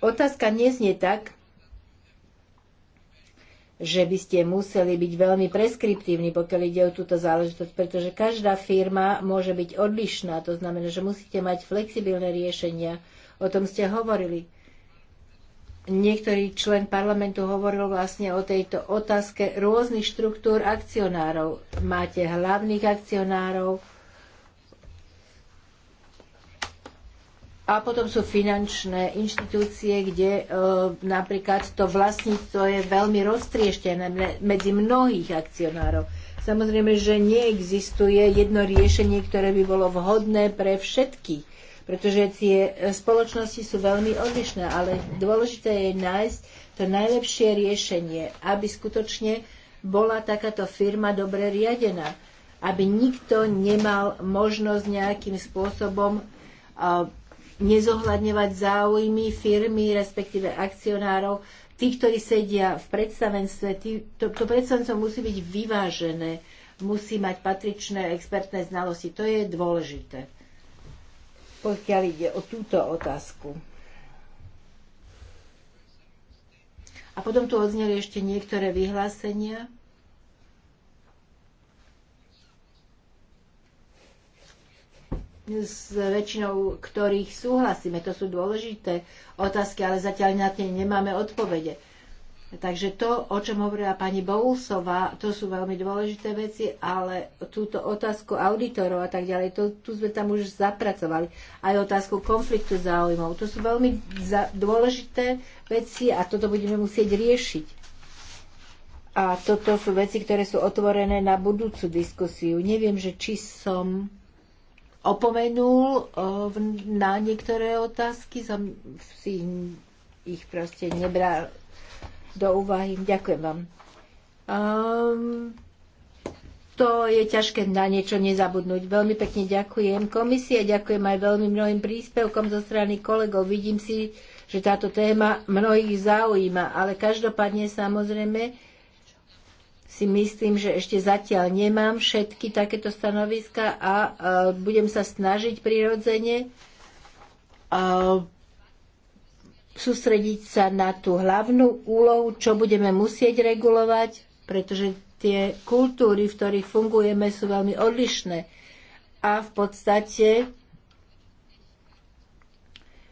Otázka neznie tak, že by ste museli byť veľmi preskriptívni, pokiaľ ide o túto záležitosť, pretože každá firma môže byť odlišná. To znamená, že musíte mať flexibilné riešenia. O tom ste hovorili niektorý člen parlamentu hovoril vlastne o tejto otázke rôznych štruktúr akcionárov. Máte hlavných akcionárov a potom sú finančné inštitúcie, kde e, napríklad to vlastníctvo je veľmi roztrieštené medzi mnohých akcionárov. Samozrejme, že neexistuje jedno riešenie, ktoré by bolo vhodné pre všetkých pretože tie e, spoločnosti sú veľmi odlišné, ale dôležité je nájsť to najlepšie riešenie, aby skutočne bola takáto firma dobre riadená, aby nikto nemal možnosť nejakým spôsobom nezohľadňovať záujmy firmy, respektíve akcionárov, tí, ktorí sedia v predstavenstve, tí, to, to predstavenstvo musí byť vyvážené, musí mať patričné expertné znalosti. To je dôležité pokiaľ ide o túto otázku. A potom tu odzneli ešte niektoré vyhlásenia. s väčšinou ktorých súhlasíme. To sú dôležité otázky, ale zatiaľ na tie nemáme odpovede. Takže to, o čom hovorila pani Bousová, to sú veľmi dôležité veci, ale túto otázku auditorov a tak ďalej, to, tu sme tam už zapracovali. Aj otázku konfliktu záujmov. To sú veľmi dôležité veci a toto budeme musieť riešiť. A toto sú veci, ktoré sú otvorené na budúcu diskusiu. Neviem, že či som opomenul na niektoré otázky, som si ich proste nebral do úvahy. Ďakujem vám. Um, to je ťažké na niečo nezabudnúť. Veľmi pekne ďakujem komisie, ďakujem aj veľmi mnohým príspevkom zo strany kolegov. Vidím si, že táto téma mnohých zaujíma, ale každopádne samozrejme si myslím, že ešte zatiaľ nemám všetky takéto stanoviska a, a e, budem sa snažiť prirodzene sústrediť sa na tú hlavnú úlohu, čo budeme musieť regulovať, pretože tie kultúry, v ktorých fungujeme, sú veľmi odlišné. A v podstate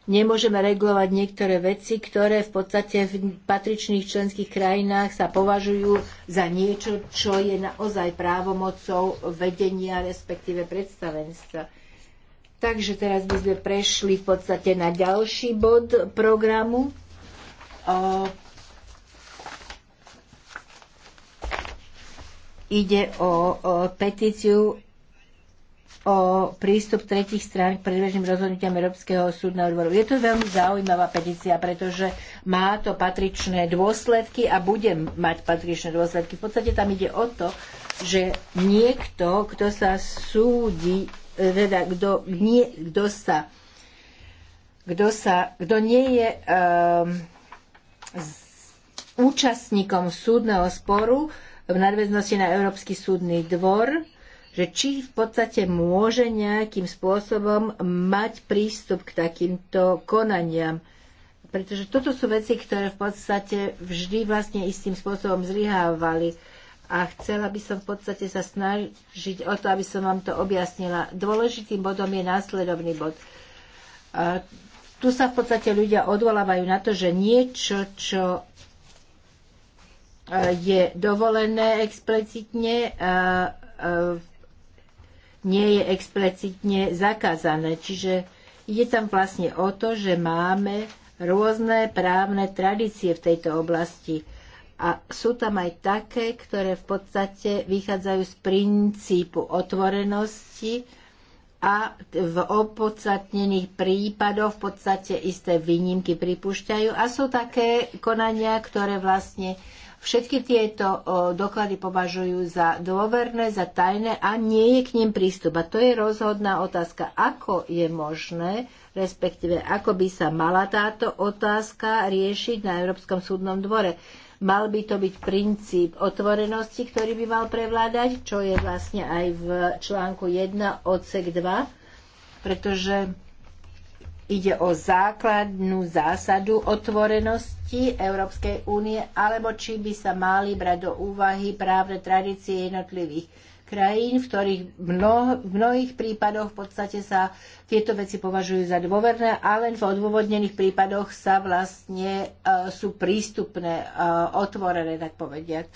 nemôžeme regulovať niektoré veci, ktoré v podstate v patričných členských krajinách sa považujú za niečo, čo je naozaj právomocou vedenia, respektíve predstavenstva. Takže teraz by sme prešli v podstate na ďalší bod programu. O... Ide o, o petíciu o prístup tretich strán k predbežným rozhodnutiam Európskeho súdneho dvoru. Je to veľmi zaujímavá petícia, pretože má to patričné dôsledky a bude mať patričné dôsledky. V podstate tam ide o to, že niekto, kto sa súdi teda kto, nie, kto sa kto, sa, kto nie je um, účastníkom súdneho sporu v nadväznosti na Európsky súdny dvor, že či v podstate môže nejakým spôsobom mať prístup k takýmto konaniam. Pretože toto sú veci, ktoré v podstate vždy vlastne istým spôsobom zlyhávali a chcela by som v podstate sa snažiť o to, aby som vám to objasnila. Dôležitým bodom je následovný bod. A tu sa v podstate ľudia odvolávajú na to, že niečo, čo e, je dovolené explicitne, e, e, nie je explicitne zakázané. Čiže ide tam vlastne o to, že máme rôzne právne tradície v tejto oblasti. A sú tam aj také, ktoré v podstate vychádzajú z princípu otvorenosti a v opodstatnených prípadoch v podstate isté výnimky pripúšťajú. A sú také konania, ktoré vlastne všetky tieto doklady považujú za dôverné, za tajné a nie je k ním prístup. A to je rozhodná otázka, ako je možné, respektíve ako by sa mala táto otázka riešiť na Európskom súdnom dvore. Mal by to byť princíp otvorenosti, ktorý by mal prevládať, čo je vlastne aj v článku 1 odsek 2, pretože ide o základnú zásadu otvorenosti Európskej únie, alebo či by sa mali brať do úvahy právne tradície jednotlivých krajín, v ktorých mnoh, v mnohých prípadoch v podstate sa tieto veci považujú za dôverné a len v odôvodnených prípadoch sa vlastne uh, sú prístupné, uh, otvorené, tak povediať.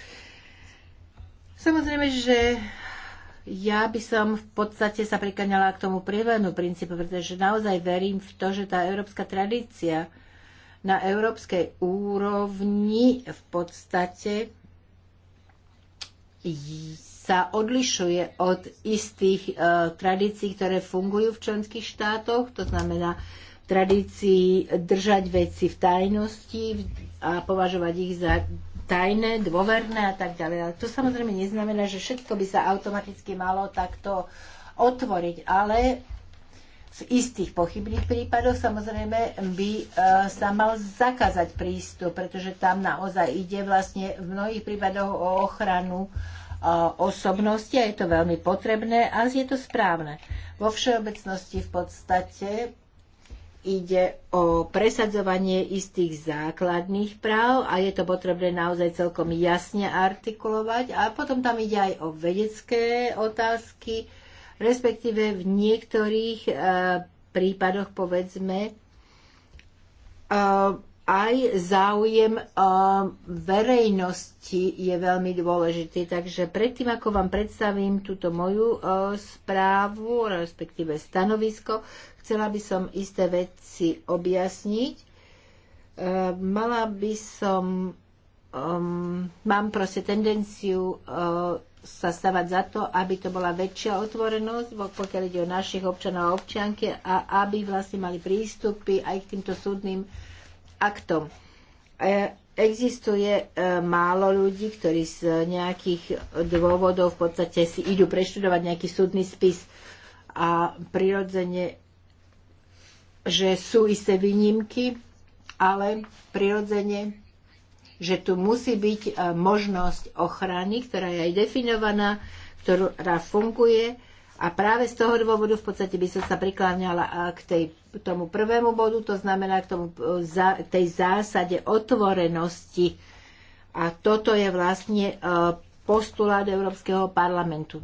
Samozrejme, že ja by som v podstate sa prikláňala k tomu prievodnú princípu, pretože naozaj verím v to, že tá európska tradícia na európskej úrovni v podstate sa odlišuje od istých e, tradícií, ktoré fungujú v členských štátoch, to znamená tradícií držať veci v tajnosti a považovať ich za tajné, dôverné a tak ďalej. Ale to samozrejme neznamená, že všetko by sa automaticky malo takto otvoriť, ale v istých pochybných prípadoch samozrejme by e, sa mal zakázať prístup, pretože tam naozaj ide vlastne v mnohých prípadoch o ochranu osobnosti a je to veľmi potrebné a je to správne. Vo všeobecnosti v podstate ide o presadzovanie istých základných práv a je to potrebné naozaj celkom jasne artikulovať. A potom tam ide aj o vedecké otázky, respektíve v niektorých e, prípadoch povedzme e, aj záujem eh, verejnosti je veľmi dôležitý. Takže predtým, ako vám predstavím túto moju eh, správu, respektíve stanovisko, chcela by som isté veci objasniť. Eh, mala by som, um, mám proste tendenciu uh, sa stavať za to, aby to bola väčšia otvorenosť, pokiaľ ide o našich občanov a občianky, a aby vlastne mali prístupy aj k týmto súdnym uh, aktom. E, existuje e, málo ľudí, ktorí z nejakých dôvodov v podstate si idú preštudovať nejaký súdny spis a prirodzene, že sú isté výnimky, ale prirodzene, že tu musí byť e, možnosť ochrany, ktorá je aj definovaná, ktorá funguje a práve z toho dôvodu v podstate by som sa prikláňala k tej tomu prvému bodu, to znamená k tomu, e, za, tej zásade otvorenosti. A toto je vlastne e, postulát Európskeho parlamentu.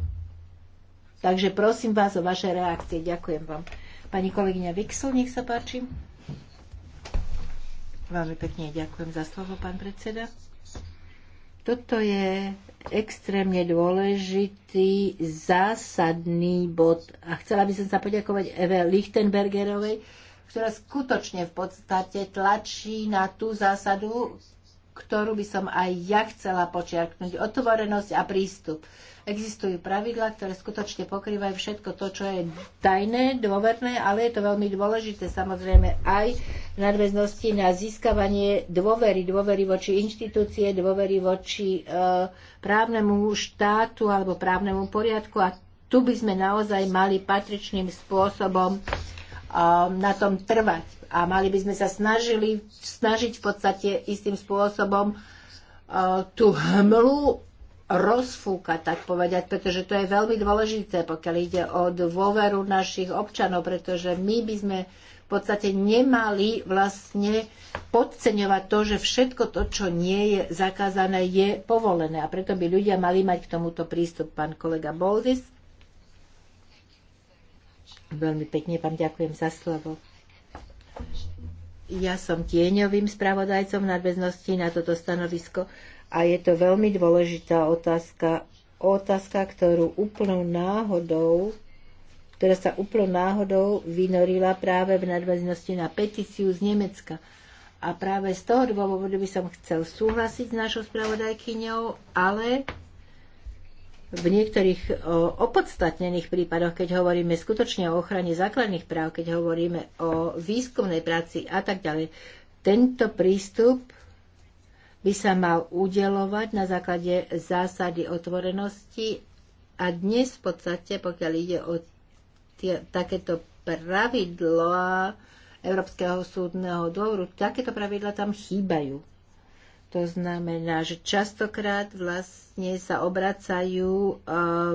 Takže prosím vás o vaše reakcie. Ďakujem vám. Pani kolegyňa Vixel, nech sa páči. Veľmi pekne ďakujem za slovo, pán predseda. Toto je extrémne dôležitý, zásadný bod. A chcela by som sa poďakovať Eve Lichtenbergerovej, ktorá skutočne v podstate tlačí na tú zásadu, ktorú by som aj ja chcela počiarknúť. Otvorenosť a prístup. Existujú pravidlá, ktoré skutočne pokrývajú všetko to, čo je tajné, dôverné, ale je to veľmi dôležité samozrejme aj v nadväznosti na získavanie dôvery, dôvery voči inštitúcie, dôvery voči e, právnemu štátu alebo právnemu poriadku a tu by sme naozaj mali patričným spôsobom Um, na tom trvať. A mali by sme sa snažili, snažiť v podstate istým spôsobom uh, tú hmlu rozfúkať, tak povedať, pretože to je veľmi dôležité, pokiaľ ide o dôveru našich občanov, pretože my by sme v podstate nemali vlastne podceňovať to, že všetko to, čo nie je zakázané, je povolené. A preto by ľudia mali mať k tomuto prístup. Pán kolega Boldis. Veľmi pekne vám ďakujem za slovo. Ja som tieňovým spravodajcom nadväznosti na toto stanovisko a je to veľmi dôležitá otázka, otázka, ktorú úplnou náhodou ktorá sa úplnou náhodou vynorila práve v nadväznosti na petíciu z Nemecka. A práve z toho dôvodu by som chcel súhlasiť s našou spravodajkyňou, ale v niektorých e, opodstatnených prípadoch, keď hovoríme skutočne o ochrane základných práv, keď hovoríme o výskumnej práci a tak ďalej. Tento prístup by sa mal udelovať na základe zásady otvorenosti a dnes v podstate, pokiaľ ide o tie, takéto pravidlo Európskeho súdneho dôvodu, takéto pravidla tam chýbajú. To znamená, že častokrát vlastne sa obracajú e,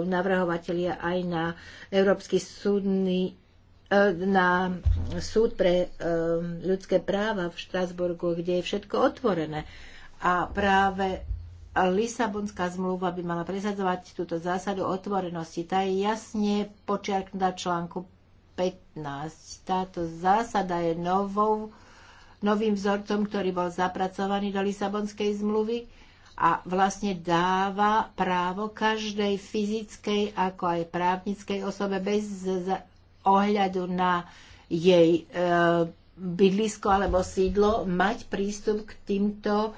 navrhovatelia aj na Európsky súdny e, na súd pre e, ľudské práva v Štrasburgu, kde je všetko otvorené. A práve Lisabonská zmluva by mala presadzovať túto zásadu otvorenosti. Tá je jasne počiarknutá článku 15. Táto zásada je novou novým vzorcom, ktorý bol zapracovaný do Lisabonskej zmluvy a vlastne dáva právo každej fyzickej ako aj právnickej osobe bez ohľadu na jej e, bydlisko alebo sídlo mať prístup k týmto e,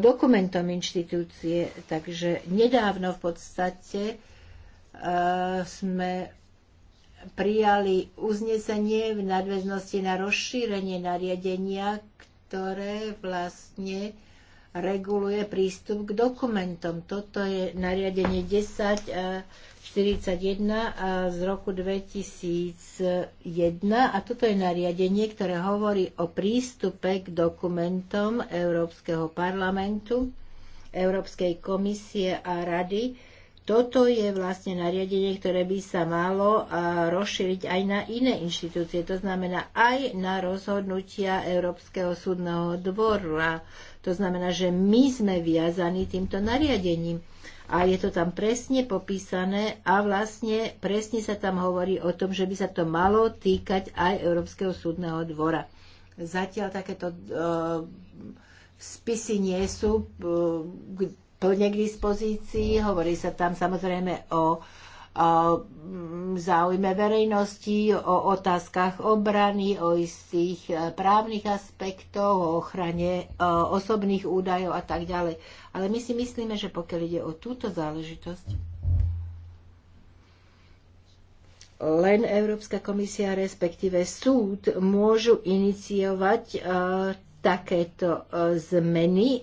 dokumentom inštitúcie. Takže nedávno v podstate e, sme prijali uznesenie v nadväznosti na rozšírenie nariadenia, ktoré vlastne reguluje prístup k dokumentom. Toto je nariadenie 1041 z roku 2001 a toto je nariadenie, ktoré hovorí o prístupe k dokumentom Európskeho parlamentu, Európskej komisie a rady toto je vlastne nariadenie, ktoré by sa malo rozšíriť aj na iné inštitúcie, to znamená aj na rozhodnutia Európskeho súdneho dvora. To znamená, že my sme viazaní týmto nariadením a je to tam presne popísané a vlastne presne sa tam hovorí o tom, že by sa to malo týkať aj Európskeho súdneho dvora. Zatiaľ takéto uh, spisy nie sú, uh, plne k dispozícii. Hovorí sa tam samozrejme o, o mm, záujme verejnosti, o otázkach obrany, o istých e, právnych aspektoch, o ochrane o e, osobných údajov a tak ďalej. Ale my si myslíme, že pokiaľ ide o túto záležitosť, len Európska komisia, respektíve súd, môžu iniciovať e, takéto zmeny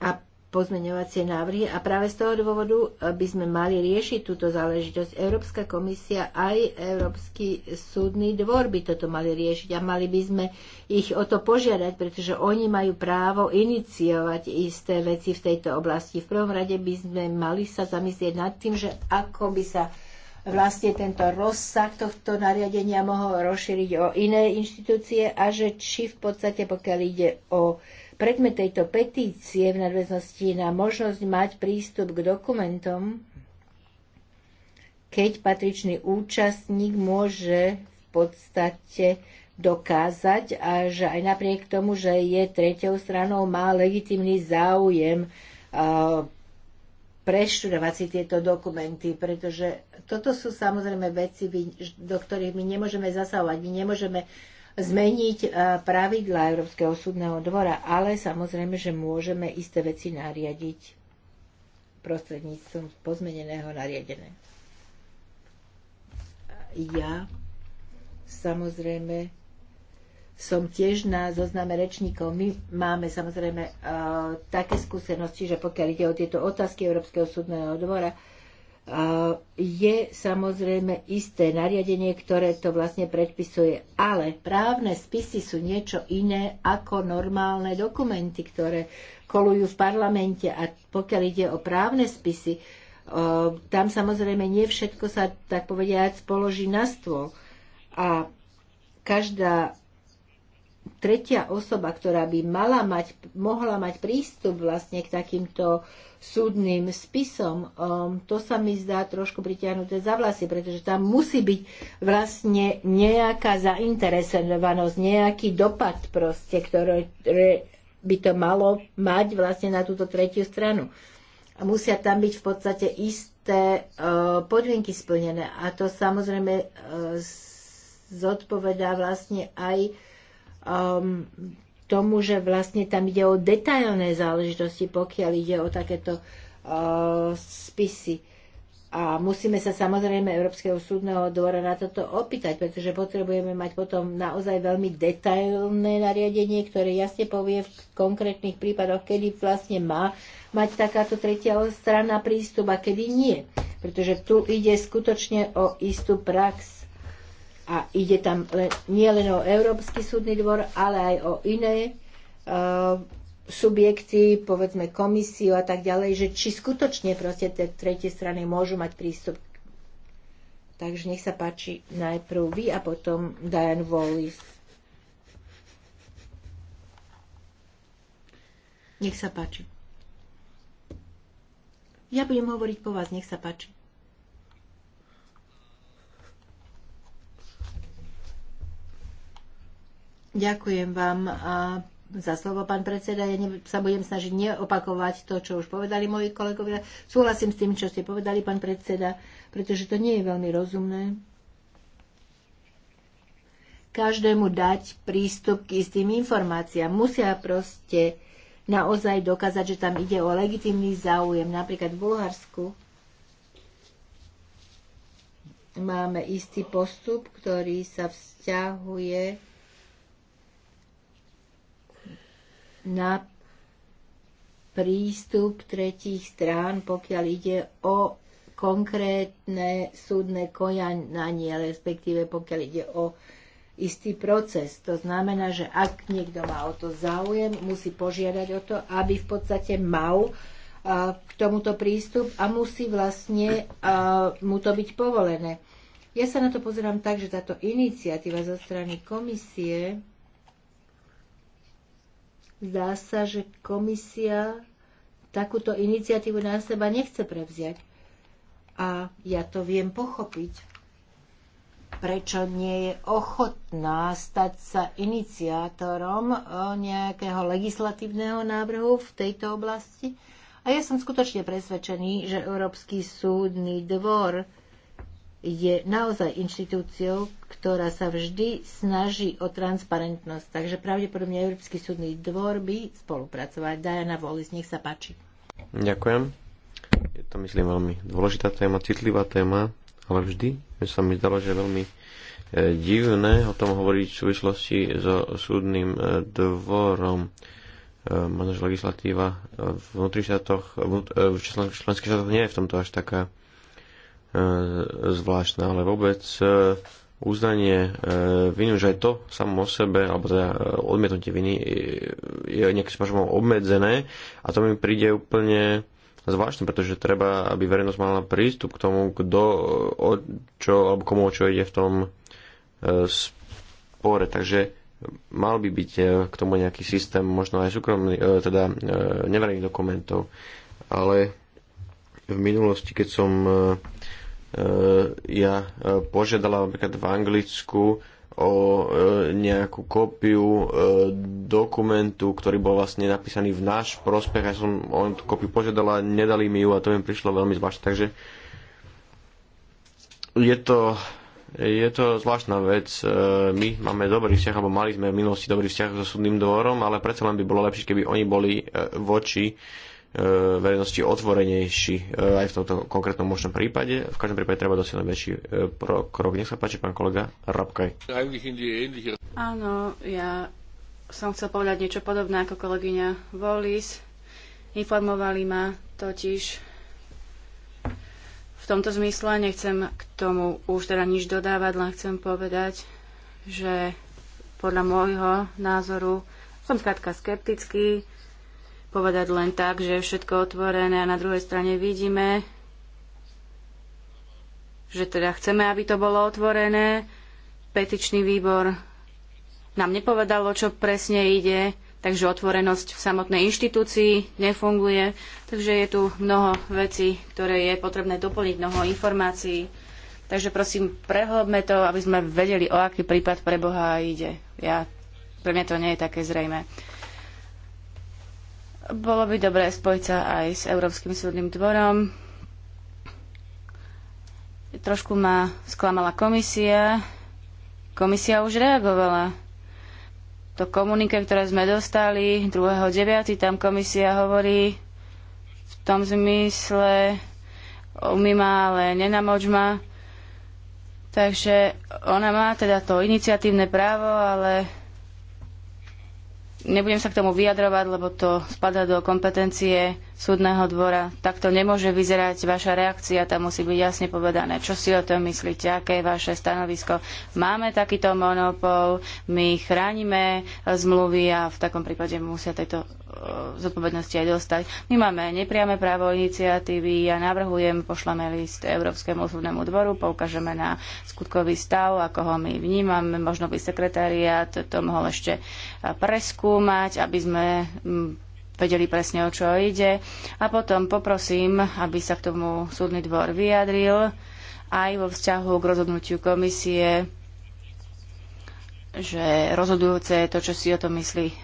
a pozmeňovacie návrhy a práve z toho dôvodu e, by sme mali riešiť túto záležitosť. Európska komisia aj Európsky súdny dvor by toto mali riešiť a mali by sme ich o to požiadať, pretože oni majú právo iniciovať isté veci v tejto oblasti. V prvom rade by sme mali sa zamyslieť nad tým, že ako by sa vlastne tento rozsah tohto nariadenia mohol rozšíriť o iné inštitúcie a že či v podstate, pokiaľ ide o Predmet tejto petície v nadväznosti na možnosť mať prístup k dokumentom, keď patričný účastník môže v podstate dokázať, a že aj napriek tomu, že je tretou stranou, má legitimný záujem preštudovať si tieto dokumenty, pretože toto sú samozrejme veci, do ktorých my nemôžeme zasahovať. My nemôžeme zmeniť e, pravidla Európskeho súdneho dvora, ale samozrejme, že môžeme isté veci nariadiť prostredníctvom pozmeneného nariadené. Ja samozrejme som tiež na zozname rečníkov. My máme samozrejme uh, také skúsenosti, že pokiaľ ide o tieto otázky Európskeho súdneho dvora, uh, je samozrejme isté nariadenie, ktoré to vlastne predpisuje, ale právne spisy sú niečo iné ako normálne dokumenty, ktoré kolujú v parlamente a pokiaľ ide o právne spisy, tam samozrejme nie všetko sa, tak povediať, položí na stôl a každá tretia osoba, ktorá by mala mať, mohla mať prístup vlastne k takýmto súdnym spisom, um, to sa mi zdá trošku pritiahnuté za vlasy, pretože tam musí byť vlastne nejaká zainteresovanosť, nejaký dopad proste, ktoré by to malo mať vlastne na túto tretiu stranu. A musia tam byť v podstate isté uh, podmienky splnené. A to samozrejme uh, zodpovedá vlastne aj uh, um, tomu, že vlastne tam ide o detailné záležitosti, pokiaľ ide o takéto uh, spisy. A musíme sa samozrejme Európskeho súdneho dvora na toto opýtať, pretože potrebujeme mať potom naozaj veľmi detailné nariadenie, ktoré jasne povie v konkrétnych prípadoch, kedy vlastne má mať takáto tretia strana prístup a kedy nie. Pretože tu ide skutočne o istú prax a ide tam len, nie len o Európsky súdny dvor, ale aj o iné uh, subjekty, povedzme komisiu a tak ďalej, že či skutočne proste tie tretie strany môžu mať prístup. Takže nech sa páči najprv vy a potom Diane Wallis. Nech sa páči. Ja budem hovoriť po vás, nech sa páči. Ďakujem vám za slovo, pán predseda. Ja sa budem snažiť neopakovať to, čo už povedali moji kolegovia. Súhlasím s tým, čo ste povedali, pán predseda, pretože to nie je veľmi rozumné. Každému dať prístup k istým informáciám. Musia proste naozaj dokázať, že tam ide o legitimný záujem. Napríklad v Bulharsku máme istý postup, ktorý sa vzťahuje na prístup tretích strán, pokiaľ ide o konkrétne súdne konanie, respektíve pokiaľ ide o istý proces. To znamená, že ak niekto má o to záujem, musí požiadať o to, aby v podstate mal k tomuto prístup a musí vlastne mu to byť povolené. Ja sa na to pozerám tak, že táto iniciatíva zo strany komisie Zdá sa, že komisia takúto iniciatívu na seba nechce prevziať. A ja to viem pochopiť, prečo nie je ochotná stať sa iniciátorom eh, nejakého legislatívneho návrhu v tejto oblasti. A ja som skutočne presvedčený, že Európsky súdny dvor je naozaj inštitúciou, ktorá sa vždy snaží o transparentnosť. Takže pravdepodobne Európsky súdny dvor by spolupracovať. Diana Wallis, nech sa páči. Ďakujem. Je to, myslím, veľmi dôležitá téma, citlivá téma, ale vždy sa mi zdalo, že veľmi e, divné o tom hovoriť v súvislosti so súdnym e, dvorom. E, možno, že legislatíva v vnútri štátoch, v členských štátoch nie je v tomto až taká E, zvláštne, ale vôbec e, uznanie e, viny, že aj to samo o sebe, alebo teda odmietnutie viny je nejakým spôsobom obmedzené a to mi príde úplne zvláštne, pretože treba, aby verejnosť mala prístup k tomu, kto o čo, alebo komu o čo ide v tom spore. Takže mal by byť k tomu nejaký systém, možno aj súkromný, teda neverejných dokumentov. Ale v minulosti, keď som E, ja e, požiadala napríklad v Anglicku o e, nejakú kópiu dokumentu, ktorý bol vlastne napísaný v náš prospech. Ja som on tú kópiu požiadala, nedali mi ju a to mi prišlo veľmi zvláštne. Takže je to, je to zvláštna vec. My máme dobrý vzťah, alebo mali sme v minulosti dobrý vzťah so súdnym dvorom, ale predsa len by bolo lepšie, keby oni boli voči E, verejnosti otvorenejší e, aj v tomto konkrétnom možnom prípade. V každom prípade treba dosiahnuť väčší e, krok. Nech sa páči, pán kolega Rabkaj. Áno, ja som chcel povedať niečo podobné ako kolegyňa Volis. Informovali ma totiž v tomto zmysle, nechcem k tomu už teda nič dodávať, len chcem povedať, že podľa môjho názoru som skrátka skeptický, povedať len tak, že je všetko otvorené a na druhej strane vidíme, že teda chceme, aby to bolo otvorené. Petičný výbor nám nepovedal, o čo presne ide, takže otvorenosť v samotnej inštitúcii nefunguje. Takže je tu mnoho vecí, ktoré je potrebné doplniť, mnoho informácií. Takže prosím, prehlobme to, aby sme vedeli, o aký prípad pre Boha ide. Ja, pre mňa to nie je také zrejme. Bolo by dobré spojiť sa aj s Európskym súdnym dvorom. Trošku ma sklamala komisia. Komisia už reagovala. To komunike, ktoré sme dostali 2.9., tam komisia hovorí v tom zmysle umy ma, ale nenamoč ma. Takže ona má teda to iniciatívne právo, ale Nebudem sa k tomu vyjadrovať, lebo to spadá do kompetencie súdneho dvora. Takto nemôže vyzerať vaša reakcia, tam musí byť jasne povedané, čo si o tom myslíte, aké je vaše stanovisko. Máme takýto monopol, my chránime zmluvy a v takom prípade musia tejto e, zodpovednosti aj dostať. My máme nepriame právo iniciatívy, ja navrhujem, pošlame list Európskemu súdnemu dvoru, poukážeme na skutkový stav, ako ho my vnímame, možno by sekretariat to mohol ešte e, preskúmať, aby sme vedeli presne, o čo ide. A potom poprosím, aby sa k tomu súdny dvor vyjadril aj vo vzťahu k rozhodnutiu komisie, že rozhodujúce je to, čo si o to myslí e,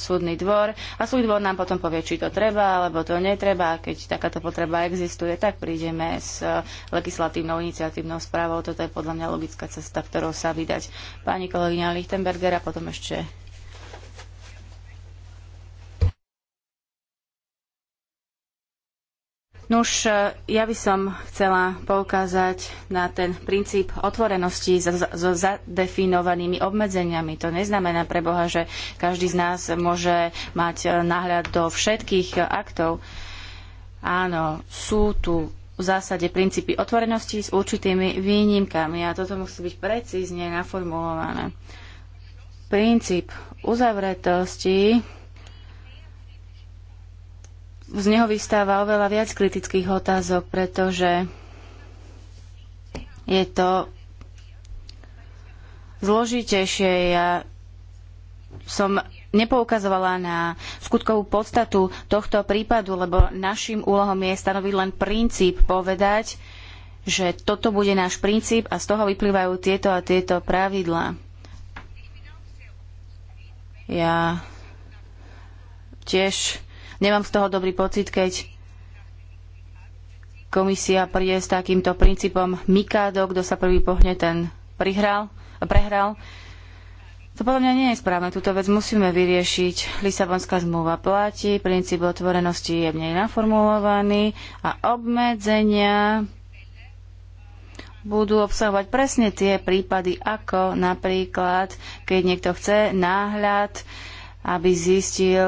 súdny dvor a súdny dvor nám potom povie, či to treba alebo to netreba. Keď takáto potreba existuje, tak prídeme s e, legislatívnou iniciatívnou správou. Toto je podľa mňa logická cesta, ktorou sa vydať. Pani kolegyňa Lichtenberger a potom ešte Nuž, e, ja by som chcela poukázať na ten princíp otvorenosti so zadefinovanými obmedzeniami. To neznamená pre Boha, že každý z nás môže mať e, náhľad do všetkých e, aktov. Áno, sú tu v zásade princípy otvorenosti s určitými výnimkami a toto musí byť precízne naformulované. Princíp uzavretosti z neho vystáva oveľa viac kritických otázok, pretože je to zložitejšie. Ja som nepoukazovala na skutkovú podstatu tohto prípadu, lebo našim úlohom je stanoviť len princíp, povedať, že toto bude náš princíp a z toho vyplývajú tieto a tieto pravidlá. Ja tiež Nemám z toho dobrý pocit, keď komisia príde s takýmto princípom Mikado, kto sa prvý pohne, ten prihral, prehral. To podľa mňa nie je správne. Túto vec musíme vyriešiť. Lisabonská zmluva platí, princíp otvorenosti je v nej naformulovaný a obmedzenia budú obsahovať presne tie prípady, ako napríklad, keď niekto chce náhľad, aby zistil,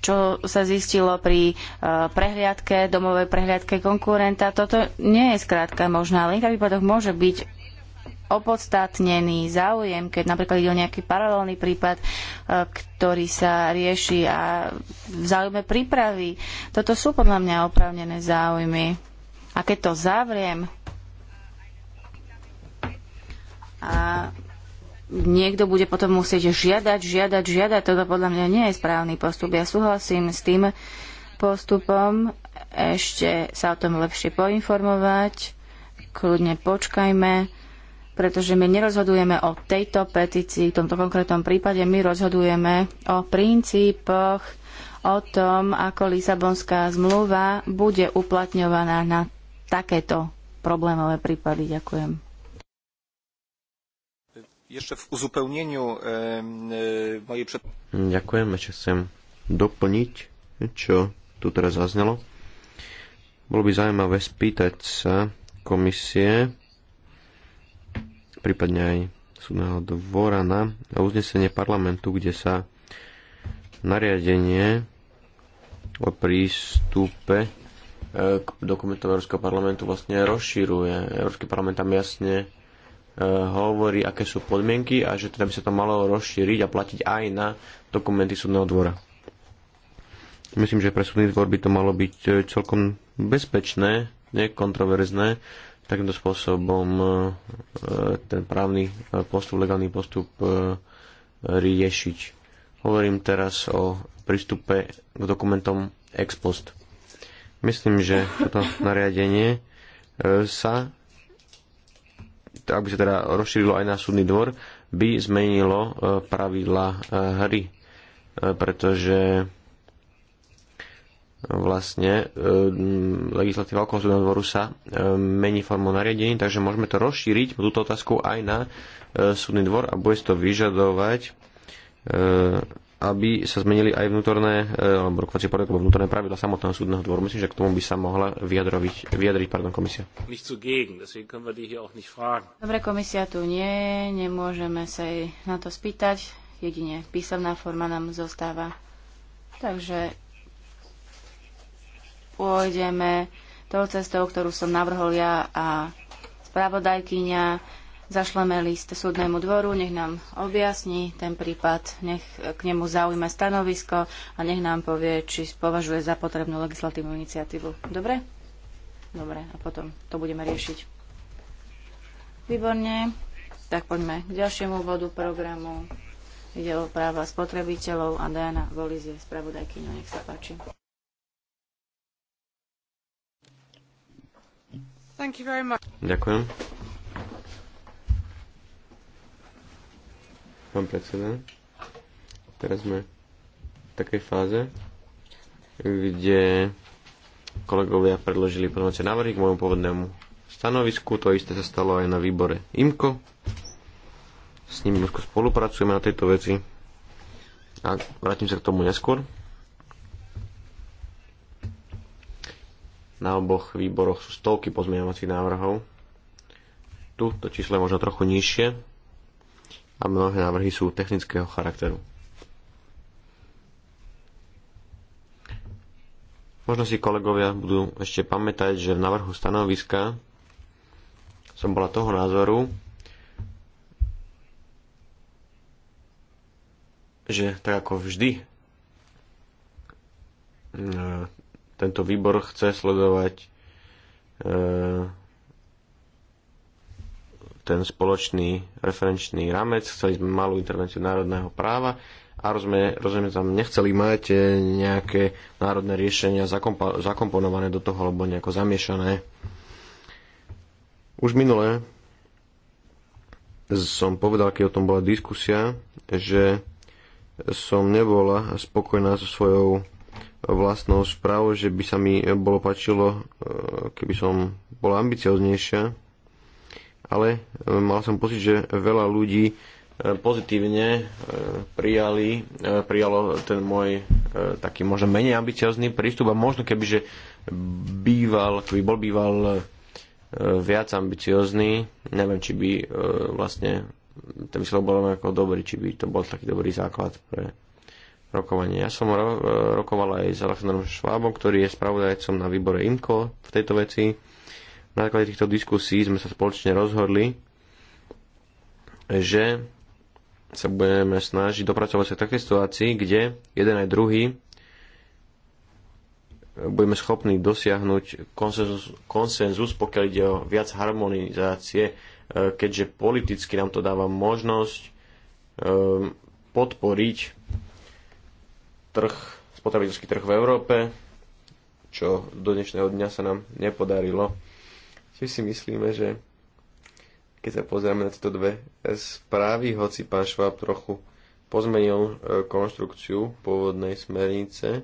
čo sa zistilo pri e, prehliadke, domovej prehliadke konkurenta. Toto nie je skrátka možná, ale v prípadoch môže byť opodstatnený záujem, keď napríklad ide o nejaký paralelný prípad, e, ktorý sa rieši a v záujme prípravy. Toto sú podľa mňa oprávnené záujmy. A keď to zavriem a niekto bude potom musieť žiadať, žiadať, žiadať. Toto podľa mňa nie je správny postup. Ja súhlasím s tým postupom. Ešte sa o tom lepšie poinformovať. Kľudne počkajme pretože my nerozhodujeme o tejto petícii, v tomto konkrétnom prípade my rozhodujeme o princípoch, o tom, ako Lisabonská zmluva bude uplatňovaná na takéto problémové prípady. Ďakujem. Ešte v mojej Ďakujem, ešte chcem doplniť, čo tu teraz zaznelo. Bolo by zaujímavé spýtať sa komisie, prípadne aj súdneho dvora na uznesenie parlamentu, kde sa nariadenie o prístupe e, k dokumentom Európskeho parlamentu vlastne rozširuje. Európsky parlament tam jasne hovorí, aké sú podmienky a že teda by sa to malo rozšíriť a platiť aj na dokumenty súdneho dvora. Myslím, že pre súdny dvor by to malo byť e, celkom bezpečné, nekontroverzné, takýmto spôsobom e, e, ten právny postup, legálny postup riešiť. Hovorím teraz o prístupe k dokumentom ex post. Myslím, že toto nariadenie sa ak by sa teda rozšírilo aj na súdny dvor, by zmenilo e, pravidla e, hry. E, pretože vlastne legislatíva okolo súdneho dvoru sa mení formou nariadení, takže môžeme to rozšíriť, túto otázku aj na súdny dvor a bude to vyžadovať aby sa zmenili aj vnútorné, e, alebo rokovacie poriadky, alebo vnútorné pravidla samotného súdneho dvoru. Myslím, že k tomu by sa mohla vyjadriť, vyjadriť pardon, komisia. Dobre, komisia tu nie, nemôžeme sa jej na to spýtať. Jedine písomná forma nám zostáva. Takže pôjdeme tou cestou, ktorú som navrhol ja a spravodajkyňa Zašleme list súdnemu dvoru, nech nám objasní ten prípad, nech k nemu zaujme stanovisko a nech nám povie, či považuje za potrebnú legislatívnu iniciatívu. Dobre? Dobre, a potom to budeme riešiť. Výborne. Tak poďme k ďalšiemu bodu programu. Ide o práva spotrebiteľov a Diana Volis je spravodajkyňou. Nech sa páči. Ďakujem pán predseda. Teraz sme v takej fáze, kde kolegovia predložili plnoce návrhy k môjmu pôvodnému stanovisku. To isté sa stalo aj na výbore IMKO. S nimi úzko spolupracujeme na tejto veci a vrátim sa k tomu neskôr. Na oboch výboroch sú stovky pozmeňovacích návrhov. Tu to číslo je možno trochu nižšie, a mnohé návrhy sú technického charakteru. Možno si kolegovia budú ešte pamätať, že v návrhu stanoviska som bola toho názoru, že tak ako vždy e, tento výbor chce sledovať e, ten spoločný referenčný ramec, chceli sme malú intervenciu národného práva a rozumiem, rozumiem tam nechceli mať eh, nejaké národné riešenia zakompo- zakomponované do toho alebo nejako zamiešané. Už minule som povedal, keď o tom bola diskusia, že som nebola spokojná so svojou vlastnou správou, že by sa mi eh, bolo páčilo, eh, keby som bola ambicioznejšia ale e, mal som pocit, že veľa ľudí e, pozitívne e, prijali, prijalo ten môj taký možno menej ambiciozný prístup a možno keby že býval, keby bol býval viac ambiciozný, neviem, či by vlastne ten výsledok bol ako dobrý, či by to bol taký dobrý základ pre rokovanie. Ja som ro- rokoval aj s Alexandrom Švábom, ktorý je spravodajcom na výbore IMCO v tejto veci na základe týchto diskusí sme sa spoločne rozhodli, že sa budeme snažiť dopracovať sa v takej situácii, kde jeden aj druhý budeme schopní dosiahnuť konsenzus, konsenzus pokiaľ ide o viac harmonizácie, e, keďže politicky nám to dáva možnosť e, podporiť trh, spotrebiteľský trh v Európe, čo do dnešného dňa sa nám nepodarilo Tiež si myslíme, že keď sa pozrieme na tieto dve eh, správy, hoci pán Šváb trochu pozmenil eh, konštrukciu pôvodnej smernice, eh,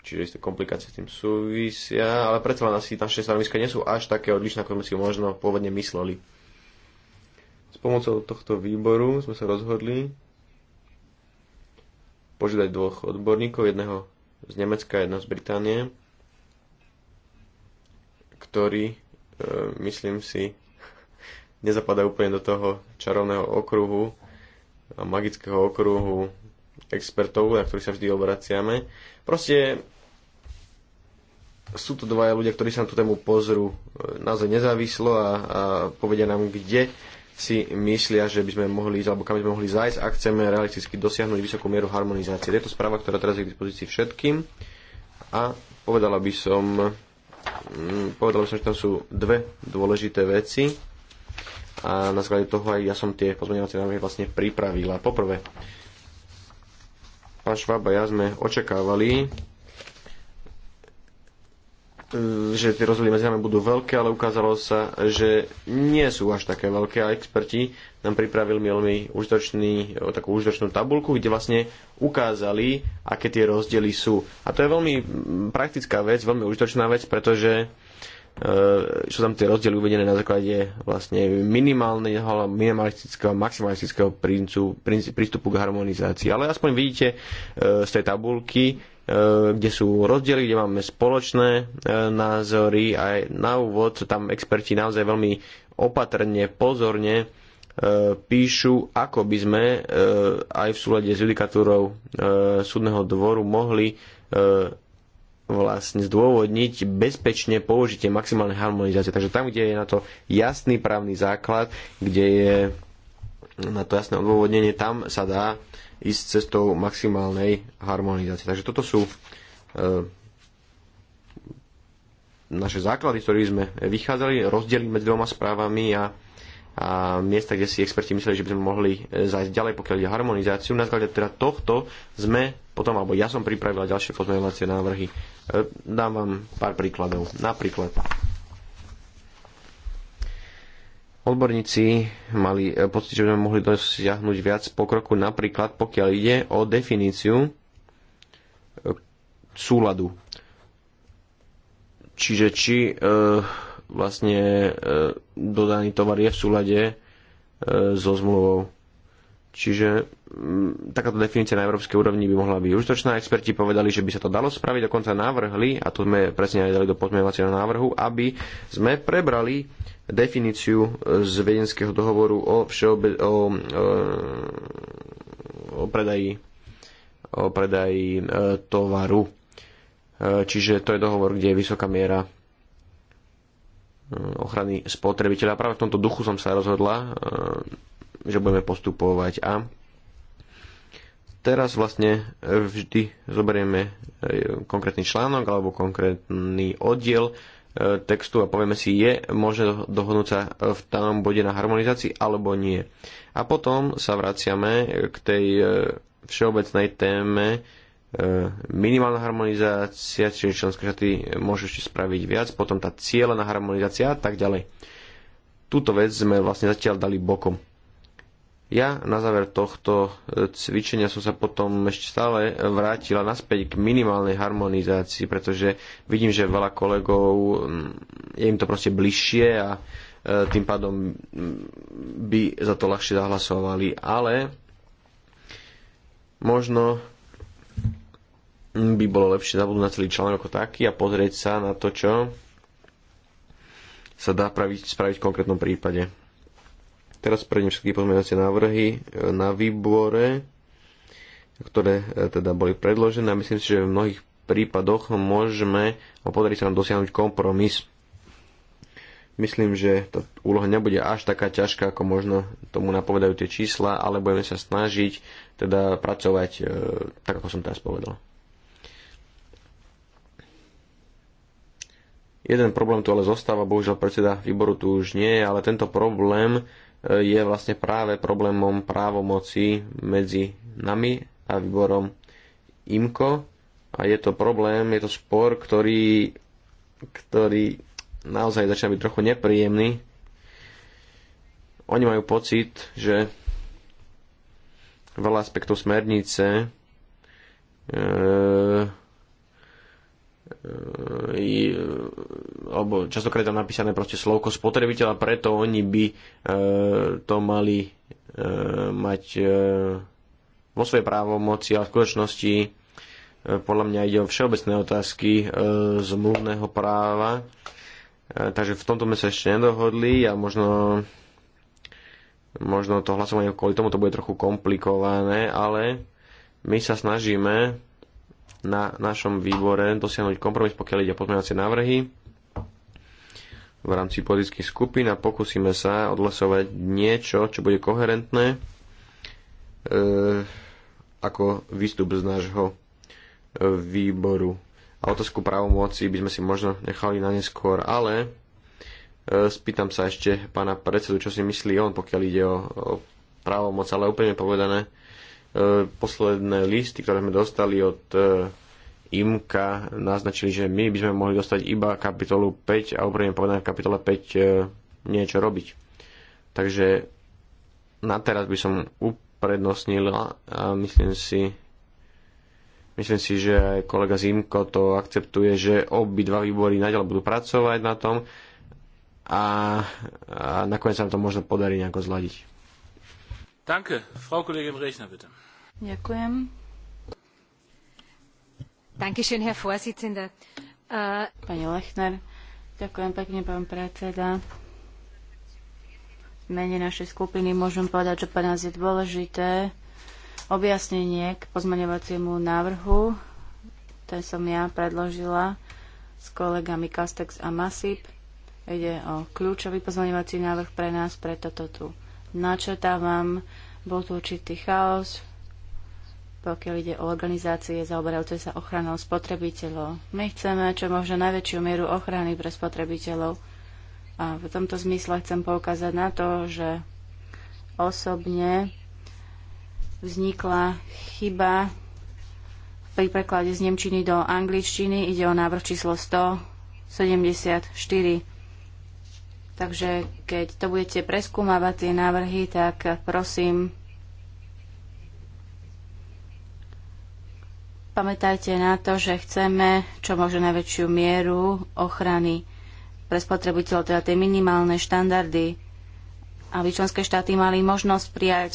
čiže isté komplikácie s tým súvisia, ale predsa len asi naše stanoviska nie sú až také odlišné, ako sme si možno pôvodne mysleli. S pomocou tohto výboru sme sa rozhodli požiadať dvoch odborníkov, jedného z Nemecka a jedného z Británie, ktorí, e, myslím si, nezapadajú úplne do toho čarovného okruhu a magického okruhu expertov, na ktorých sa vždy obraciame. Proste sú to dvaja ľudia, ktorí sa na tú tému pozrú e, naozaj nezávislo a, a povedia nám, kde si myslia, že by sme mohli ísť, alebo kam by sme mohli zájsť, ak chceme realisticky dosiahnuť vysokú mieru harmonizácie. Je to správa, ktorá teraz je k dispozícii všetkým a povedala by som, Mm, povedal by som, že tam sú dve dôležité veci a na základe toho aj ja som tie pozmeňovacie návrhy vlastne pripravila. Poprvé, pán švába, ja sme očakávali, E, že tie rozdiely medzi nami budú veľké, ale ukázalo sa, že nie sú až také veľké a experti nám pripravili veľmi užitočný, e, takú užitočnú tabulku, kde vlastne ukázali, aké tie rozdiely sú. A to je veľmi praktická vec, veľmi užitočná vec, pretože e, sú tam tie rozdiely uvedené na základe vlastne minimálneho, minimalistického, maximalistického prístupu k harmonizácii. Ale aspoň vidíte z tej tabulky, Eh, kde sú rozdiely, kde máme spoločné eh, názory a na úvod tam experti naozaj veľmi opatrne, pozorne eh, píšu, ako by sme aj v súlade s judikatúrou súdneho dvoru mohli vlastne zdôvodniť bezpečne použitie maximálnej harmonizácie. Takže tam, kde je na to jasný právny základ, kde je na to jasné odôvodnenie, tam sa dá ísť cestou maximálnej harmonizácie. Takže toto sú e, naše základy, z ktorých sme vychádzali, rozdielili medzi dvoma správami a, a miesta, kde si experti mysleli, že by sme mohli e, zajsť ďalej, pokiaľ ide harmonizáciu. Na základe teda tohto sme potom, alebo ja som pripravila ďalšie pozmeňovacie návrhy. E, dám vám pár príkladov. Napríklad Odborníci mali e, pocit, že by sme mohli dosiahnuť viac pokroku, napríklad pokiaľ ide o definíciu e, súladu. Čiže či e, vlastne e, dodaný tovar je v súlade e, so zmluvou. Čiže Mm, takáto definícia na európskej úrovni by mohla byť užitočná. Experti povedali, že by sa to dalo spraviť, dokonca navrhli, a tu sme presne aj dali do pozmeňovacieho návrhu, aby sme prebrali definíciu z vedenského dohovoru o, všeobe, o, o, e, o predaji, o predaji e, tovaru. E, čiže to je dohovor, kde je vysoká miera e, ochrany spotrebiteľa. Práve v tomto duchu som sa rozhodla, e, že budeme postupovať a teraz vlastne e, vždy zoberieme e, konkrétny článok alebo konkrétny oddiel e, textu a povieme si, je možné dohodnúť sa v tom bode na harmonizácii alebo nie. A potom sa vraciame k tej všeobecnej téme minimálna harmonizácia, čiže členské štáty môžu ešte spraviť viac, potom tá cieľená harmonizácia a tak ďalej. Túto vec sme vlastne zatiaľ dali bokom ja na záver tohto e, cvičenia som sa potom ešte stále vrátila naspäť k minimálnej harmonizácii, pretože vidím, že veľa kolegov mm, je im to proste bližšie a e, tým pádom mm, by za to ľahšie zahlasovali, ale možno by bolo lepšie zabudnúť na celý článok ako taký a pozrieť sa na to, čo sa dá praviť, spraviť v konkrétnom prípade. Teraz prejdem všetky pozmeňovacie návrhy e, na výbore, ktoré e, teda boli predložené myslím si, že v mnohých prípadoch môžeme a podarí sa nám dosiahnuť kompromis. Myslím, že tá úloha nebude až taká ťažká, ako možno tomu napovedajú tie čísla, ale budeme sa snažiť teda pracovať e, tak, ako som teraz povedal. Jeden problém tu ale zostáva, bohužiaľ predseda výboru tu už nie je, ale tento problém je vlastne práve problémom právomoci medzi nami a výborom IMKO a je to problém, je to spor, ktorý, ktorý naozaj začína byť trochu nepríjemný. Oni majú pocit, že veľa aspektov smernice e, E, e, alebo častokrát tam napísané proste slovko spotrebiteľa, preto oni by e, to mali mať vo svojej právomoci a v skutočnosti podľa mňa ide o všeobecné otázky zmluvného práva. Takže v tomto sme sa ešte nedohodli a možno, možno to hlasovanie kvôli tomu to bude trochu komplikované, ale my sa snažíme na našom výbore dosiahnuť kompromis, pokiaľ ide o pozmeňovacie návrhy v rámci politických skupín a pokúsime sa odhlasovať niečo, čo bude koherentné e, ako výstup z nášho výboru. A otázku právomoci by sme si možno nechali na neskôr, ale e, spýtam sa ešte pána predsedu, čo si myslí on, pokiaľ ide o, o právomoc, ale úplne povedané, e, E, posledné listy, ktoré sme dostali od e, IMKA, naznačili, že my by sme mohli dostať iba kapitolu 5 a úprimne povedané v kapitole 5 e, niečo robiť. Takže na teraz by som uprednostnila a myslím si, myslím si, že aj kolega Zimko to akceptuje, že obidva výbory naďalej budú pracovať na tom a, a nakoniec sa to možno podarí nejako zladiť. Ďakujem. Herr äh, Pani Lechner, ďakujem pekne, pán predseda. V mene našej skupiny môžem povedať, že pre nás je dôležité objasnenie k pozmeňovaciemu návrhu. Ten som ja predložila s kolegami Castex a Masip. Ide o kľúčový pozmeňovací návrh pre nás, preto to tu načrtávam, bol tu určitý chaos, pokiaľ ide o organizácie zaoberajúce sa ochranou spotrebiteľov. My chceme čo možno najväčšiu mieru ochrany pre spotrebiteľov. A v tomto zmysle chcem poukázať na to, že osobne vznikla chyba pri preklade z Nemčiny do Angličtiny. Ide o návrh číslo 174. Takže keď to budete preskúmavať tie návrhy, tak prosím, pamätajte na to, že chceme čo možno najväčšiu mieru ochrany pre spotrebiteľov, teda tie minimálne štandardy, aby členské štáty mali možnosť prijať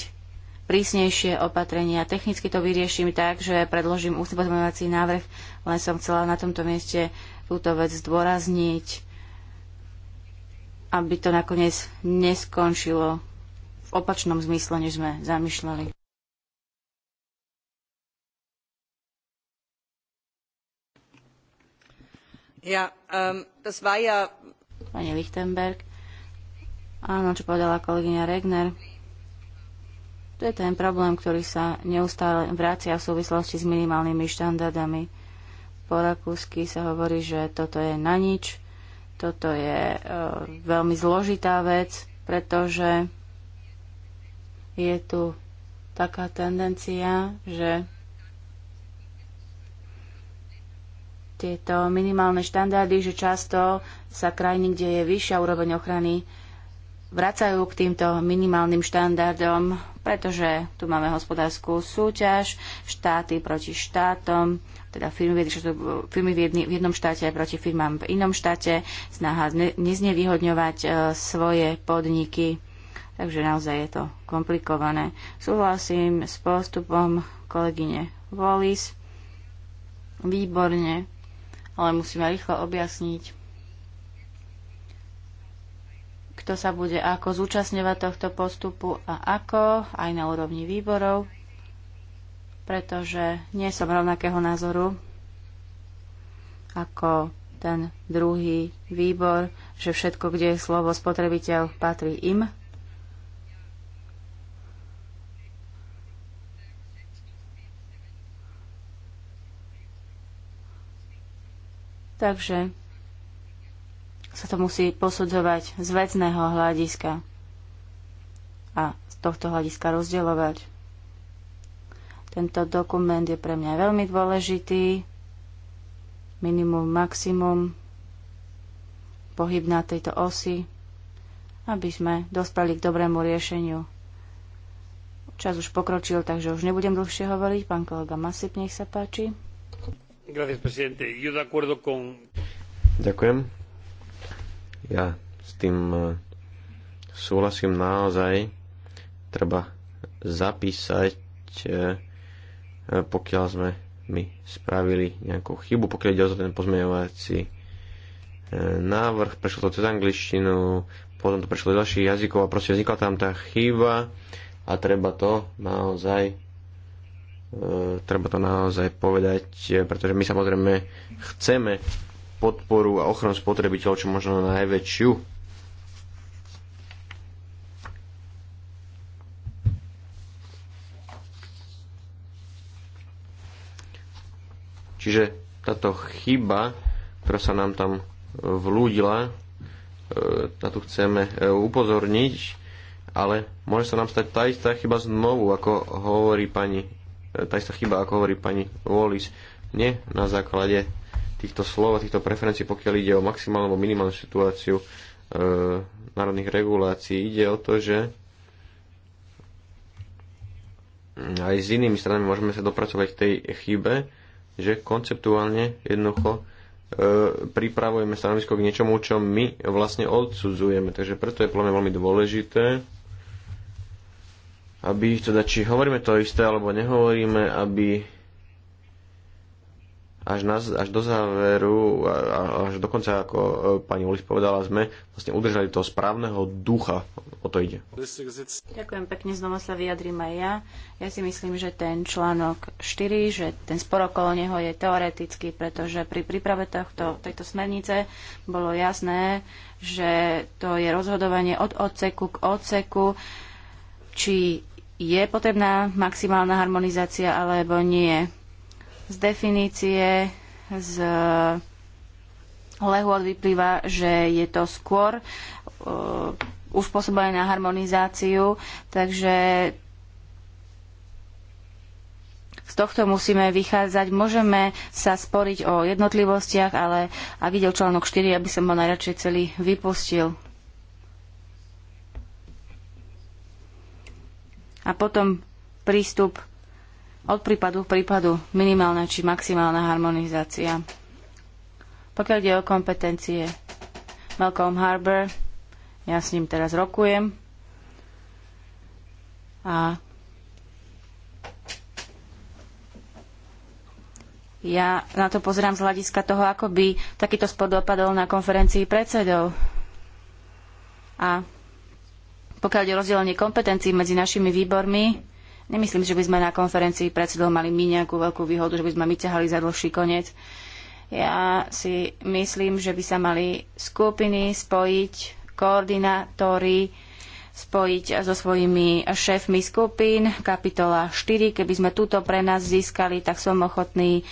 prísnejšie opatrenia. Technicky to vyrieším tak, že predložím ústny návrh, len som chcela na tomto mieste túto vec zdôrazniť aby to nakoniec neskončilo v opačnom zmysle, než sme zamýšľali. Ja, um, das war ja... Pani Lichtenberg. Áno, čo povedala kolegyňa Regner. To je ten problém, ktorý sa neustále vracia v súvislosti s minimálnymi štandardami. Po rakúsky sa hovorí, že toto je na nič toto je e, veľmi zložitá vec, pretože je tu taká tendencia, že tieto minimálne štandardy, že často sa krajiny, kde je vyššia úroveň ochrany, vracajú k týmto minimálnym štandardom, pretože tu máme hospodárskú súťaž, štáty proti štátom, teda firmy, firmy v jednom štáte proti firmám v inom štáte, snaha neznevýhodňovať e, svoje podniky. Takže naozaj je to komplikované. Súhlasím s postupom kolegyne Wallis. Výborne, ale musíme rýchlo objasniť kto sa bude ako zúčastňovať tohto postupu a ako, aj na úrovni výborov, pretože nie som rovnakého názoru ako ten druhý výbor, že všetko, kde je slovo spotrebiteľ, patrí im. Takže sa to musí posudzovať z vecného hľadiska a z tohto hľadiska rozdielovať. Tento dokument je pre mňa veľmi dôležitý. Minimum, maximum, pohyb na tejto osi, aby sme dospeli k dobrému riešeniu. Čas už pokročil, takže už nebudem dlhšie hovoriť. Pán kolega Masip, nech sa páči. Ďakujem. Ja s tým e, súhlasím naozaj. Treba zapísať, e, e, pokiaľ sme my spravili nejakú chybu, pokiaľ ide o ten pozmeňovací návrh, prešlo to cez angličtinu, potom to prešlo do ďalších jazykov a proste vznikla tam tá chyba a treba to naozaj treba to naozaj povedať, pretože my samozrejme chceme podporu a ochranu spotrebiteľov čo možno najväčšiu. Čiže táto chyba, ktorá sa nám tam e, vlúdila, e, na tu chceme e, upozorniť, ale môže sa nám stať tá istá chyba znovu, ako hovorí pani, tá istá chyba, ako hovorí pani Wallis, nie na základe týchto slov a týchto preferencií, pokiaľ ide o maximálnu alebo minimálnu situáciu e, národných regulácií. Ide o to, že aj s inými stranami môžeme sa dopracovať k tej chybe, že konceptuálne jednoducho e, pripravujeme stanovisko k niečomu, čo my vlastne odsudzujeme. Takže preto je podľa mňa veľmi dôležité, aby teda či hovoríme to isté alebo nehovoríme, aby až, na, až do záveru, až dokonca, ako e, pani Ulis povedala, sme vlastne udržali toho správneho ducha. O to ide. Ďakujem pekne, znova sa vyjadrím aj ja. Ja si myslím, že ten článok 4, že ten spor okolo neho je teoretický, pretože pri príprave tohto, tejto smernice bolo jasné, že to je rozhodovanie od odseku k odseku, či je potrebná maximálna harmonizácia alebo nie z definície z lehôd vyplýva, že je to skôr uh, uspôsobené na harmonizáciu, takže z tohto musíme vychádzať. Môžeme sa sporiť o jednotlivostiach, ale ak ide o článok 4, aby som ho najradšej celý vypustil. A potom prístup od prípadu k prípadu minimálna či maximálna harmonizácia. Pokiaľ ide o kompetencie, Malcolm Harbour, ja s ním teraz rokujem a ja na to pozerám z hľadiska toho, ako by takýto spor dopadol na konferencii predsedov. A pokiaľ je rozdelenie kompetencií medzi našimi výbormi, Nemyslím, že by sme na konferencii predsedov mali my nejakú veľkú výhodu, že by sme my ťahali za dlhší koniec. Ja si myslím, že by sa mali skupiny spojiť, koordinátori spojiť so svojimi šéfmi skupín. Kapitola 4, keby sme túto pre nás získali, tak som ochotný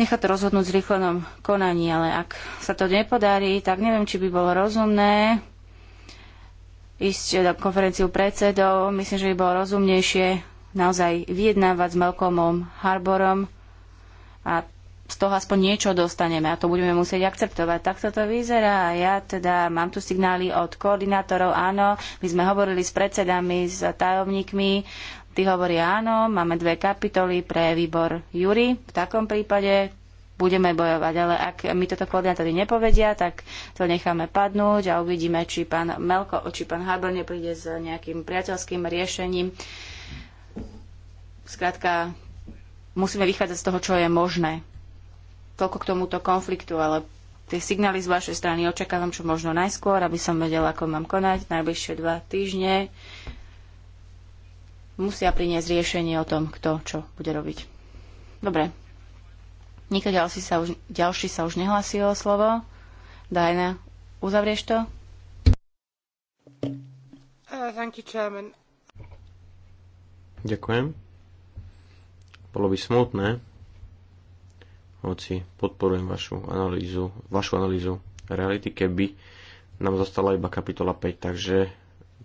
nechať to rozhodnúť v rýchlenom konaní, ale ak sa to nepodarí, tak neviem, či by bolo rozumné ísť na konferenciu predsedov. Myslím, že by bolo rozumnejšie naozaj vyjednávať s Malcolmom Harborom a z toho aspoň niečo dostaneme a to budeme musieť akceptovať. Tak to vyzerá a ja teda mám tu signály od koordinátorov, áno, my sme hovorili s predsedami, s tajomníkmi, ty hovoria áno, máme dve kapitoly pre výbor Jury. V takom prípade budeme bojovať. Ale ak mi toto koordinátory nepovedia, tak to necháme padnúť a uvidíme, či pán Melko, či pán Harbor nepríde s nejakým priateľským riešením. Skrátka, musíme vychádzať z toho, čo je možné. Toľko k tomuto konfliktu, ale tie signály z vašej strany očakávam čo možno najskôr, aby som vedela, ako mám konať najbližšie dva týždne musia priniesť riešenie o tom, kto čo bude robiť. Dobre, Nikto ďalší sa už, ďalší sa už nehlasil o slovo. Dajna, uzavrieš to? Uh, thank you, chairman. Ďakujem. Bolo by smutné, hoci podporujem vašu analýzu, vašu analýzu reality, keby nám zostala iba kapitola 5, takže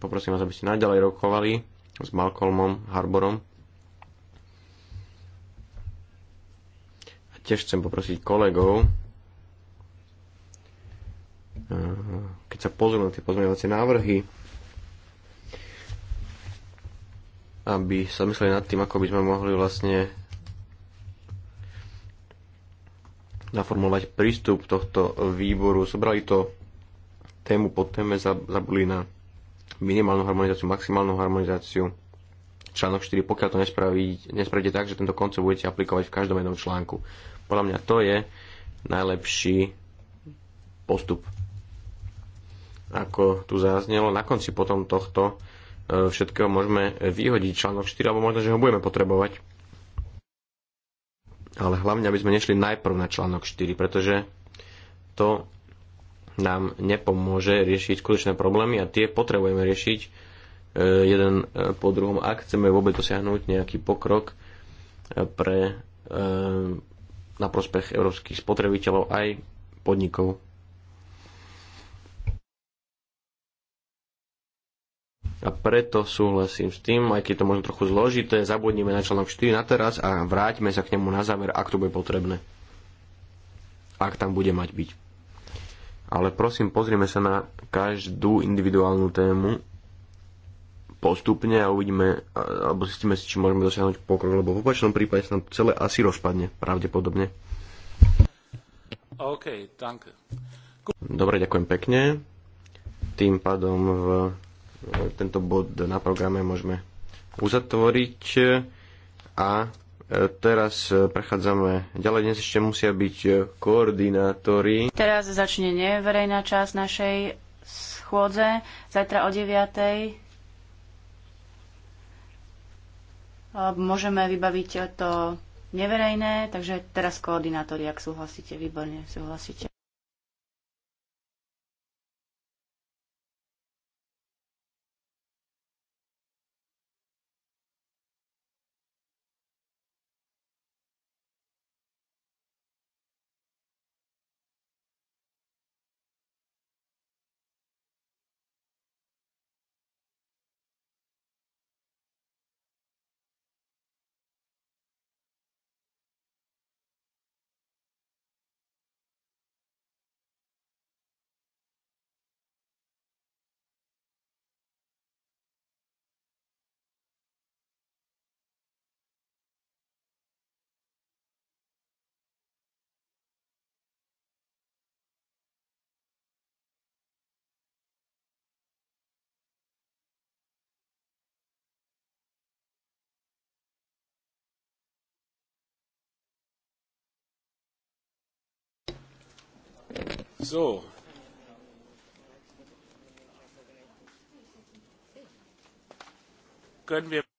poprosím vás, aby ste naďalej rokovali s Malcolmom, Harborom Tiež chcem poprosiť kolegov, eh, keď sa pozrú na tie pozmeňovacie návrhy, aby sa mysleli nad tým, ako by sme mohli vlastne naformulovať prístup tohto výboru. Sobrali to tému po téme, zabudli na minimálnu harmonizáciu, maximálnu harmonizáciu. Článok 4, pokiaľ to nespraví, nespravíte tak, že tento koncept budete aplikovať v každom jednom článku. Podľa mňa to je najlepší postup. Ako tu zaznelo, na konci potom tohto e, všetkého môžeme vyhodiť článok 4, alebo možno, že ho budeme potrebovať. Ale hlavne, aby sme nešli najprv na článok 4, pretože to nám nepomôže riešiť skutočné problémy a tie potrebujeme riešiť e, jeden e, po druhom, ak chceme vôbec dosiahnuť nejaký pokrok pre na prospech európskych spotrebiteľov aj podnikov. A preto súhlasím s tým, aj keď to možno trochu zložité, zabudnime na článok 4 na teraz a vráťme sa k nemu na záver, ak to bude potrebné. Ak tam bude mať byť. Ale prosím, pozrieme sa na každú individuálnu tému postupne a uvidíme, alebo zistíme, si, či môžeme dosiahnuť pokrok, lebo v opačnom prípade sa nám celé asi rozpadne, pravdepodobne. OK, danke. Dobre, ďakujem pekne. Tým pádom v tento bod na programe môžeme uzatvoriť a e, Teraz e, prechádzame ďalej. Dnes ešte musia byť e, koordinátori. Teraz začne neverejná časť našej schôdze. Zajtra o 9. Ehm, môžeme vybaviť to neverejné, takže teraz koordinátori, ak súhlasíte, výborne súhlasíte. So. Können wir